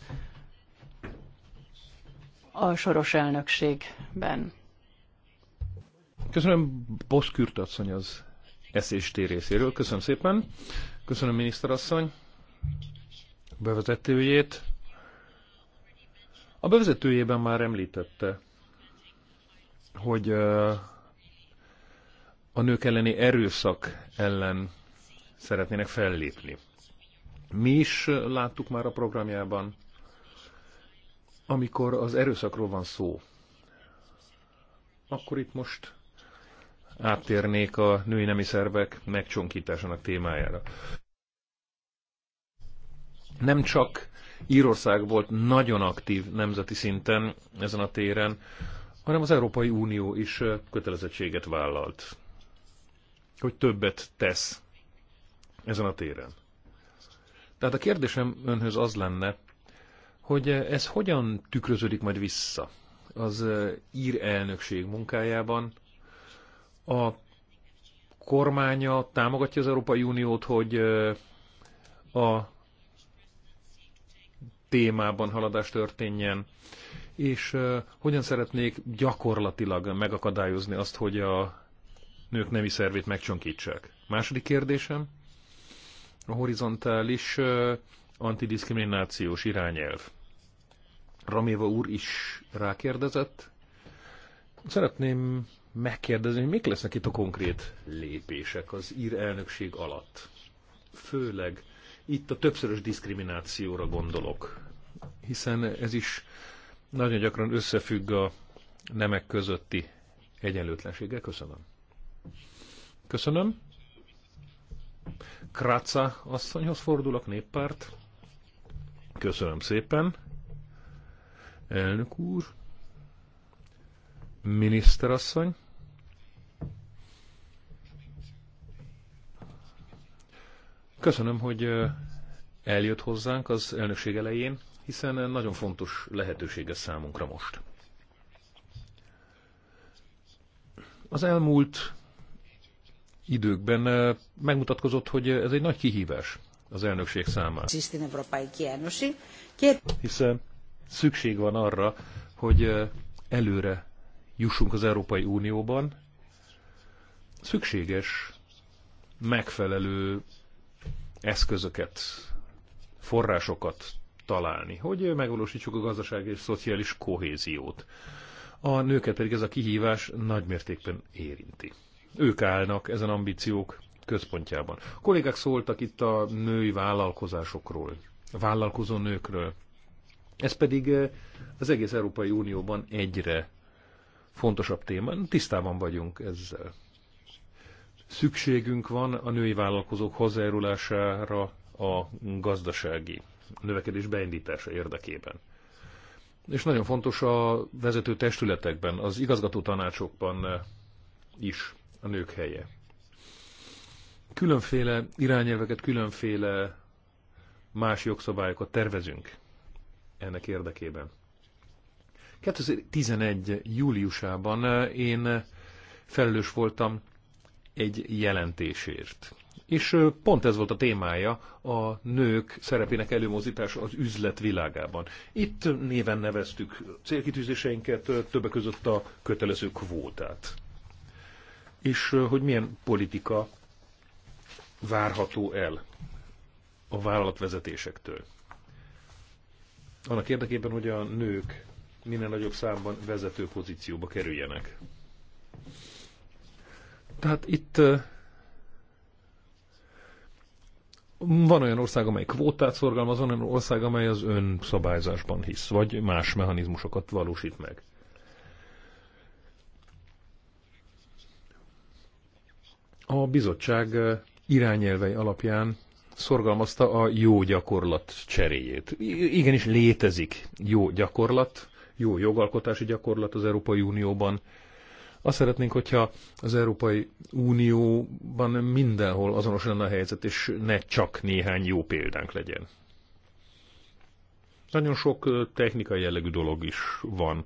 a soros elnökségben. Köszönöm Boszkürt asszony az SST részéről. Köszönöm szépen. Köszönöm miniszterasszony bevezetőjét. A bevezetőjében már említette, hogy a nők elleni erőszak ellen szeretnének fellépni. Mi is láttuk már a programjában, amikor az erőszakról van szó, akkor itt most áttérnék a női nemi szervek megcsonkításának témájára. Nem csak Írország volt nagyon aktív nemzeti szinten ezen a téren, hanem az Európai Unió is kötelezettséget vállalt, hogy többet tesz ezen a téren. Tehát a kérdésem önhöz az lenne, hogy ez hogyan tükröződik majd vissza az eh, ír elnökség munkájában, a kormánya támogatja az Európai Uniót, hogy a témában haladás történjen, és hogyan szeretnék gyakorlatilag megakadályozni azt, hogy a nők nemi szervét megcsonkítsák. Második kérdésem, a horizontális antidiszkriminációs irányelv. Raméva úr is rákérdezett. Szeretném megkérdezni, hogy mik lesznek itt a konkrét lépések az ír elnökség alatt. Főleg itt a többszörös diszkriminációra gondolok, hiszen ez is nagyon gyakran összefügg a nemek közötti egyenlőtlenséggel. Köszönöm. Köszönöm. Kráca asszonyhoz fordulok, néppárt. Köszönöm szépen. Elnök úr. Miniszterasszony. Köszönöm, hogy eljött hozzánk az elnökség elején, hiszen nagyon fontos lehetőség számunkra most. Az elmúlt időkben megmutatkozott, hogy ez egy nagy kihívás az elnökség számára. Hiszen szükség van arra, hogy előre jussunk az Európai Unióban. Szükséges megfelelő eszközöket, forrásokat találni, hogy megvalósítsuk a gazdasági és szociális kohéziót. A nőket pedig ez a kihívás nagymértékben érinti. Ők állnak ezen ambíciók központjában. A kollégák szóltak itt a női vállalkozásokról, a vállalkozó nőkről. Ez pedig eh, az egész Európai Unióban egyre fontosabb téma. Tisztában vagyunk ezzel. Szükségünk van a női vállalkozók hozzájárulására a gazdasági növekedés beindítása érdekében. És nagyon fontos a vezető testületekben, az igazgató tanácsokban eh, is a nők helye. Különféle irányelveket, különféle más jogszabályokat tervezünk ennek érdekében. 2011. júliusában eh, én felelős voltam egy jelentésért. És pont ez volt a témája a nők szerepének előmozítása az üzlet világában. Itt néven neveztük célkitűzéseinket, többek között a kötelező kvótát. És hogy milyen politika várható el a vállalatvezetésektől. Annak érdekében, hogy a nők minél nagyobb számban vezető pozícióba kerüljenek. Tehát itt van olyan ország, amely kvótát szorgalmaz, van olyan ország, amely az önszabályzásban hisz, vagy más mechanizmusokat valósít meg. A bizottság irányelvei alapján szorgalmazta a jó gyakorlat cseréjét. Igenis létezik jó gyakorlat, jó jogalkotási gyakorlat az Európai Unióban, azt szeretnénk, hogyha az Európai Unióban mindenhol azonos lenne a helyzet, és ne csak néhány jó példánk legyen. Nagyon sok technikai jellegű dolog is van.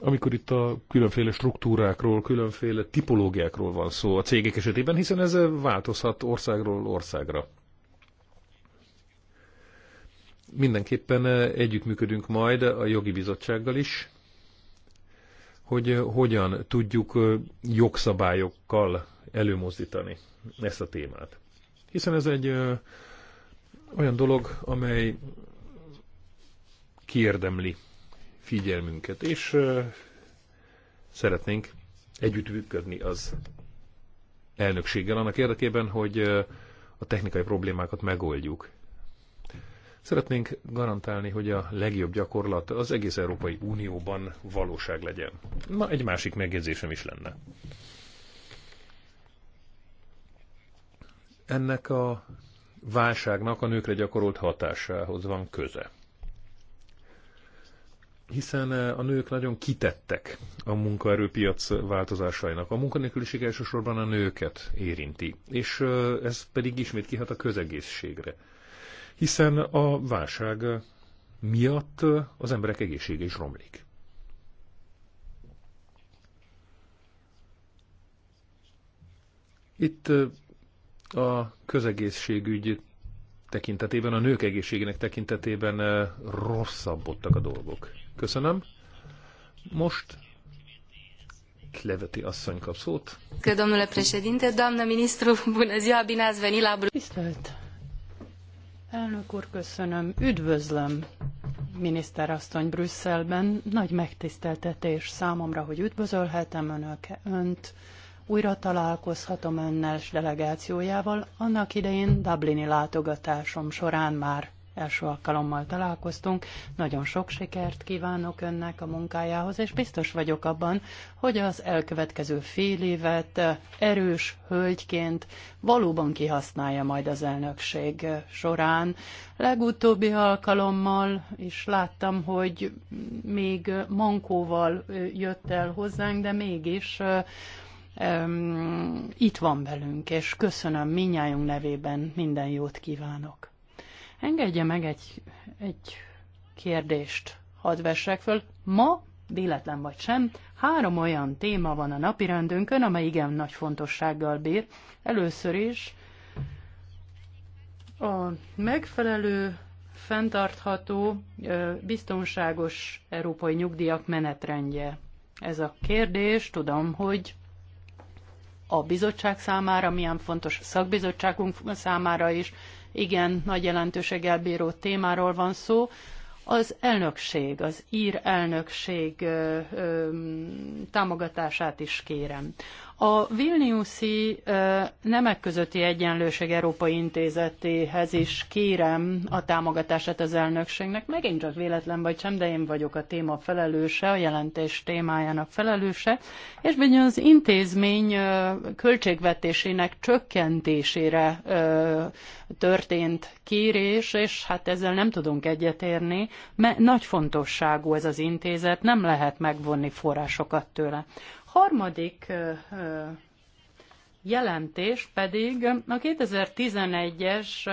Amikor itt a különféle struktúrákról, különféle tipológiákról van szó a cégek esetében, hiszen ez változhat országról országra mindenképpen együttműködünk majd a jogi bizottsággal is, hogy hogyan tudjuk jogszabályokkal előmozdítani ezt a témát. Hiszen ez egy olyan dolog, amely kiérdemli figyelmünket, és szeretnénk együttműködni az elnökséggel annak érdekében, hogy a technikai problémákat megoldjuk. Szeretnénk garantálni, hogy a legjobb gyakorlat az egész Európai Unióban valóság legyen. Na, egy másik megjegyzésem is lenne. Ennek a válságnak a nőkre gyakorolt hatásához van köze. Hiszen eh, a nők nagyon kitettek a munkaerőpiac változásainak. A munkanélküliség elsősorban a nőket érinti, és eh, ez pedig ismét kihat a közegészségre hiszen a válság miatt az emberek egészsége is romlik. Itt a közegészségügy tekintetében, a nők egészségének tekintetében rosszabbodtak a dolgok. Köszönöm. Most Kleveti asszony kap szót. Domnule președinte, doamnă ministru, bună ziua, bine ați venit la Tisztelt Elnök úr, köszönöm. Üdvözlöm Brüsszelben. Nagy megtiszteltetés számomra, hogy üdvözölhetem önök, önt. Újra találkozhatom önnel és delegációjával. Annak idején Dublini látogatásom során már első alkalommal találkoztunk. Nagyon sok sikert kívánok önnek a munkájához, és biztos vagyok abban, hogy az elkövetkező fél évet eh, erős hölgyként valóban kihasználja majd az elnökség eh, során. Legutóbbi alkalommal is láttam, hogy még mankóval eh, jött el hozzánk, de mégis itt van velünk, és köszönöm minnyájunk nevében, minden jót kívánok. Engedje meg egy, egy kérdést, hadd vessek föl. Ma, véletlen vagy sem, három olyan téma van a napirendünkön, amely igen nagy fontossággal bír. Először is a megfelelő, fenntartható, biztonságos európai nyugdíjak menetrendje. Ez a kérdés, tudom, hogy a bizottság számára, milyen fontos szakbizottságunk számára is, igen nagy jelentőséggel bíró témáról van szó. Az elnökség, az ír elnökség ö, ö, támogatását is kérem. A Vilniuszi Nemek Közötti Egyenlőség Európai Intézetéhez is kérem a támogatását az elnökségnek. Megint csak véletlen vagy sem, de én vagyok a téma felelőse, a jelentés témájának felelőse, és bizony az intézmény költségvetésének csökkentésére történt kérés, és hát ezzel nem tudunk egyetérni, mert nagy fontosságú ez az intézet, nem lehet megvonni forrásokat tőle harmadik jelentés pedig a 2011-es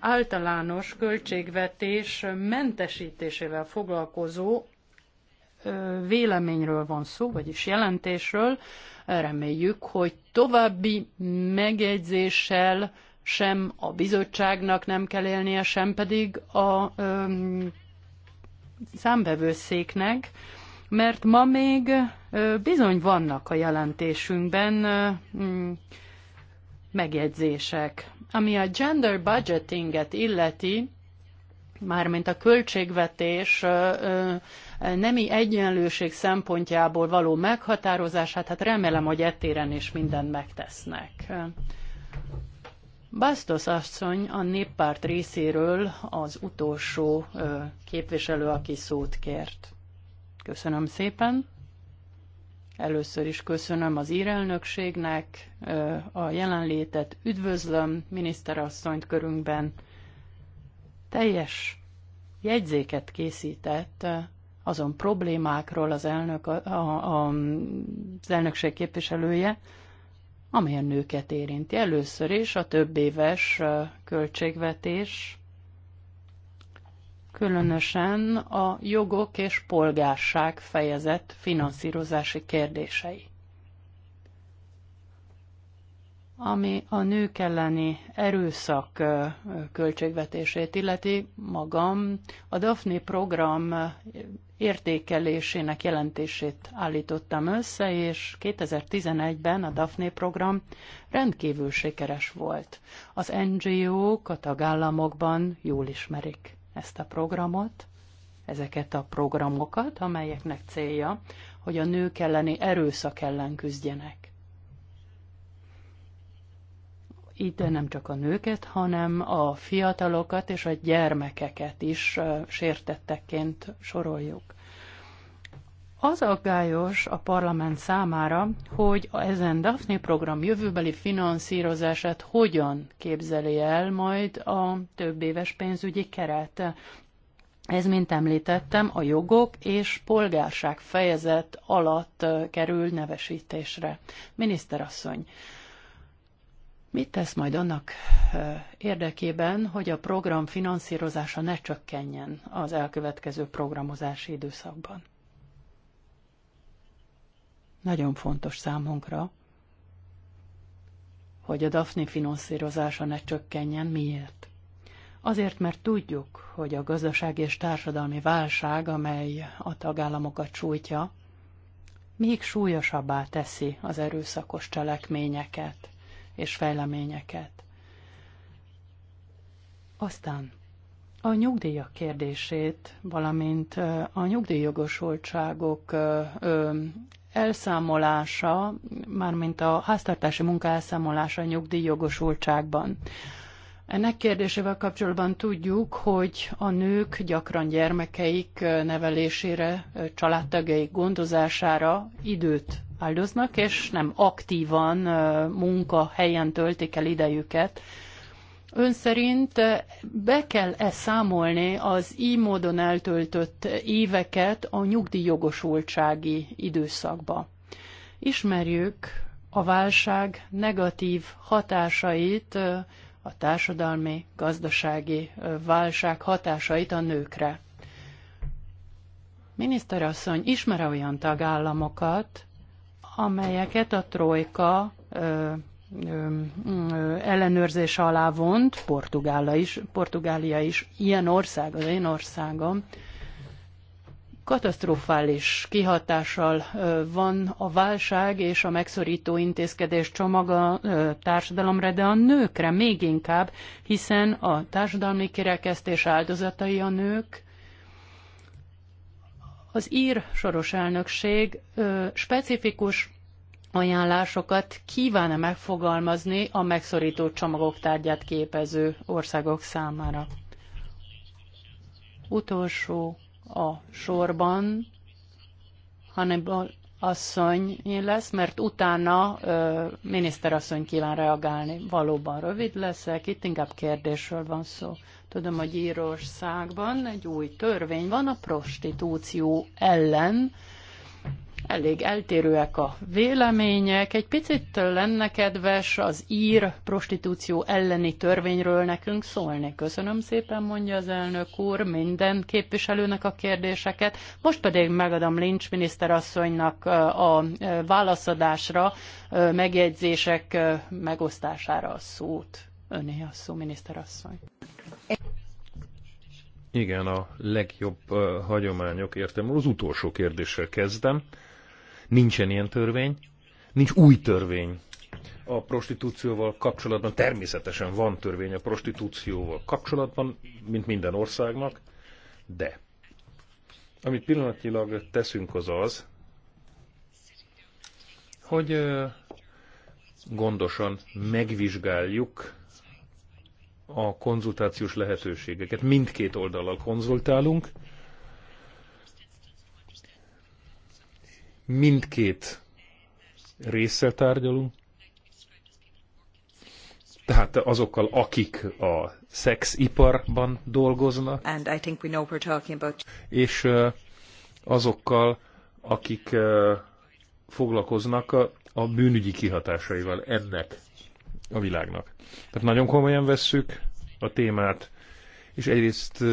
általános költségvetés mentesítésével foglalkozó véleményről van szó, vagyis jelentésről. Reméljük, hogy további megjegyzéssel sem a bizottságnak nem kell élnie, sem pedig a számbevőszéknek, mert ma még bizony vannak a jelentésünkben mm, megjegyzések. Ami a gender budgetinget illeti, mármint a költségvetés nemi egyenlőség szempontjából való meghatározását, hát remélem, hogy ettéren is mindent megtesznek. Bastos asszony a néppárt részéről az utolsó képviselő, aki szót kért. Köszönöm szépen. Először is köszönöm az írelnökségnek a jelenlétet. Üdvözlöm miniszterasszonyt körünkben. Teljes jegyzéket készített azon problémákról az, elnök, a, a, az elnökség képviselője, amely a nőket érinti. Először is a több éves költségvetés különösen a jogok és polgárság fejezet finanszírozási kérdései. Ami a nők elleni erőszak költségvetését illeti, magam a DAFNI program értékelésének jelentését állítottam össze, és 2011-ben a DAFNE program rendkívül sikeres volt. Az NGO-k a tagállamokban jól ismerik ezt a programot, ezeket a programokat, amelyeknek célja, hogy a nők elleni erőszak ellen küzdjenek. Itt nem csak a nőket, hanem a fiatalokat és a gyermekeket is sértettekként soroljuk. Az aggályos a parlament számára, hogy ezen Daphne program jövőbeli finanszírozását hogyan képzeli el majd a több éves pénzügyi keret. Ez, mint említettem, a jogok és polgárság fejezet alatt kerül nevesítésre. Miniszterasszony, mit tesz majd annak érdekében, hogy a program finanszírozása ne csökkenjen az elkövetkező programozási időszakban? Nagyon fontos számunkra, hogy a Daphne finanszírozása ne csökkenjen. Miért? Azért, mert tudjuk, hogy a gazdasági és társadalmi válság, amely a tagállamokat sújtja, még súlyosabbá teszi az erőszakos cselekményeket és fejleményeket. Aztán a nyugdíjak kérdését, valamint a nyugdíjjogosultságok elszámolása, mármint a háztartási munka elszámolása a nyugdíjjogosultságban. Ennek kérdésével kapcsolatban tudjuk, hogy a nők gyakran gyermekeik nevelésére, családtagjaik gondozására időt áldoznak, és nem aktívan munkahelyen töltik el idejüket Ön szerint eh, be kell-e számolni az így módon eltöltött éveket a nyugdíjjogosultsági időszakba? Ismerjük a válság negatív hatásait, eh, a társadalmi, gazdasági eh, válság hatásait a nőkre. Miniszterasszony ismer olyan tagállamokat, amelyeket a trojka ellenőrzés alá vont, Portugália is, Portugália is ilyen ország, az én országom, katasztrofális kihatással van a válság és a megszorító intézkedés csomaga társadalomra, de a nőkre még inkább, hiszen a társadalmi kirekesztés áldozatai a nők, az ír soros elnökség specifikus ajánlásokat kíván-e megfogalmazni a megszorító csomagok tárgyát képező országok számára. Utolsó a sorban Hannibal asszony lesz, mert utána ö, miniszterasszony kíván reagálni. Valóban rövid leszek, itt inkább kérdésről van szó. Tudom, hogy Írországban egy új törvény van a prostitúció ellen, elég eltérőek a vélemények. Egy picit lenne kedves az ír prostitúció elleni törvényről nekünk szólni. Köszönöm szépen, mondja az elnök úr, minden képviselőnek a kérdéseket. Most pedig megadom Lynch miniszterasszonynak a válaszadásra, megjegyzések megosztására a szót. Öné a szó, miniszterasszony. Igen, a legjobb hagyományok értem. Az utolsó kérdéssel kezdem. Nincsen ilyen törvény, nincs új törvény a prostitúcióval kapcsolatban. Természetesen van törvény a prostitúcióval kapcsolatban, mint minden országnak, de amit pillanatilag teszünk az az, hogy gondosan megvizsgáljuk a konzultációs lehetőségeket. Mindkét oldalal konzultálunk, mindkét résszel tárgyalunk, tehát azokkal, akik a szexiparban dolgoznak, And I think we know we're talking about... és azokkal, akik foglalkoznak a bűnügyi kihatásaival ennek a világnak. Tehát nagyon komolyan vesszük a témát, és egyrészt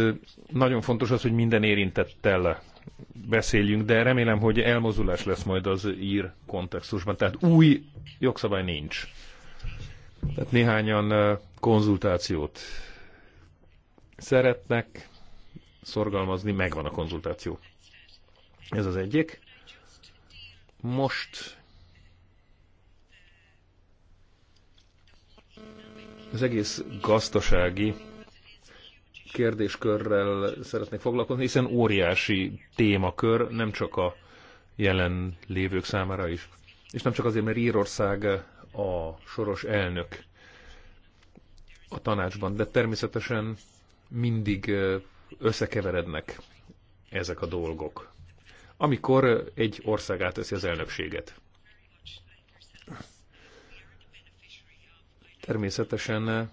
nagyon fontos az, hogy minden érintettel beszéljünk, de remélem, hogy elmozulás lesz majd az ír kontextusban. Tehát új jogszabály nincs. Tehát néhányan eh, konzultációt szeretnek szorgalmazni, megvan a konzultáció. Ez az egyik. Most az egész gazdasági kérdéskörrel szeretnék foglalkozni, hiszen óriási témakör, nem csak a jelen lévők számára is. És nem csak azért, mert Írország a soros elnök a tanácsban, de természetesen mindig összekeverednek ezek a dolgok. Amikor egy ország átveszi az elnökséget. Természetesen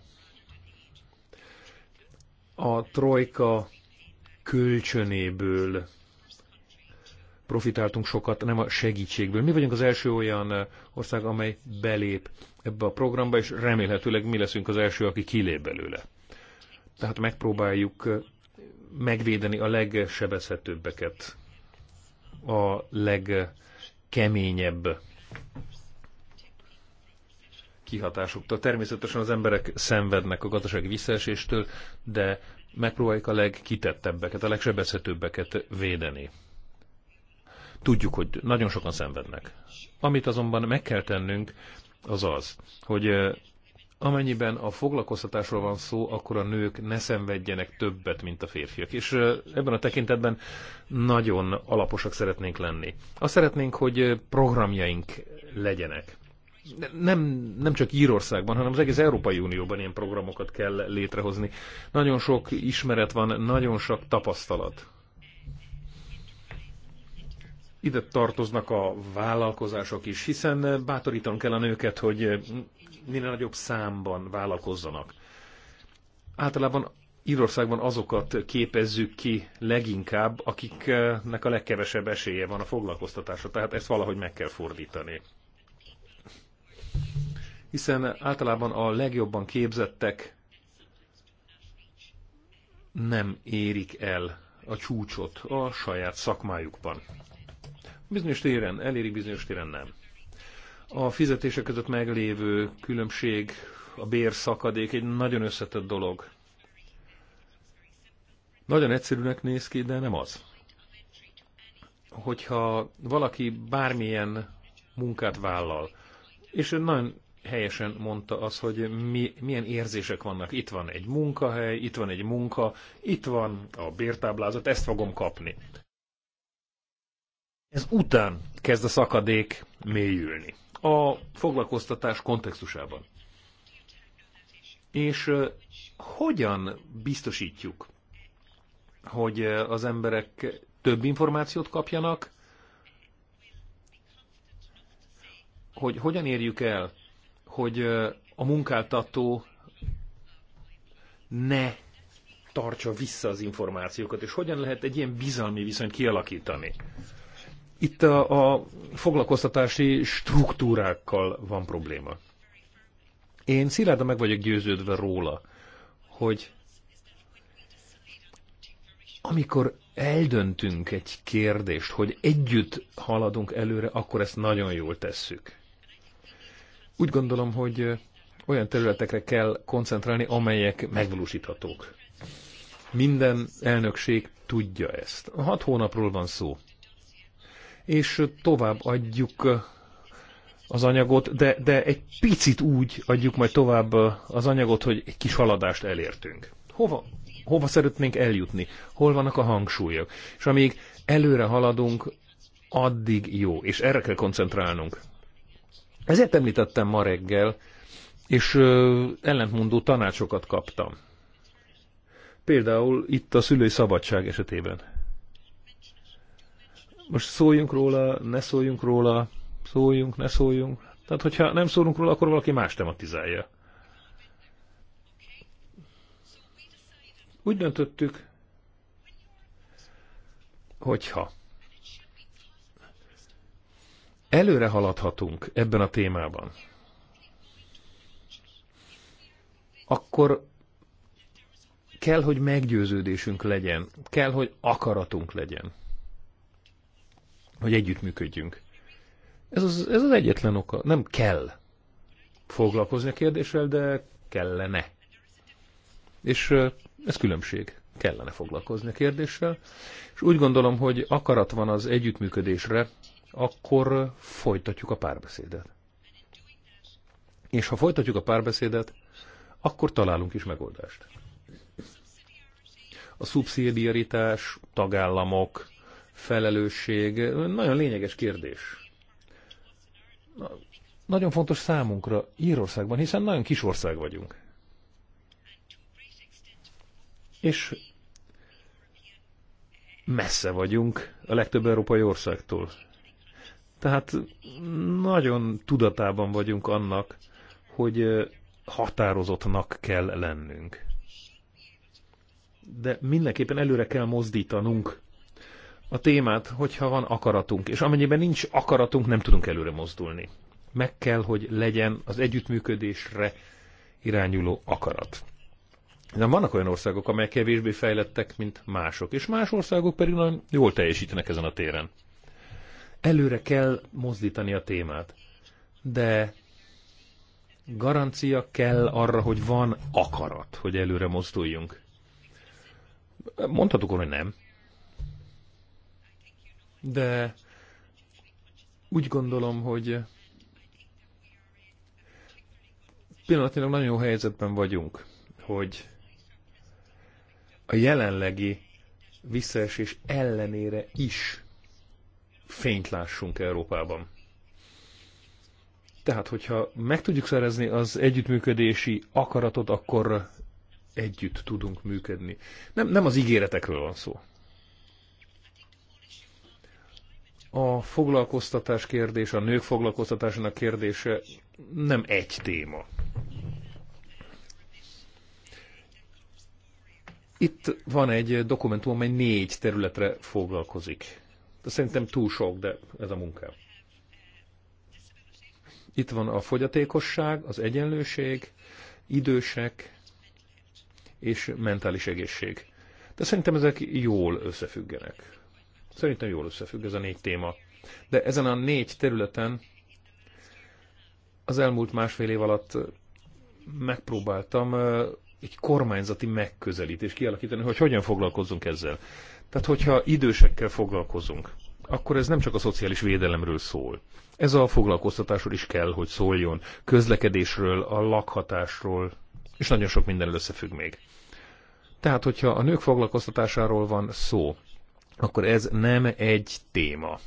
a trojka kölcsönéből profitáltunk sokat, nem a segítségből. Mi vagyunk az első olyan ország, amely belép ebbe a programba, és remélhetőleg mi leszünk az első, aki kilép belőle. Tehát megpróbáljuk megvédeni a legsebezhetőbbeket, a legkeményebb kihatásoktól. Természetesen az emberek szenvednek a gazdasági visszaeséstől, de megpróbáljuk a legkitettebbeket, a legsebezhetőbbeket védeni. Tudjuk, hogy nagyon sokan szenvednek. Amit azonban meg kell tennünk, az az, hogy amennyiben a foglalkoztatásról van szó, akkor a nők ne szenvedjenek többet, mint a férfiak. És ebben a tekintetben nagyon alaposak szeretnénk lenni. Azt szeretnénk, hogy programjaink legyenek nem, nem csak Írországban, hanem az egész Európai Unióban ilyen programokat kell létrehozni. Nagyon sok ismeret van, nagyon sok tapasztalat. Ide tartoznak a vállalkozások is, hiszen bátorítan kell a nőket, hogy minél nagyobb számban vállalkozzanak. Általában Írországban azokat képezzük ki leginkább, akiknek a legkevesebb esélye van a foglalkoztatásra, tehát ezt valahogy meg kell fordítani hiszen általában a legjobban képzettek nem érik el a csúcsot a saját szakmájukban. Bizonyos téren elérik, bizonyos téren nem. A fizetések között meglévő különbség, a bérszakadék egy nagyon összetett dolog. Nagyon egyszerűnek néz ki, de nem az. Hogyha valaki bármilyen munkát vállal, és ön nagyon helyesen mondta az, hogy mi, milyen érzések vannak. Itt van egy munkahely, itt van egy munka, itt van a bértáblázat, ezt fogom kapni. Ez után kezd a szakadék mélyülni. A foglalkoztatás kontextusában. És hogyan biztosítjuk, hogy az emberek több információt kapjanak, hogy hogyan érjük el, hogy a munkáltató ne tartsa vissza az információkat, és hogyan lehet egy ilyen bizalmi viszonyt kialakítani. Itt a, a foglalkoztatási struktúrákkal van probléma. Én szilárdan meg vagyok győződve róla, hogy amikor eldöntünk egy kérdést, hogy együtt haladunk előre, akkor ezt nagyon jól tesszük. Úgy gondolom, hogy olyan területekre kell koncentrálni, amelyek megvalósíthatók. Minden elnökség tudja ezt. Hat hónapról van szó. És tovább adjuk az anyagot, de, de egy picit úgy adjuk majd tovább az anyagot, hogy egy kis haladást elértünk. Hova, hova szeretnénk eljutni? Hol vannak a hangsúlyok? És amíg előre haladunk, addig jó, és erre kell koncentrálnunk. Ezért említettem ma reggel, és ellentmondó tanácsokat kaptam. Például itt a szülői szabadság esetében. Most szóljunk róla, ne szóljunk róla, szóljunk, ne szóljunk. Tehát, hogyha nem szólunk róla, akkor valaki más tematizálja. Úgy döntöttük, hogyha Előre haladhatunk ebben a témában. Akkor kell, hogy meggyőződésünk legyen, kell, hogy akaratunk legyen, hogy együttműködjünk. Ez az, ez az egyetlen oka. Nem kell foglalkozni a kérdéssel, de kellene. És ez különbség. Kellene foglalkozni a kérdéssel. És úgy gondolom, hogy akarat van az együttműködésre akkor folytatjuk a párbeszédet. És ha folytatjuk a párbeszédet, akkor találunk is megoldást. A szubszidiaritás, tagállamok, felelősség nagyon lényeges kérdés. Na, nagyon fontos számunkra Írországban, hiszen nagyon kis ország vagyunk. És messze vagyunk a legtöbb európai országtól. Tehát nagyon tudatában vagyunk annak, hogy határozottnak kell lennünk. De mindenképpen előre kell mozdítanunk a témát, hogyha van akaratunk. És amennyiben nincs akaratunk, nem tudunk előre mozdulni. Meg kell, hogy legyen az együttműködésre irányuló akarat. De vannak olyan országok, amelyek kevésbé fejlettek, mint mások, és más országok pedig nagyon jól teljesítenek ezen a téren előre kell mozdítani a témát. De garancia kell arra, hogy van akarat, hogy előre mozduljunk. Mondhatok hogy nem. De úgy gondolom, hogy pillanatnyilag nagyon jó helyzetben vagyunk, hogy a jelenlegi visszaesés ellenére is fényt lássunk Európában. Tehát, hogyha meg tudjuk szerezni az együttműködési akaratot, akkor együtt tudunk működni. Nem, nem az ígéretekről van szó. A foglalkoztatás kérdése, a nők foglalkoztatásának kérdése nem egy téma. Itt van egy dokumentum, amely négy területre foglalkozik de szerintem túl sok, de ez a munka Itt van a fogyatékosság, az egyenlőség, idősek és mentális egészség. De szerintem ezek jól összefüggenek. Szerintem jól összefügg ez a négy téma. De ezen a négy területen az elmúlt másfél év alatt megpróbáltam egy kormányzati megközelítést kialakítani, hogy hogyan foglalkozzunk ezzel. Tehát, hogyha idősekkel foglalkozunk, akkor ez nem csak a szociális védelemről szól. Ez a foglalkoztatásról is kell, hogy szóljon, közlekedésről, a lakhatásról, és nagyon sok minden összefügg még. Tehát, hogyha a nők foglalkoztatásáról van szó, akkor ez nem egy téma.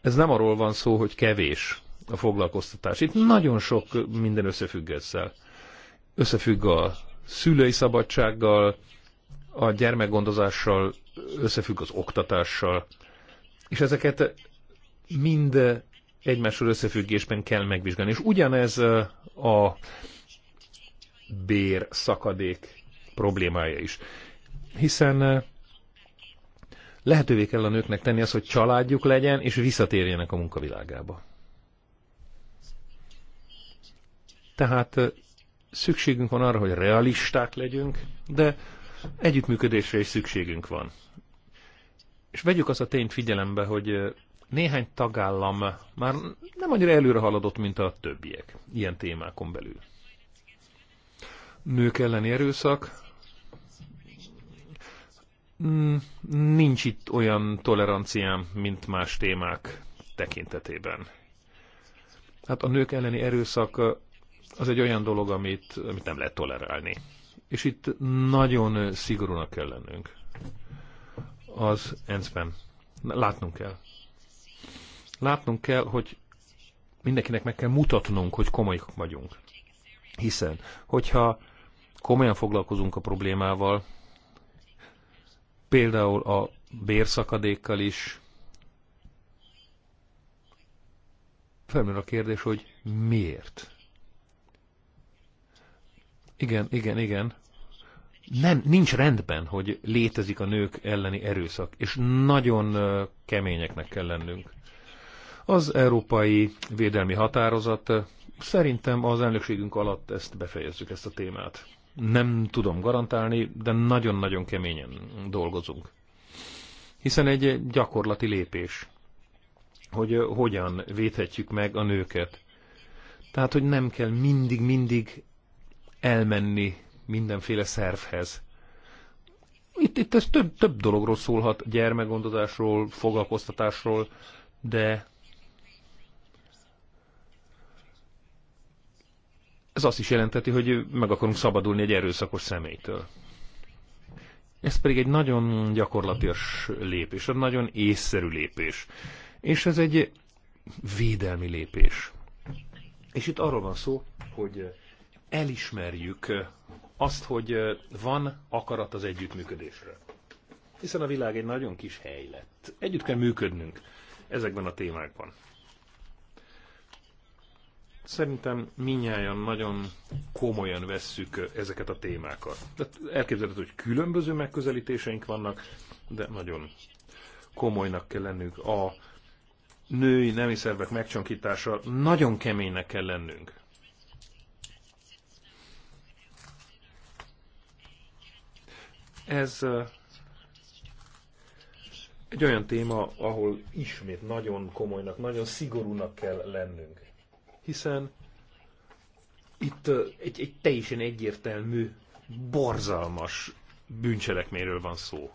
Ez nem arról van szó, hogy kevés a foglalkoztatás. Itt nagyon sok minden összefügg ezzel. Összefügg a szülői szabadsággal, a gyermekgondozással összefügg az oktatással, és ezeket mind egymással összefüggésben kell megvizsgálni. És ugyanez a bér szakadék problémája is. Hiszen lehetővé kell a nőknek tenni az, hogy családjuk legyen, és visszatérjenek a munkavilágába. Tehát szükségünk van arra, hogy realisták legyünk, de Együttműködésre is szükségünk van. És vegyük azt a tényt figyelembe, hogy néhány tagállam már nem annyira előre haladott, mint a többiek ilyen témákon belül. Nők elleni erőszak. Hmm, nincs itt olyan toleranciám, mint más témák tekintetében. Hát a nők elleni erőszak az egy olyan dolog, amit, amit nem lehet tolerálni. És itt nagyon szigorúnak kell lennünk az ENSZ-ben. E látnunk kell. Látnunk kell, hogy mindenkinek meg kell mutatnunk, hogy komolyak vagyunk. Hiszen, hogyha komolyan foglalkozunk a problémával, például a bérszakadékkal is, felmerül a kérdés, hogy miért? Igen, igen, igen nem, nincs rendben, hogy létezik a nők elleni erőszak, és nagyon keményeknek kell lennünk. Az európai védelmi határozat, szerintem az elnökségünk alatt ezt befejezzük, ezt a témát. Nem tudom garantálni, de nagyon-nagyon keményen dolgozunk. Hiszen egy gyakorlati lépés, hogy hogyan védhetjük meg a nőket. Tehát, hogy nem kell mindig-mindig elmenni mindenféle szervhez. Itt, itt ez több, több dologról szólhat, gyermekgondozásról, foglalkoztatásról, de ez azt is jelenteti, hogy meg akarunk szabadulni egy erőszakos személytől. Ez pedig egy nagyon gyakorlatias lépés, egy nagyon észszerű lépés. És ez egy védelmi lépés. És itt arról van szó, hogy elismerjük azt, hogy van akarat az együttműködésre. Hiszen a világ egy nagyon kis hely lett. Együtt kell működnünk ezekben a témákban. Szerintem minnyáján nagyon komolyan vesszük ezeket a témákat. elképzelhető, hogy különböző megközelítéseink vannak, de nagyon komolynak kell lennünk. A női nemi szervek megcsonkítása nagyon keménynek kell lennünk. Ez egy olyan téma, ahol ismét nagyon komolynak, nagyon szigorúnak kell lennünk. Hiszen itt egy, egy teljesen egyértelmű, borzalmas bűncselekményről van szó.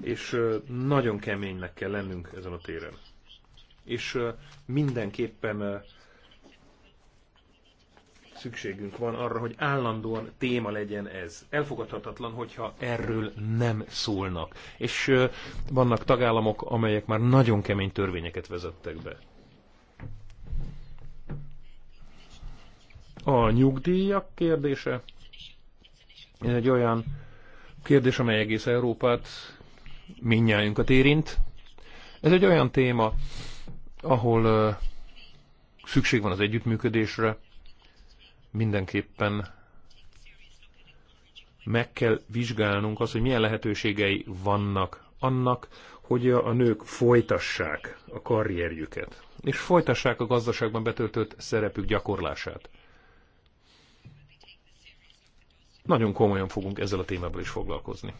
És nagyon keménynek kell lennünk ezen a téren. És mindenképpen szükségünk van arra, hogy állandóan téma legyen ez. Elfogadhatatlan, hogyha erről nem szólnak. És vannak tagállamok, amelyek már nagyon kemény törvényeket vezettek be. A nyugdíjak kérdése. Ez egy olyan kérdés, amely egész Európát minnyájunkat érint. Ez egy olyan téma, ahol szükség van az együttműködésre, mindenképpen meg kell vizsgálnunk azt, hogy milyen lehetőségei vannak annak, hogy a nők folytassák a karrierjüket, és folytassák a gazdaságban betöltött szerepük gyakorlását. Nagyon komolyan fogunk ezzel a témával is foglalkozni.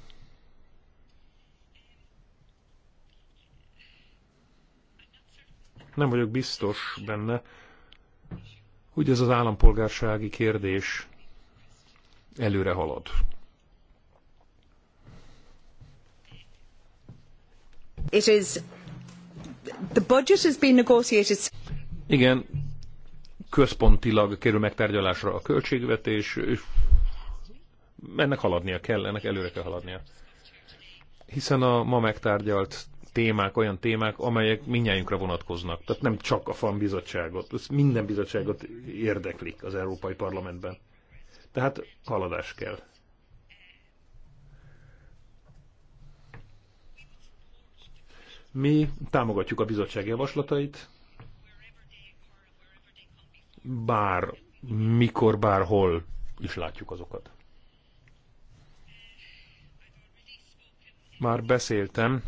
Nem vagyok biztos benne, hogy ez az állampolgársági kérdés előre halad. It is the budget has been negotiated. Igen, központilag kerül megtárgyalásra a költségvetés, és ennek haladnia kell, ennek előre kell haladnia. Hiszen a ma megtárgyalt témák olyan témák, amelyek minnyájunkra vonatkoznak. Tehát nem csak a FAM bizottságot, ez minden bizottságot érdeklik az Európai Parlamentben. Tehát haladás kell. Mi támogatjuk a bizottság javaslatait, bár, mikor, bárhol is látjuk azokat. Már beszéltem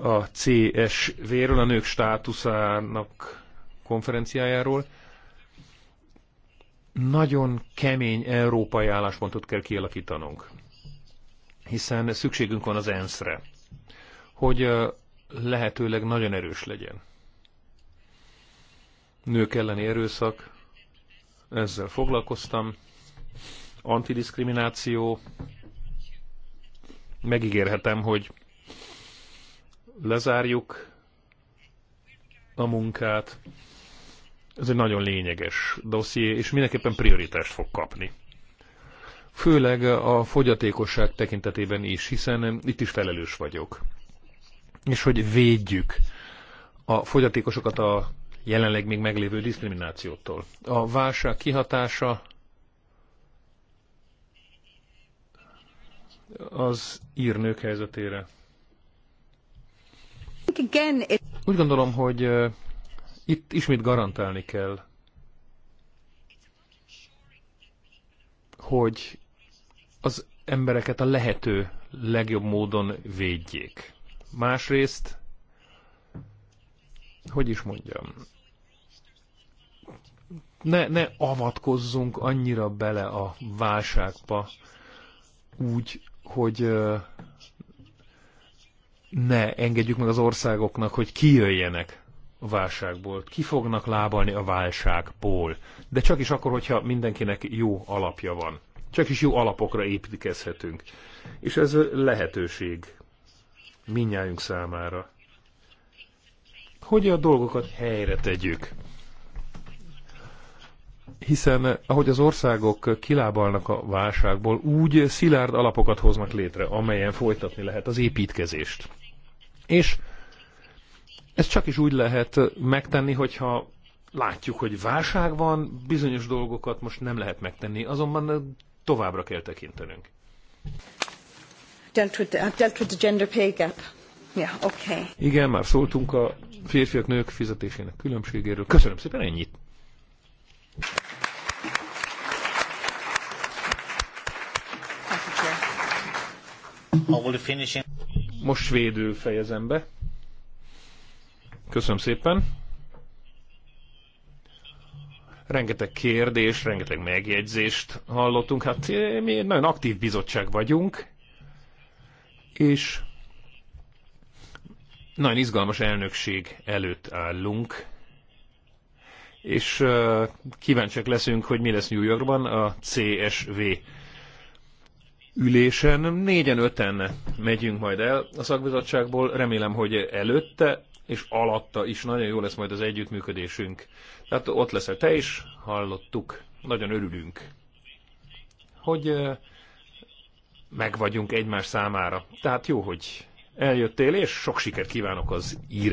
a CSV-ről, a nők státuszának konferenciájáról. Nagyon kemény európai álláspontot kell kialakítanunk, hiszen szükségünk van az ENSZ-re, hogy lehetőleg nagyon erős legyen. Nők elleni erőszak, ezzel foglalkoztam, antidiszkrimináció, megígérhetem, hogy lezárjuk a munkát. Ez egy nagyon lényeges dosszié, és mindenképpen prioritást fog kapni. Főleg a fogyatékosság tekintetében is, hiszen itt is felelős vagyok. És hogy védjük a fogyatékosokat a jelenleg még meglévő diszkriminációtól. A válság kihatása az írnők helyzetére. Úgy gondolom, hogy uh, itt ismét garantálni kell, hogy az embereket a lehető legjobb módon védjék. Másrészt, hogy is mondjam, ne, ne avatkozzunk annyira bele a válságba, úgy, hogy ne engedjük meg az országoknak, hogy kijöjjenek a válságból. Ki fognak lábalni a válságból. De csak is akkor, hogyha mindenkinek jó alapja van. Csak is jó alapokra építkezhetünk. És ez lehetőség minnyájunk számára. Hogy a dolgokat helyre tegyük? Hiszen ahogy az országok kilábalnak a válságból, úgy szilárd alapokat hoznak létre, amelyen folytatni lehet az építkezést. És ez csak is úgy lehet megtenni, hogyha látjuk, hogy válság van, bizonyos dolgokat most nem lehet megtenni, azonban továbbra kell tekintenünk. Yeah, okay. Igen, már szóltunk a férfiak-nők fizetésének különbségéről. Köszönöm szépen, ennyit. Oh, most svédül fejezem be. Köszönöm szépen. Rengeteg kérdés, rengeteg megjegyzést hallottunk. Hát eh, mi egy nagyon aktív bizottság vagyunk, és nagyon izgalmas elnökség előtt állunk, és eh, kíváncsiak leszünk, hogy mi lesz New Yorkban a CSV ülésen. Négyen, öten megyünk majd el a szakbizottságból. Remélem, hogy előtte és alatta is nagyon jó lesz majd az együttműködésünk. Tehát ott leszel te is, hallottuk. Nagyon örülünk, hogy meg vagyunk egymás számára. Tehát jó, hogy eljöttél, és sok sikert kívánok az ír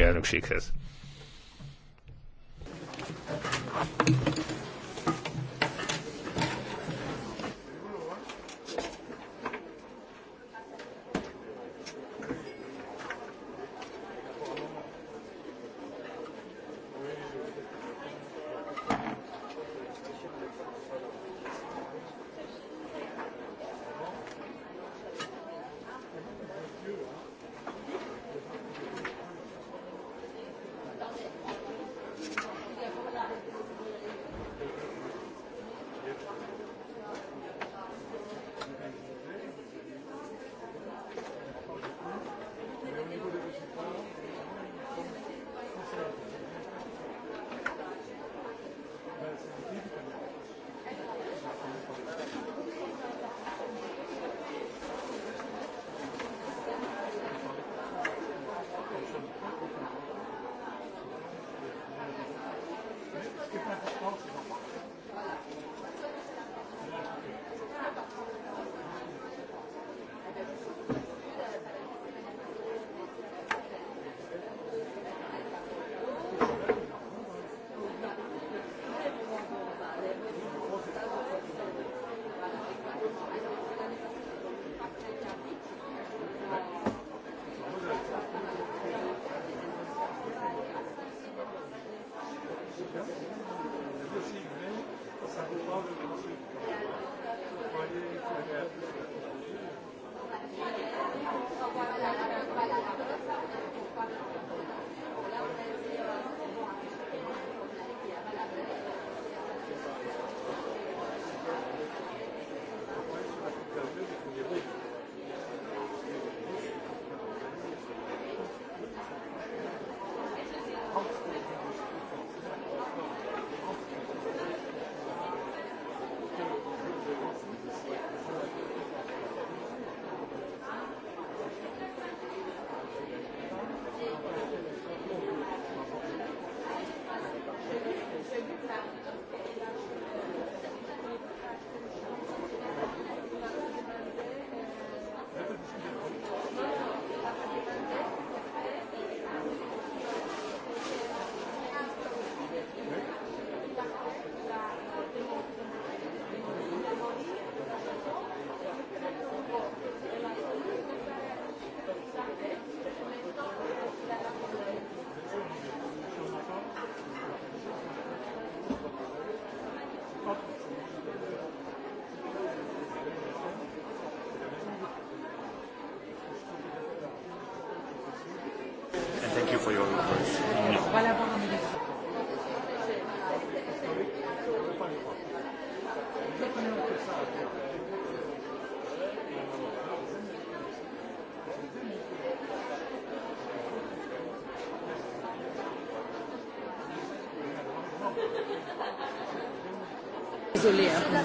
Thank you for your advice.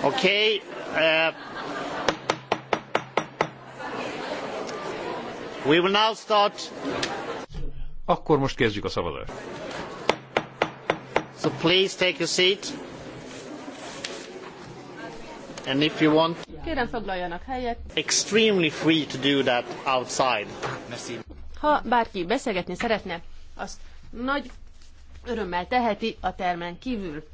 Okay. Uh, we will now start akkor most kezdjük a szavazást. So please take a seat. And if you want... Kérem foglaljanak helyet. Extremely free to do that outside. Ha bárki beszélgetni szeretne, azt nagy örömmel teheti a termen kívül.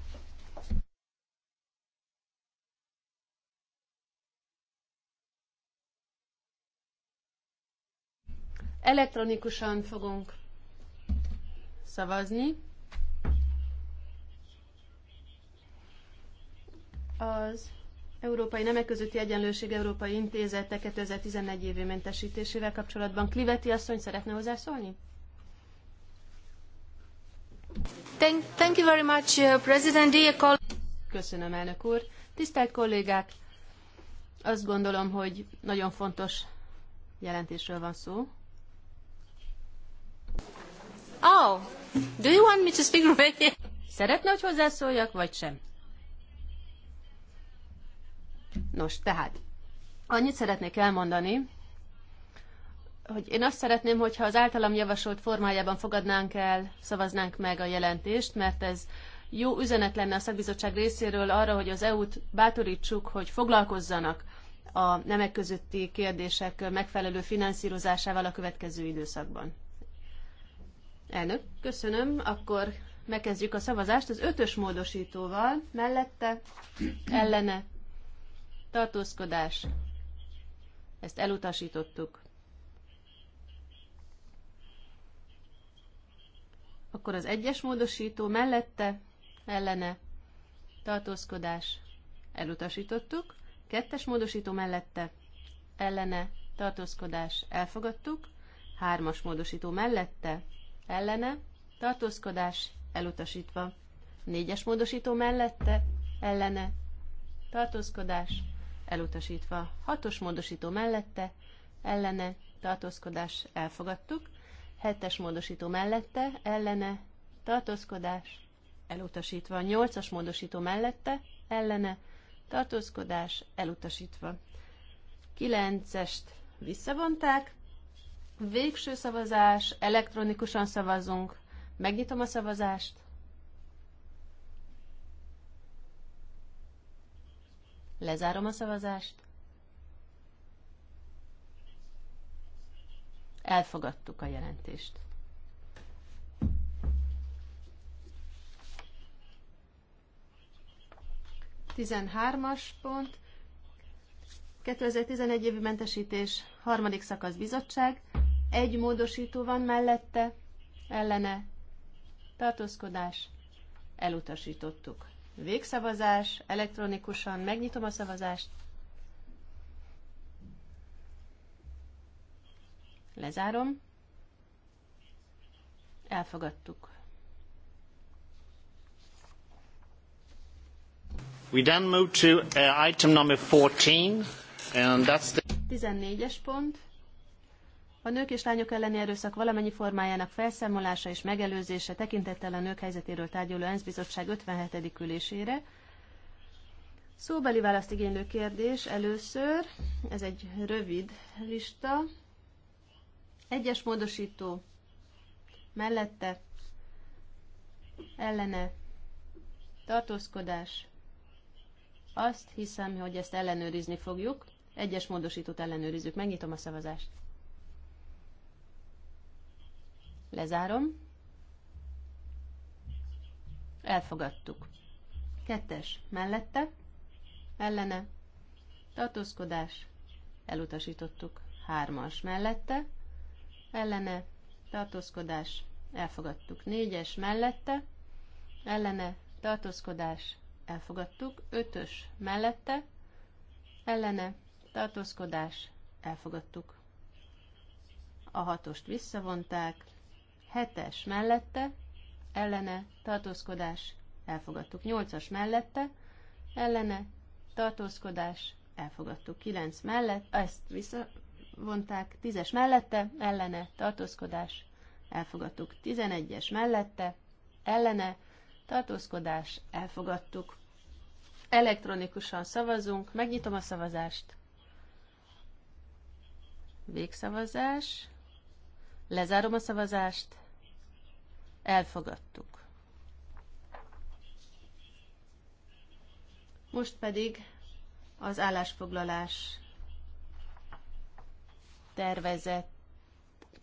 elektronikusan fogunk szavazni. Az Európai Nemek Közötti Egyenlőség Európai Intézete 2011 évi mentesítésével kapcsolatban Kliveti asszony szeretne hozzászólni? Thank, thank you very much, uh, President. Köszönöm, elnök úr. Tisztelt kollégák, azt gondolom, hogy nagyon fontos jelentésről van szó. Oh, do you want me to speak Romanian? Szeretne, hogy hozzászóljak, vagy sem? Nos, tehát, annyit szeretnék elmondani, hogy én azt szeretném, hogyha az általam javasolt formájában fogadnánk el, szavaznánk meg a jelentést, mert ez jó üzenet lenne a szakbizottság részéről arra, hogy az EU-t bátorítsuk, hogy foglalkozzanak a nemek közötti kérdések megfelelő finanszírozásával a következő időszakban. Elnök, köszönöm. Akkor megkezdjük a szavazást az ötös módosítóval. Mellette, ellene, tartózkodás. Ezt elutasítottuk. Akkor az egyes módosító mellette, ellene, tartózkodás. Elutasítottuk. Kettes módosító mellette, ellene, tartózkodás. Elfogadtuk. Hármas módosító mellette, ellene, tartózkodás elutasítva. Négyes módosító mellette, ellene, tartózkodás elutasítva. Hatos módosító mellette, ellene, tartózkodás elfogadtuk. Hetes módosító mellette, ellene, tartózkodás elutasítva. Nyolcas módosító mellette, ellene, tartózkodás elutasítva. Kilencest visszavonták, Végső szavazás, elektronikusan szavazunk. Megnyitom a szavazást. Lezárom a szavazást. Elfogadtuk a jelentést. Tizenhármas pont. 2011 évi mentesítés, harmadik szakasz bizottság egy módosító van mellette, ellene, tartózkodás, elutasítottuk. Végszavazás, elektronikusan megnyitom a szavazást. Lezárom. Elfogadtuk. We then move to uh, item number 14, and that's the 14-es pont. A nők és lányok elleni erőszak valamennyi formájának felszámolása és megelőzése tekintettel a nők helyzetéről tárgyaló ENSZ bizottság 57. ülésére. Szóbeli választ igénylő kérdés először, ez egy rövid lista. Egyes módosító mellette ellene tartózkodás. Azt hiszem, hogy ezt ellenőrizni fogjuk. Egyes módosítót ellenőrizzük. Megnyitom a szavazást. Lezárom. Elfogadtuk. Kettes. Mellette. Ellene. Tartózkodás. Elutasítottuk. Hármas. Mellette. Ellene. Tartózkodás. Elfogadtuk. Négyes. Mellette. Ellene. Tartózkodás. Elfogadtuk. Ötös. Mellette. Ellene. Tartózkodás. Elfogadtuk. A hatost visszavonták. 7-es mellette, ellene, tartózkodás, elfogadtuk. 8-as mellette, ellene, tartózkodás, elfogadtuk. 9 mellett, ezt visszavonták, 10-es mellette, ellene, tartózkodás, elfogadtuk. 11-es mellette, ellene, tartózkodás, elfogadtuk. Elektronikusan szavazunk, megnyitom a szavazást. Végszavazás. Lezárom a szavazást elfogadtuk. Most pedig az állásfoglalás tervezett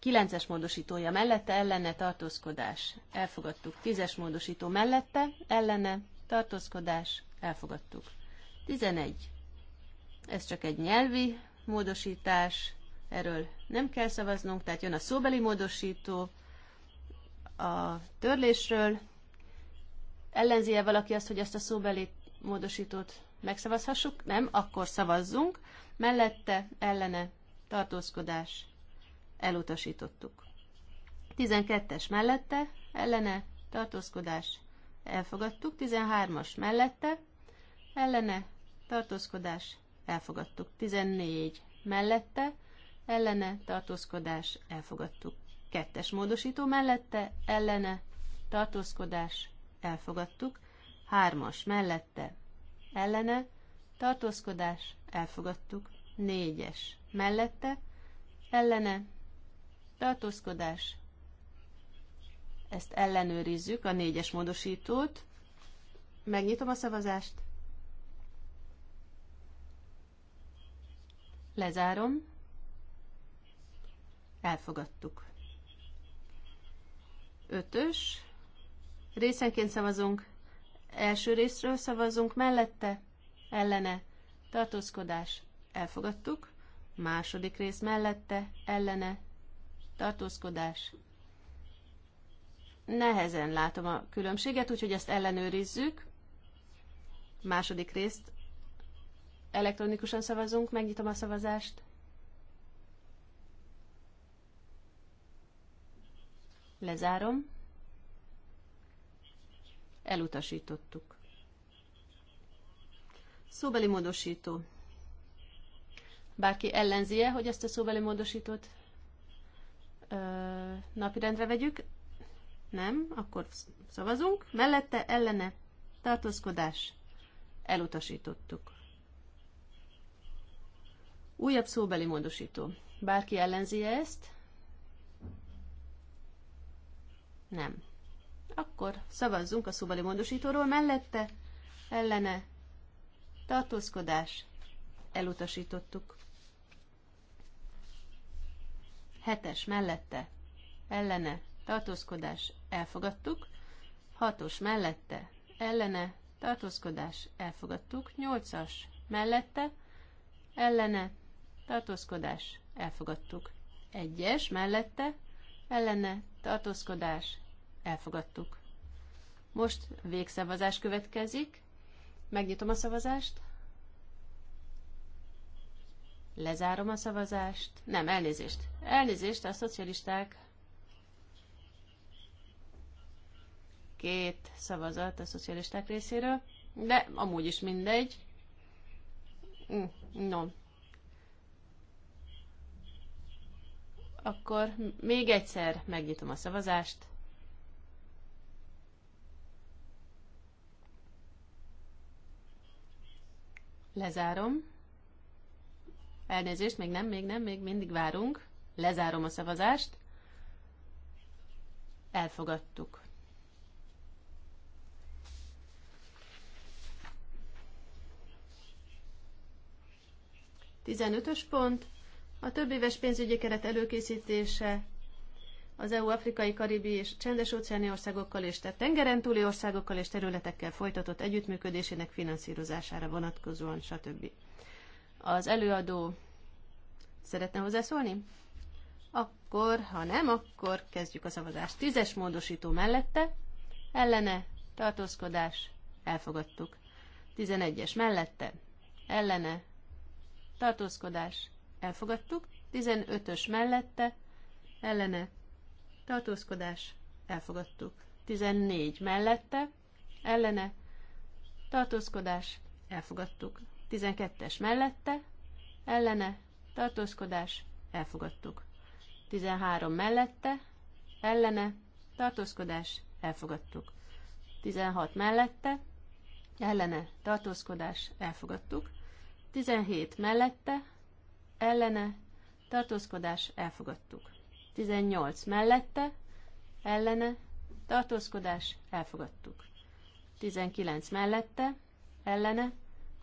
9-es módosítója mellette ellene tartózkodás. Elfogadtuk. 10-es módosító mellette ellene tartózkodás. Elfogadtuk. 11. Ez csak egy nyelvi módosítás, erről nem kell szavaznunk, tehát jön a szóbeli módosító, a törlésről. Ellenzi-e valaki azt, hogy ezt a szóbeli módosítót megszavazhassuk? Nem, akkor szavazzunk. Mellette, ellene, tartózkodás, elutasítottuk. 12-es mellette, ellene, tartózkodás, elfogadtuk. 13-as mellette, ellene, tartózkodás, elfogadtuk. 14 mellette, ellene, tartózkodás, elfogadtuk. Kettes módosító mellette, ellene, tartózkodás, elfogadtuk. Hármas mellette, ellene, tartózkodás, elfogadtuk. Négyes mellette, ellene, tartózkodás, ezt ellenőrizzük, a négyes módosítót. Megnyitom a szavazást. Lezárom. Elfogadtuk. Ötös. Részenként szavazunk. Első részről szavazunk. Mellette. Ellene. Tartózkodás. Elfogadtuk. Második rész mellette. Ellene. Tartózkodás. Nehezen látom a különbséget, úgyhogy ezt ellenőrizzük. Második részt elektronikusan szavazunk, megnyitom a szavazást. Lezárom. Elutasítottuk. Szóbeli módosító. Bárki ellenzie, hogy ezt a szóbeli módosítót ö, napirendre vegyük? Nem, akkor szavazunk. Mellette ellene tartózkodás. Elutasítottuk. Újabb szóbeli módosító. Bárki ellenzi ezt? Nem. Akkor szavazzunk a szóbeli módosítóról mellette, ellene, tartózkodás, elutasítottuk. Hetes mellette, ellene, tartózkodás, elfogadtuk. Hatos mellette, ellene, tartózkodás, elfogadtuk. Nyolcas mellette, ellene, tartózkodás, elfogadtuk. Egyes mellette, ellene, tartózkodás, Elfogadtuk. Most végszavazás következik. Megnyitom a szavazást. Lezárom a szavazást. Nem, elnézést. Elnézést, a szocialisták. Két szavazat a szocialisták részéről, de amúgy is mindegy. Mm, no. Akkor még egyszer megnyitom a szavazást. Lezárom. Elnézést, még nem, még nem, még mindig várunk. Lezárom a szavazást. Elfogadtuk. Tizenötös pont. A többéves pénzügyi keret előkészítése az EU afrikai, karibi és csendes óceáni országokkal és tehát tengeren túli országokkal és területekkel folytatott együttműködésének finanszírozására vonatkozóan, stb. Az előadó szeretne hozzászólni? Akkor, ha nem, akkor kezdjük a szavazást. Tízes módosító mellette, ellene, tartózkodás, elfogadtuk. Tizenegyes mellette, ellene, tartózkodás, elfogadtuk. Tizenötös mellette, ellene, tartózkodás, elfogadtuk. 14 mellette, ellene, tartózkodás, elfogadtuk. 12-es mellette, ellene, tartózkodás, elfogadtuk. 13 mellette, ellene, tartózkodás, elfogadtuk. 16 mellette, ellene, tartózkodás, elfogadtuk. 17 mellette, ellene, tartózkodás, elfogadtuk. 18 mellette, ellene, tartózkodás, elfogadtuk. 19 mellette, ellene,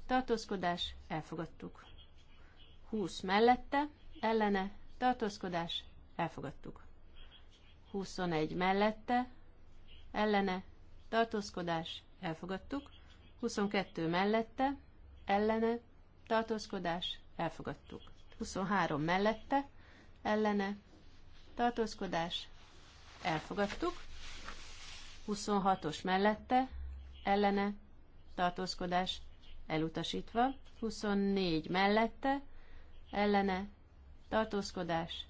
tartózkodás, elfogadtuk. 20 mellette, ellene, tartózkodás, elfogadtuk. 21 mellette, ellene, tartózkodás, elfogadtuk. 22 mellette, ellene, tartózkodás, elfogadtuk. 23 mellette, ellene, tartózkodás, elfogadtuk. 26-os mellette, ellene, tartózkodás, elutasítva. 24 mellette, ellene, tartózkodás,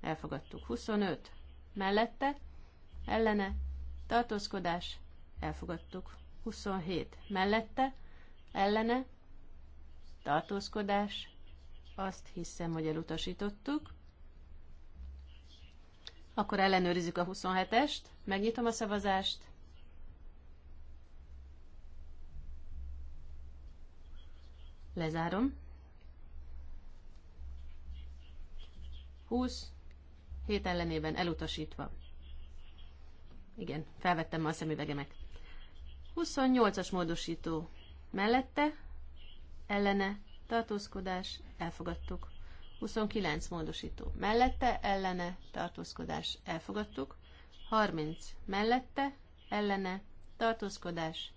elfogadtuk. 25 mellette, ellene, tartózkodás, elfogadtuk. 27 mellette, ellene, tartózkodás, azt hiszem, hogy elutasítottuk. Akkor ellenőrizzük a 27-est, megnyitom a szavazást. Lezárom. 20, 7 ellenében elutasítva. Igen, felvettem ma a szemüvegemet. 28-as módosító mellette, ellene, tartózkodás, elfogadtuk. 29 módosító mellette, ellene, tartózkodás elfogadtuk. 30 mellette, ellene, tartózkodás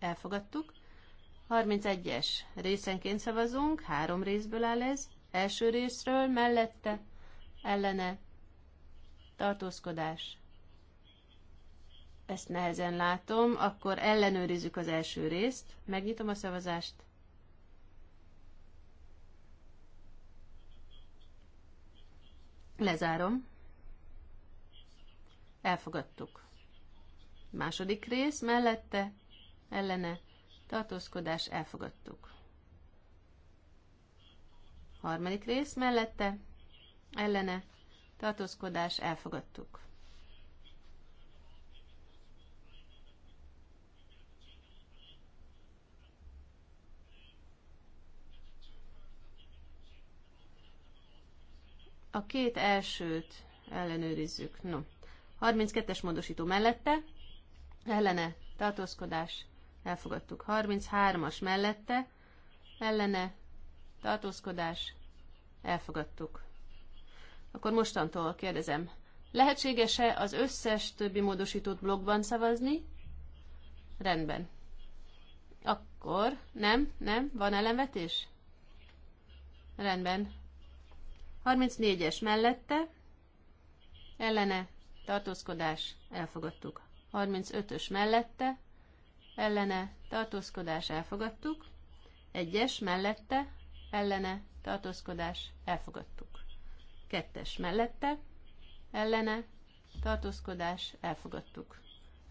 elfogadtuk. 31-es részenként szavazunk, három részből áll ez. Első részről mellette, ellene, tartózkodás. Ezt nehezen látom, akkor ellenőrizzük az első részt. Megnyitom a szavazást. Lezárom. Elfogadtuk. Második rész mellette, ellene, tartózkodás, elfogadtuk. Harmadik rész mellette, ellene, tartózkodás, elfogadtuk. A két elsőt ellenőrizzük. No. 32-es módosító mellette, ellene tartózkodás, elfogadtuk. 33-as mellette, ellene tartózkodás, elfogadtuk. Akkor mostantól kérdezem, lehetséges-e az összes többi módosítót blogban szavazni? Rendben. Akkor nem, nem, van ellenvetés? Rendben, 34-es mellette, ellene, tartózkodás, elfogadtuk. 35-ös mellette, ellene, tartózkodás, elfogadtuk. 1-es mellette, ellene, tartózkodás, elfogadtuk. 2-es mellette, ellene, tartózkodás, elfogadtuk.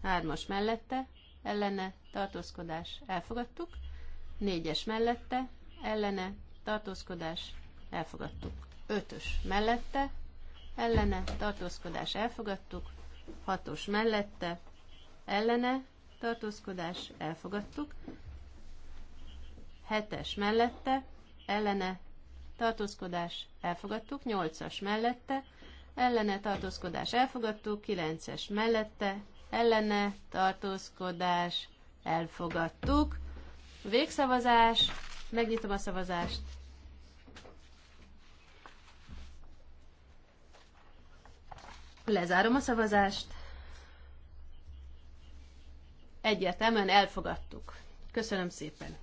3-as mellette, ellene, tartózkodás, elfogadtuk. 4-es mellette, ellene, tartózkodás, elfogadtuk ötös mellette, ellene, tartózkodás elfogadtuk, hatos mellette, ellene, tartózkodás elfogadtuk, hetes mellette, ellene, tartózkodás elfogadtuk, nyolcas mellette, ellene, tartózkodás elfogadtuk, kilences mellette, ellene, tartózkodás elfogadtuk. Végszavazás, megnyitom a szavazást. Lezárom a szavazást. Egyértelműen elfogadtuk. Köszönöm szépen.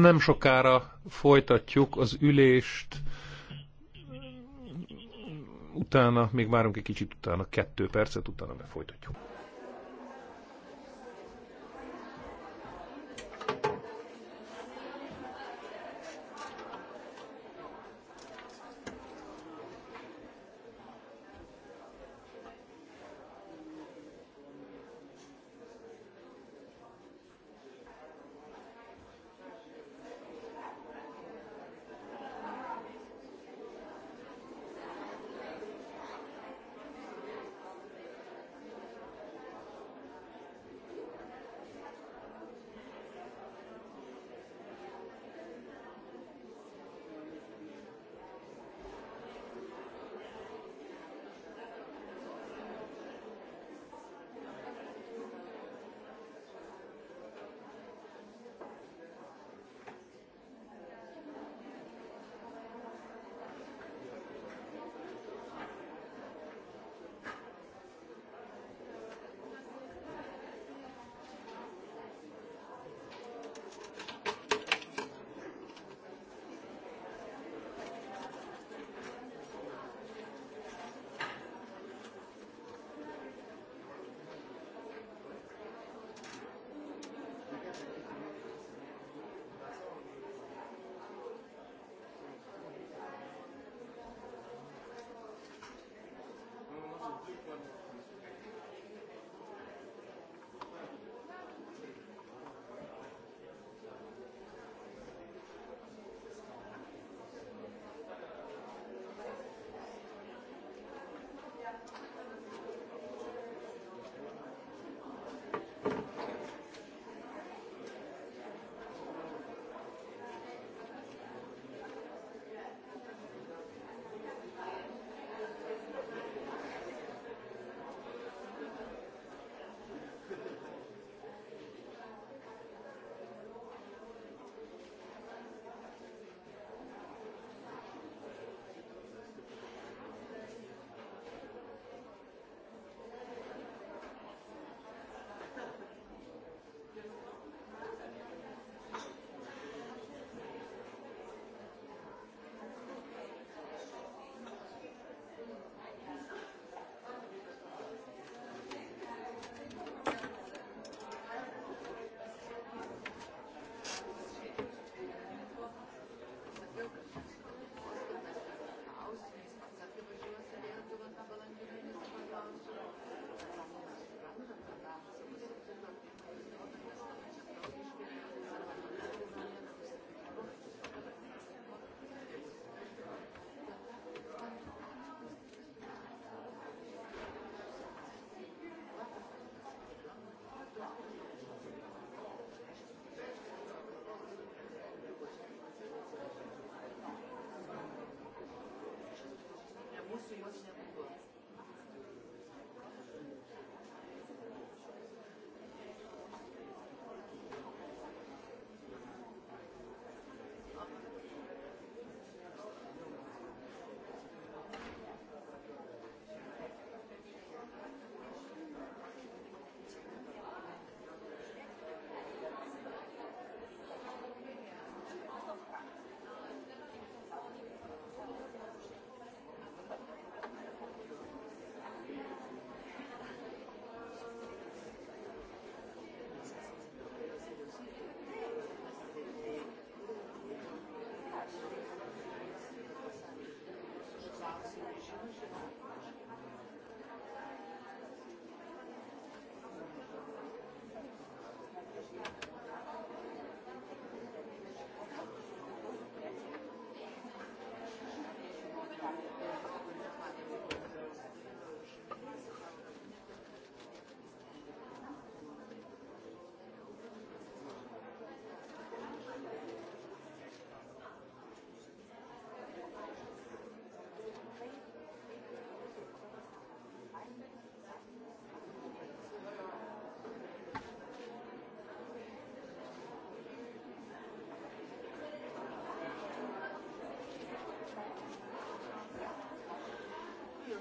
Nem sokára folytatjuk az ülést, utána, még várunk egy kicsit utána, kettő percet, utána folytatjuk.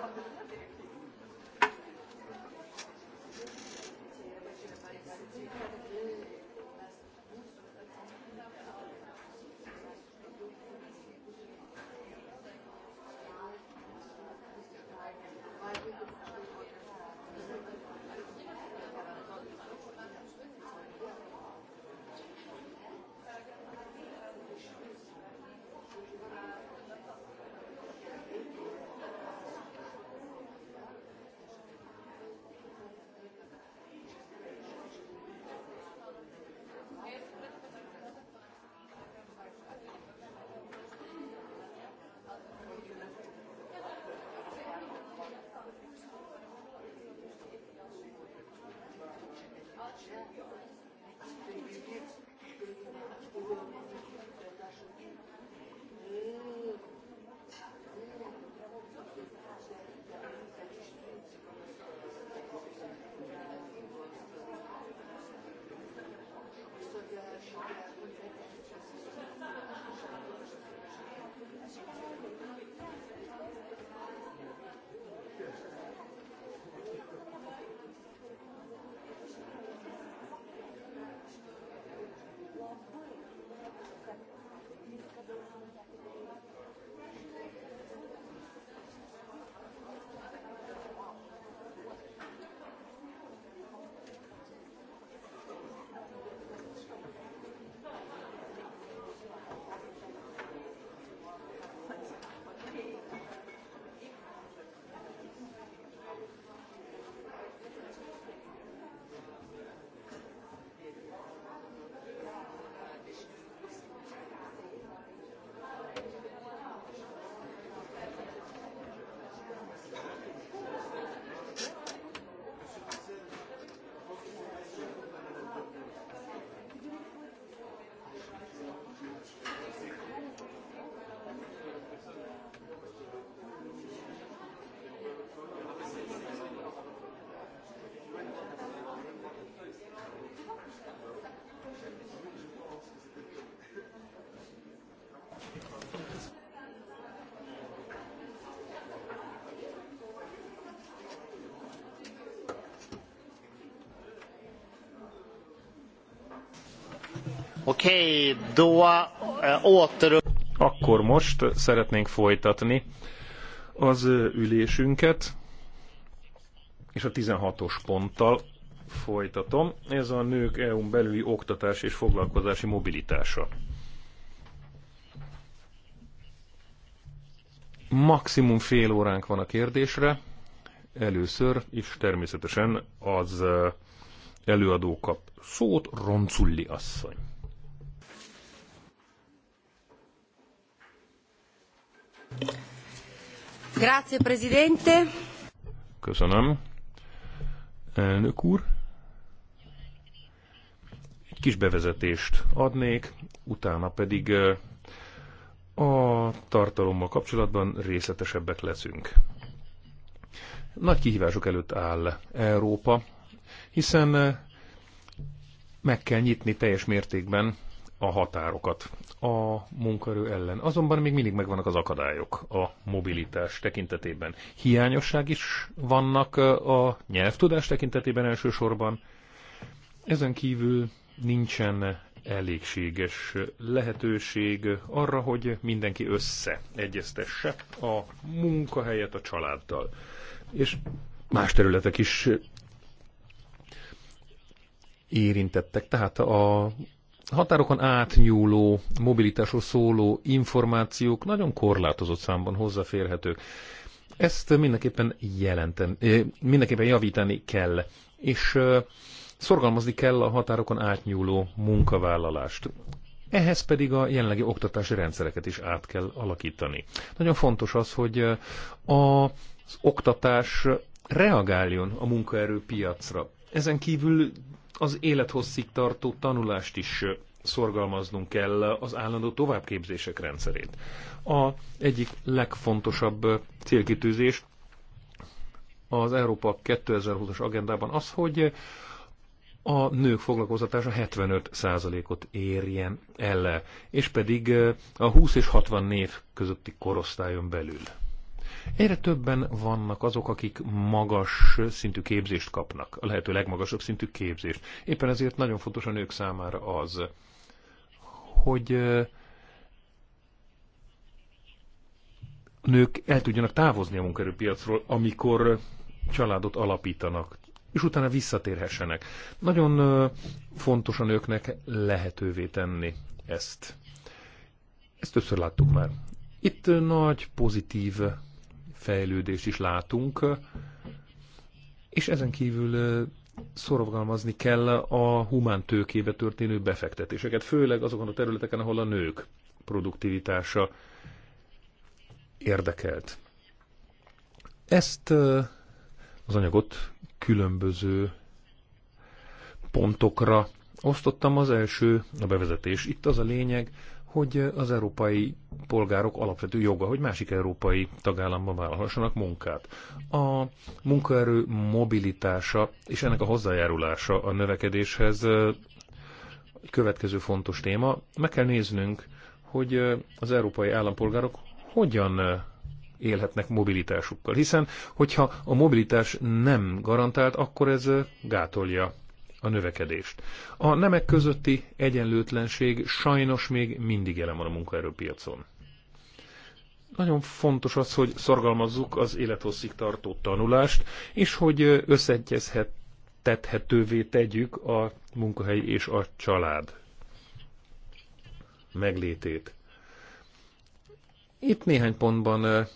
Thank you. tökéletes lehet. Oké, okay, Doa, Akkor most szeretnénk folytatni az eh, ülésünket, és a 16-os ponttal folytatom. Ez a nők EU-n belüli oktatás és foglalkozási mobilitása. Maximum fél óránk van a kérdésre. Először is természetesen az eh, előadó kap szót, Ronculli asszony. Grazie, Presidente. Köszönöm. Elnök úr. Egy kis bevezetést adnék, utána pedig a tartalommal kapcsolatban részletesebbek leszünk. Nagy kihívások előtt áll Európa, hiszen meg kell nyitni teljes mértékben a határokat a munkaerő ellen. Azonban még mindig megvannak az akadályok a mobilitás tekintetében. Hiányosság is vannak a nyelvtudás tekintetében elsősorban. Ezen kívül nincsen elégséges lehetőség arra, hogy mindenki összeegyeztesse a munkahelyet a családdal. És más területek is érintettek, tehát a határokon átnyúló mobilitásról szóló információk nagyon korlátozott számban hozzáférhetők. Ezt mindenképpen jelenten, eh, mindenképpen javítani kell, és eh, szorgalmazni kell a határokon átnyúló munkavállalást. Ehhez pedig a jelenlegi oktatási rendszereket is át kell alakítani. Nagyon fontos az, hogy eh, az oktatás reagáljon a munkaerőpiacra. Ezen kívül az élethosszig tartó tanulást is szorgalmaznunk kell az állandó továbbképzések rendszerét. A egyik legfontosabb célkitűzés az Európa 2020-as agendában az, hogy a nők foglalkoztatása 75%-ot érjen el, és pedig a 20 és 60 név közötti korosztályon belül. Egyre többen vannak azok, akik magas szintű képzést kapnak, a lehető legmagasabb szintű képzést. Éppen ezért nagyon fontos a nők számára az, hogy nők el tudjanak távozni a munkerőpiacról, amikor családot alapítanak, és utána visszatérhessenek. Nagyon fontos a nőknek lehetővé tenni ezt. Ezt többször láttuk már. Itt nagy pozitív fejlődést is látunk, és ezen kívül szorogalmazni kell a humán tőkébe történő befektetéseket, főleg azokon a területeken, ahol a nők produktivitása érdekelt. Ezt az anyagot különböző pontokra osztottam. Az első a bevezetés. Itt az a lényeg, hogy az európai polgárok alapvető joga, hogy másik európai tagállamban vállalhassanak munkát. A munkaerő mobilitása és ennek a hozzájárulása a növekedéshez következő fontos téma. Meg kell néznünk, hogy az európai állampolgárok hogyan élhetnek mobilitásukkal. Hiszen, hogyha a mobilitás nem garantált, akkor ez gátolja a növekedést. A nemek közötti egyenlőtlenség sajnos még mindig jelen van a munkaerőpiacon. Nagyon fontos az, hogy szorgalmazzuk az élethosszig tartó tanulást, és hogy összeegyezhetethetővé tegyük a munkahely és a család meglétét. Itt néhány pontban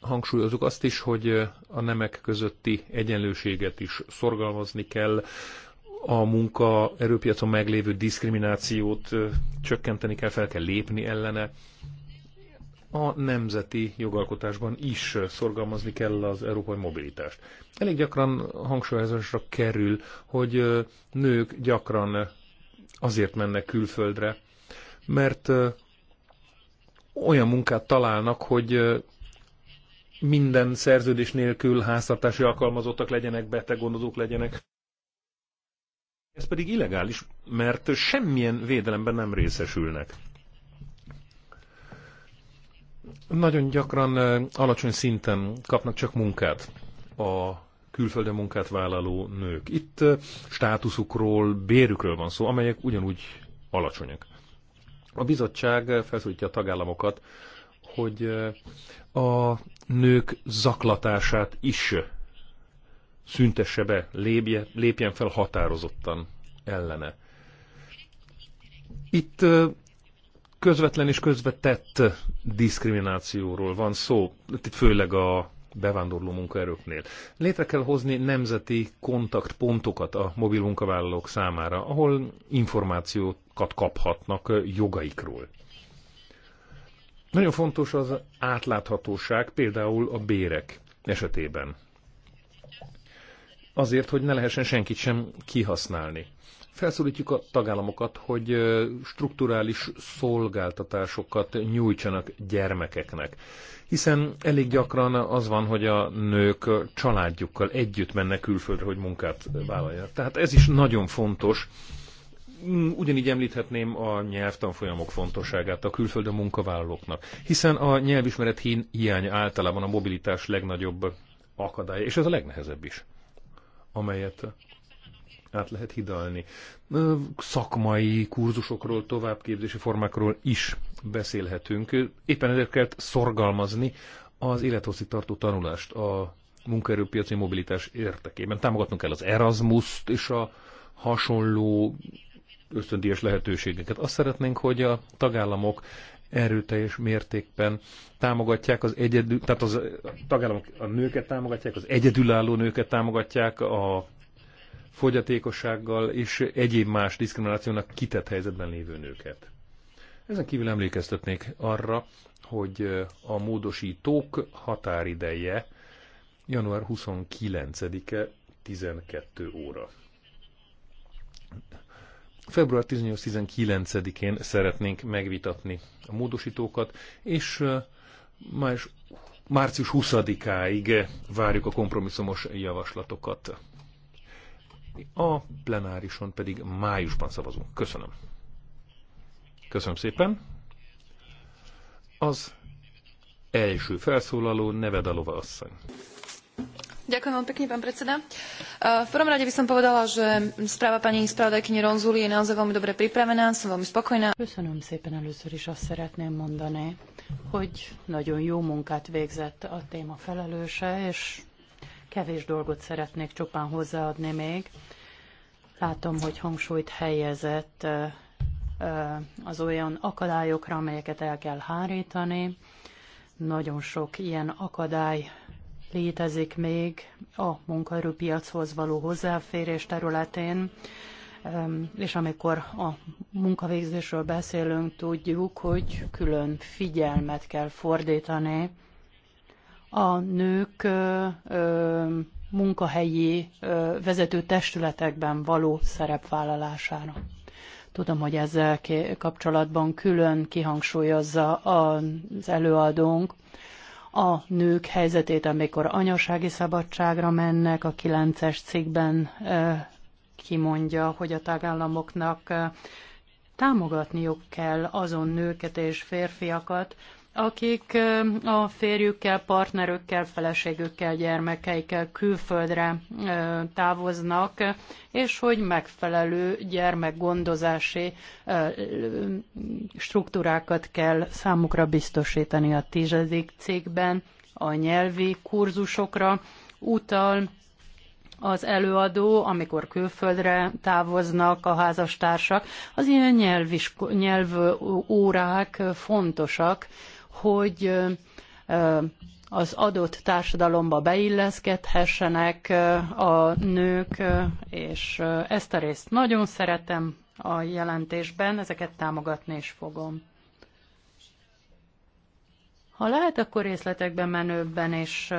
hangsúlyozunk azt is, hogy a nemek közötti egyenlőséget is szorgalmazni kell, a munka erőpiacon meglévő diszkriminációt csökkenteni kell, fel kell lépni ellene. A nemzeti jogalkotásban is szorgalmazni kell az európai mobilitást. Elég gyakran hangsúlyozásra kerül, hogy nők gyakran azért mennek külföldre, mert olyan munkát találnak, hogy minden szerződés nélkül háztartási alkalmazottak legyenek, beteggondozók legyenek. Ez pedig illegális, mert semmilyen védelemben nem részesülnek. Nagyon gyakran alacsony szinten kapnak csak munkát a külföldön munkát vállaló nők. Itt státuszukról, bérükről van szó, amelyek ugyanúgy alacsonyak. A bizottság felszólítja a tagállamokat, hogy a nők zaklatását is szüntesse be, lépje, lépjen fel határozottan ellene. Itt közvetlen és közvetett diszkriminációról van szó, itt főleg a bevándorló munkaerőknél. Létre kell hozni nemzeti kontaktpontokat a mobil munkavállalók számára, ahol információkat kaphatnak jogaikról. Nagyon fontos az átláthatóság, például a bérek esetében. Azért, hogy ne lehessen senkit sem kihasználni. Felszólítjuk a tagállamokat, hogy strukturális szolgáltatásokat nyújtsanak gyermekeknek. Hiszen elég gyakran az van, hogy a nők családjukkal együtt mennek külföldre, hogy munkát vállaljanak. Tehát ez is nagyon fontos, Mm, ugyanígy említhetném a nyelvtanfolyamok fontosságát a külföldön munkavállalóknak, hiszen a nyelvismeret hiány általában a mobilitás legnagyobb akadálya, és ez a legnehezebb is, amelyet át lehet hidalni. Szakmai kurzusokról, továbbképzési formákról is beszélhetünk. Éppen ezért kell szorgalmazni az élethosszig tartó tanulást a munkaerőpiaci mobilitás értekében. Támogatnunk kell az Erasmus-t és a hasonló ösztöndíjas lehetőségeket. Azt szeretnénk, hogy a tagállamok erőteljes mértékben támogatják az egyedül, tehát az, a tagállamok a nőket támogatják, az egyedülálló nőket támogatják, a fogyatékossággal és egyéb más diszkriminációnak kitett helyzetben lévő nőket. Ezen kívül emlékeztetnék arra, hogy a módosítók határideje január 29-e 12 óra. Február 18-19-én szeretnénk megvitatni a módosítókat, és más, március 20-áig várjuk a kompromisszumos javaslatokat. A plenárison pedig májusban szavazunk. Köszönöm. Köszönöm szépen. Az első felszólaló Nevedalova asszony. Ďakujem veľmi pekne, pán predseda. E, v prvom rade by som povedala, že správa pani spravodajkyne Ronzuli je naozaj veľmi dobre pripravená, som veľmi spokojná. Köszönöm szépen, először is azt szeretném mondani, hogy nagyon jó munkát végzett a téma felelőse, és kevés dolgot szeretnék csupán hozzáadni még. Látom, hogy hangsúlyt helyezett e, e, az olyan akadályokra, amelyeket el kell hárítani. Nagyon sok ilyen akadály létezik még a munkaerőpiachoz való hozzáférés területén, és amikor a munkavégzésről beszélünk, tudjuk, hogy külön figyelmet kell fordítani a nők munkahelyi vezető testületekben való szerepvállalására. Tudom, hogy ezzel kapcsolatban külön kihangsúlyozza az előadónk, a nők helyzetét, amikor anyasági szabadságra mennek, a kilences cikkben kimondja, hogy a tagállamoknak támogatniuk kell azon nőket és férfiakat, akik a férjükkel, partnerükkel, feleségükkel, gyermekeikkel külföldre távoznak, és hogy megfelelő gyermekgondozási struktúrákat kell számukra biztosítani a tizedik cégben, a nyelvi kurzusokra utal az előadó, amikor külföldre távoznak a házastársak, az ilyen nyelvis, nyelvórák fontosak hogy az adott társadalomba beilleszkedhessenek a nők, és ezt a részt nagyon szeretem a jelentésben, ezeket támogatni is fogom. Ha lehet, akkor részletekben menőbben is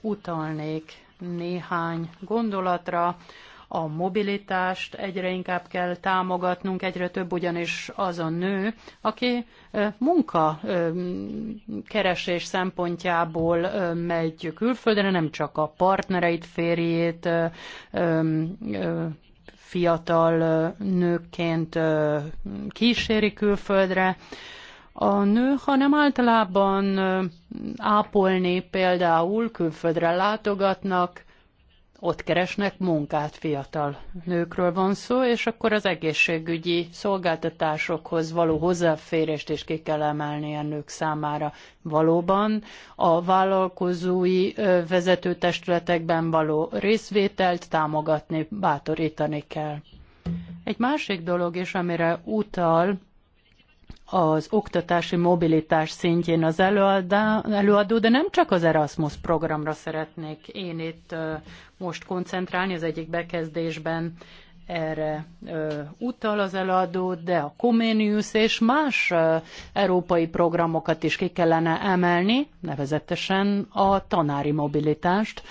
utalnék néhány gondolatra, a mobilitást egyre inkább kell támogatnunk, egyre több ugyanis az a nő, aki munka keresés szempontjából megy külföldre, nem csak a partnereit, férjét, fiatal nőként kíséri külföldre, a nő, hanem általában ápolni például külföldre látogatnak, ott keresnek munkát, fiatal nőkről van szó, és akkor az egészségügyi szolgáltatásokhoz való hozzáférést is ki kell emelni a nők számára. Valóban a vállalkozói vezetőtestületekben való részvételt támogatni, bátorítani kell. Egy másik dolog is, amire utal az oktatási mobilitás szintjén az előadó, de nem csak az Erasmus programra szeretnék én itt most koncentrálni, az egyik bekezdésben erre utal az előadó, de a Comenius és más európai programokat is ki kellene emelni, nevezetesen a tanári mobilitást,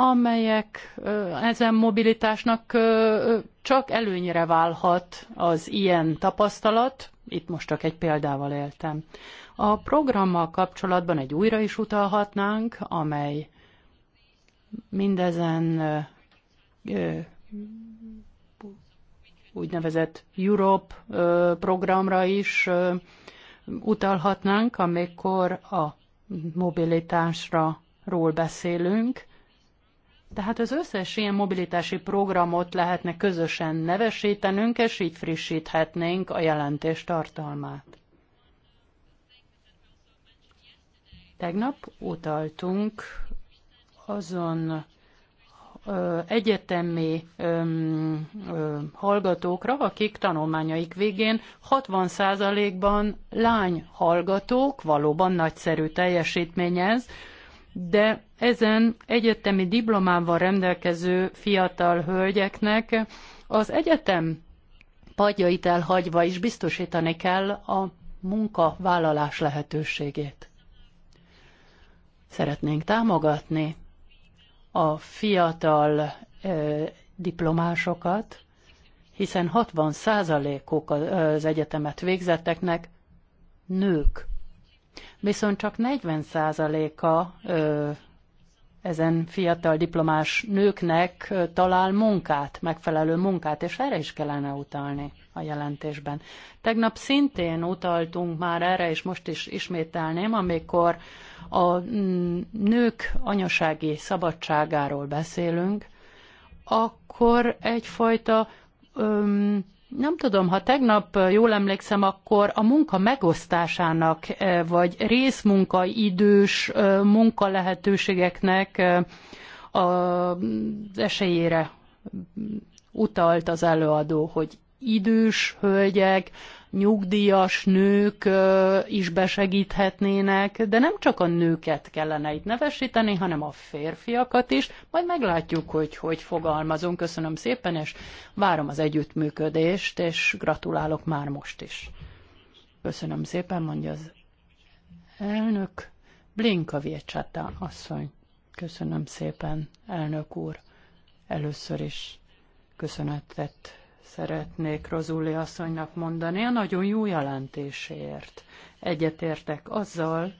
amelyek ezen mobilitásnak csak előnyre válhat az ilyen tapasztalat. Itt most csak egy példával éltem. A programmal kapcsolatban egy újra is utalhatnánk, amely mindezen úgynevezett Europe programra is utalhatnánk, amikor a mobilitásra ról beszélünk, tehát az összes ilyen mobilitási programot lehetne közösen nevesítenünk, és így frissíthetnénk a jelentés tartalmát. Tegnap utaltunk azon ö, egyetemi ö, ö, hallgatókra, akik tanulmányaik végén 60%-ban lány hallgatók, valóban nagyszerű teljesítmény ez, de ezen egyetemi diplomával rendelkező fiatal hölgyeknek az egyetem padjait elhagyva is biztosítani kell a munkavállalás lehetőségét. Szeretnénk támogatni a fiatal ö, diplomásokat, hiszen 60 százalékuk az egyetemet végzetteknek nők viszont csak 40%-a ezen fiatal diplomás nőknek talál munkát, megfelelő munkát, és erre is kellene utalni a jelentésben. Tegnap szintén utaltunk már erre, és most is ismételném, amikor a mm, nők anyasági szabadságáról beszélünk, akkor egyfajta nem tudom, ha tegnap jól emlékszem, akkor a munka megosztásának, vagy részmunkaidős munkalehetőségeknek az esélyére utalt az előadó, hogy idős hölgyek, nyugdíjas nők is besegíthetnének, de nem csak a nőket kellene itt nevesíteni, hanem a férfiakat is. Majd meglátjuk, hogy hogy fogalmazunk. Köszönöm szépen, és várom az együttműködést, és gratulálok már most is. Köszönöm szépen, mondja az elnök. Blinka Viecsata asszony. Köszönöm szépen, elnök úr. Először is köszönetet szeretnék Rozuli asszonynak mondani a nagyon jó jelentéséért. Egyetértek azzal,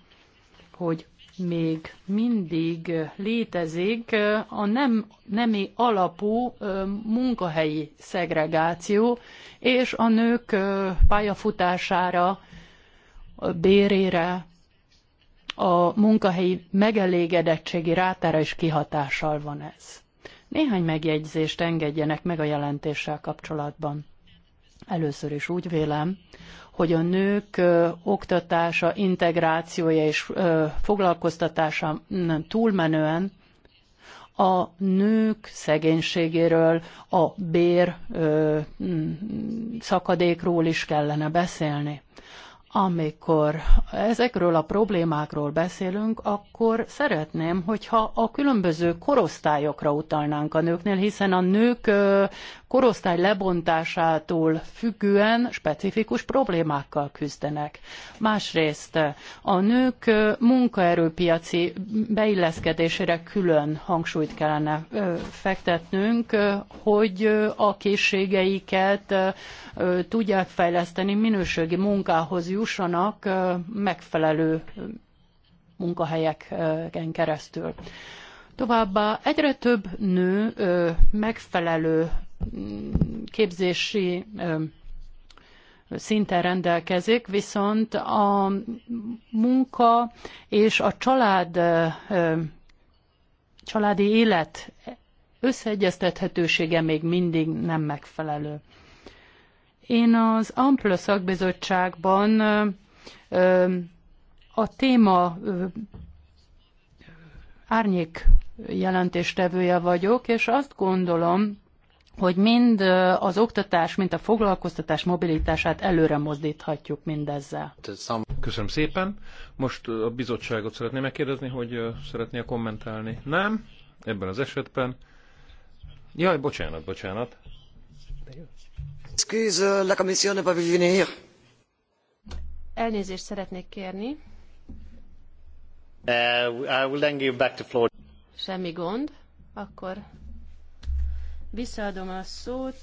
hogy még mindig létezik a nem, nemi alapú munkahelyi szegregáció, és a nők pályafutására, a bérére, a munkahelyi megelégedettségi rátára is kihatással van ez. Néhány megjegyzést engedjenek meg a jelentéssel kapcsolatban. Először is úgy vélem, hogy a nők ö, oktatása, integrációja és ö, foglalkoztatása túlmenően a nők szegénységéről, a bér ö, szakadékról is kellene beszélni. Amikor ezekről a problémákról beszélünk, akkor szeretném, hogyha a különböző korosztályokra utalnánk a nőknél, hiszen a nők korosztály lebontásától függően specifikus problémákkal küzdenek. Másrészt a nők munkaerőpiaci beilleszkedésére külön hangsúlyt kellene fektetnünk, hogy a készségeiket tudják fejleszteni, minőségi munkához jussanak megfelelő munkahelyeken keresztül. Továbbá egyre több nő megfelelő képzési szinten rendelkezik, viszont a munka és a család, családi élet összeegyeztethetősége még mindig nem megfelelő. Én az Ample szakbizottságban a téma árnyék jelentéstevője vagyok, és azt gondolom, hogy mind az oktatás, mind a foglalkoztatás mobilitását előre mozdíthatjuk mindezzel. Köszönöm szépen. Most a bizottságot szeretném megkérdezni, hogy szeretné kommentálni. Nem, ebben az esetben. Jaj, bocsánat, bocsánat. Excuse, euh, la commissione va venir. Elnézést szeretnék kérni. Uh, I will then give back the floor. Semmi gond. Akkor Visszaadom a szót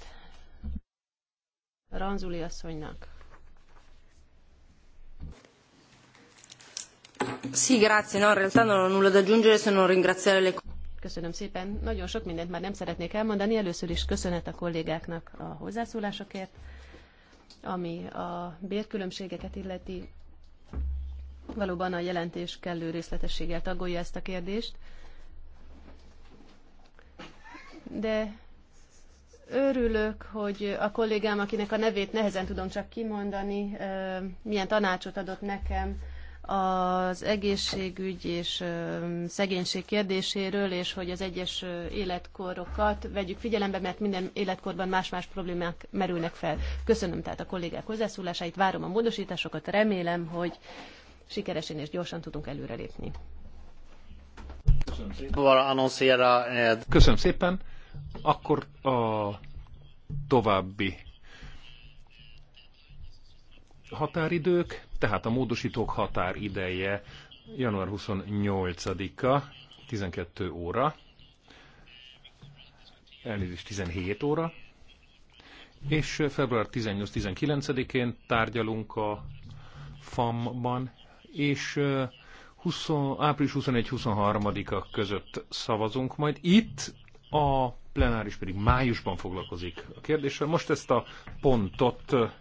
Ranzuli asszonynak. Sì, grazie. No, in realtà non ho nulla da aggiungere se non ringraziare le Köszönöm szépen. Nagyon sok mindent már nem szeretnék elmondani. Először is köszönet a kollégáknak a hozzászólásokért, ami a bérkülönbségeket illeti. Valóban a jelentés kellő részletességgel tagolja ezt a kérdést. De Örülök, hogy a kollégám, akinek a nevét nehezen tudom csak kimondani, milyen tanácsot adott nekem az egészségügy és szegénység kérdéséről, és hogy az egyes életkorokat vegyük figyelembe, mert minden életkorban más-más problémák merülnek fel. Köszönöm tehát a kollégák hozzászólásait, várom a módosításokat, remélem, hogy sikeresen és gyorsan tudunk előrelépni. Köszönöm szépen. Köszönöm szépen. Akkor a további határidők, tehát a módosítók határideje január 28-a, 12 óra, elnézést 17 óra, és február 18-19-én tárgyalunk a FAM-ban, és 20, április 21-23-a között szavazunk majd itt a plenáris pedig májusban foglalkozik a kérdéssel. Most ezt a pontot eh,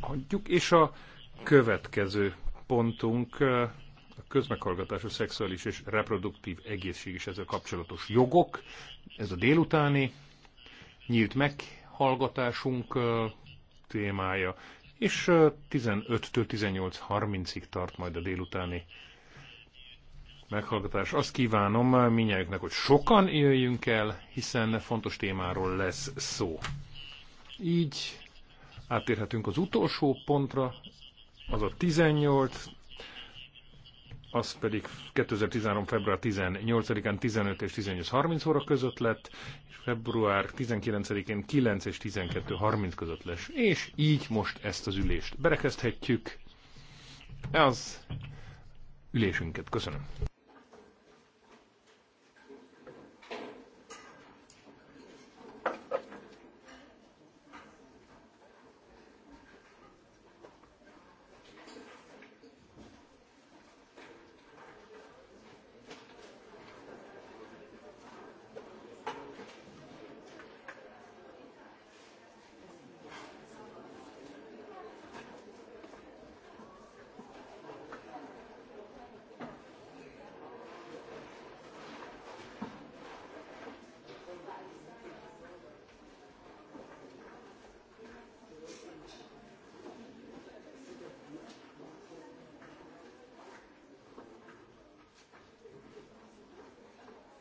adjuk, és a következő pontunk eh, a a szexuális és reproduktív egészség és ezzel kapcsolatos jogok. Ez a délutáni nyílt meghallgatásunk eh, témája, és 15-től 18.30-ig tart majd a délutáni meghallgatás. Azt kívánom minnyájuknak, hogy sokan jöjjünk el, hiszen fontos témáról lesz szó. Így átérhetünk az utolsó pontra, az a 18, az pedig 2013. február 18-án 15 és 18.30 óra között lett, és február 19-én 9 és 12.30 között lesz. És így most ezt az ülést berekezthetjük. Ez ülésünket. Köszönöm.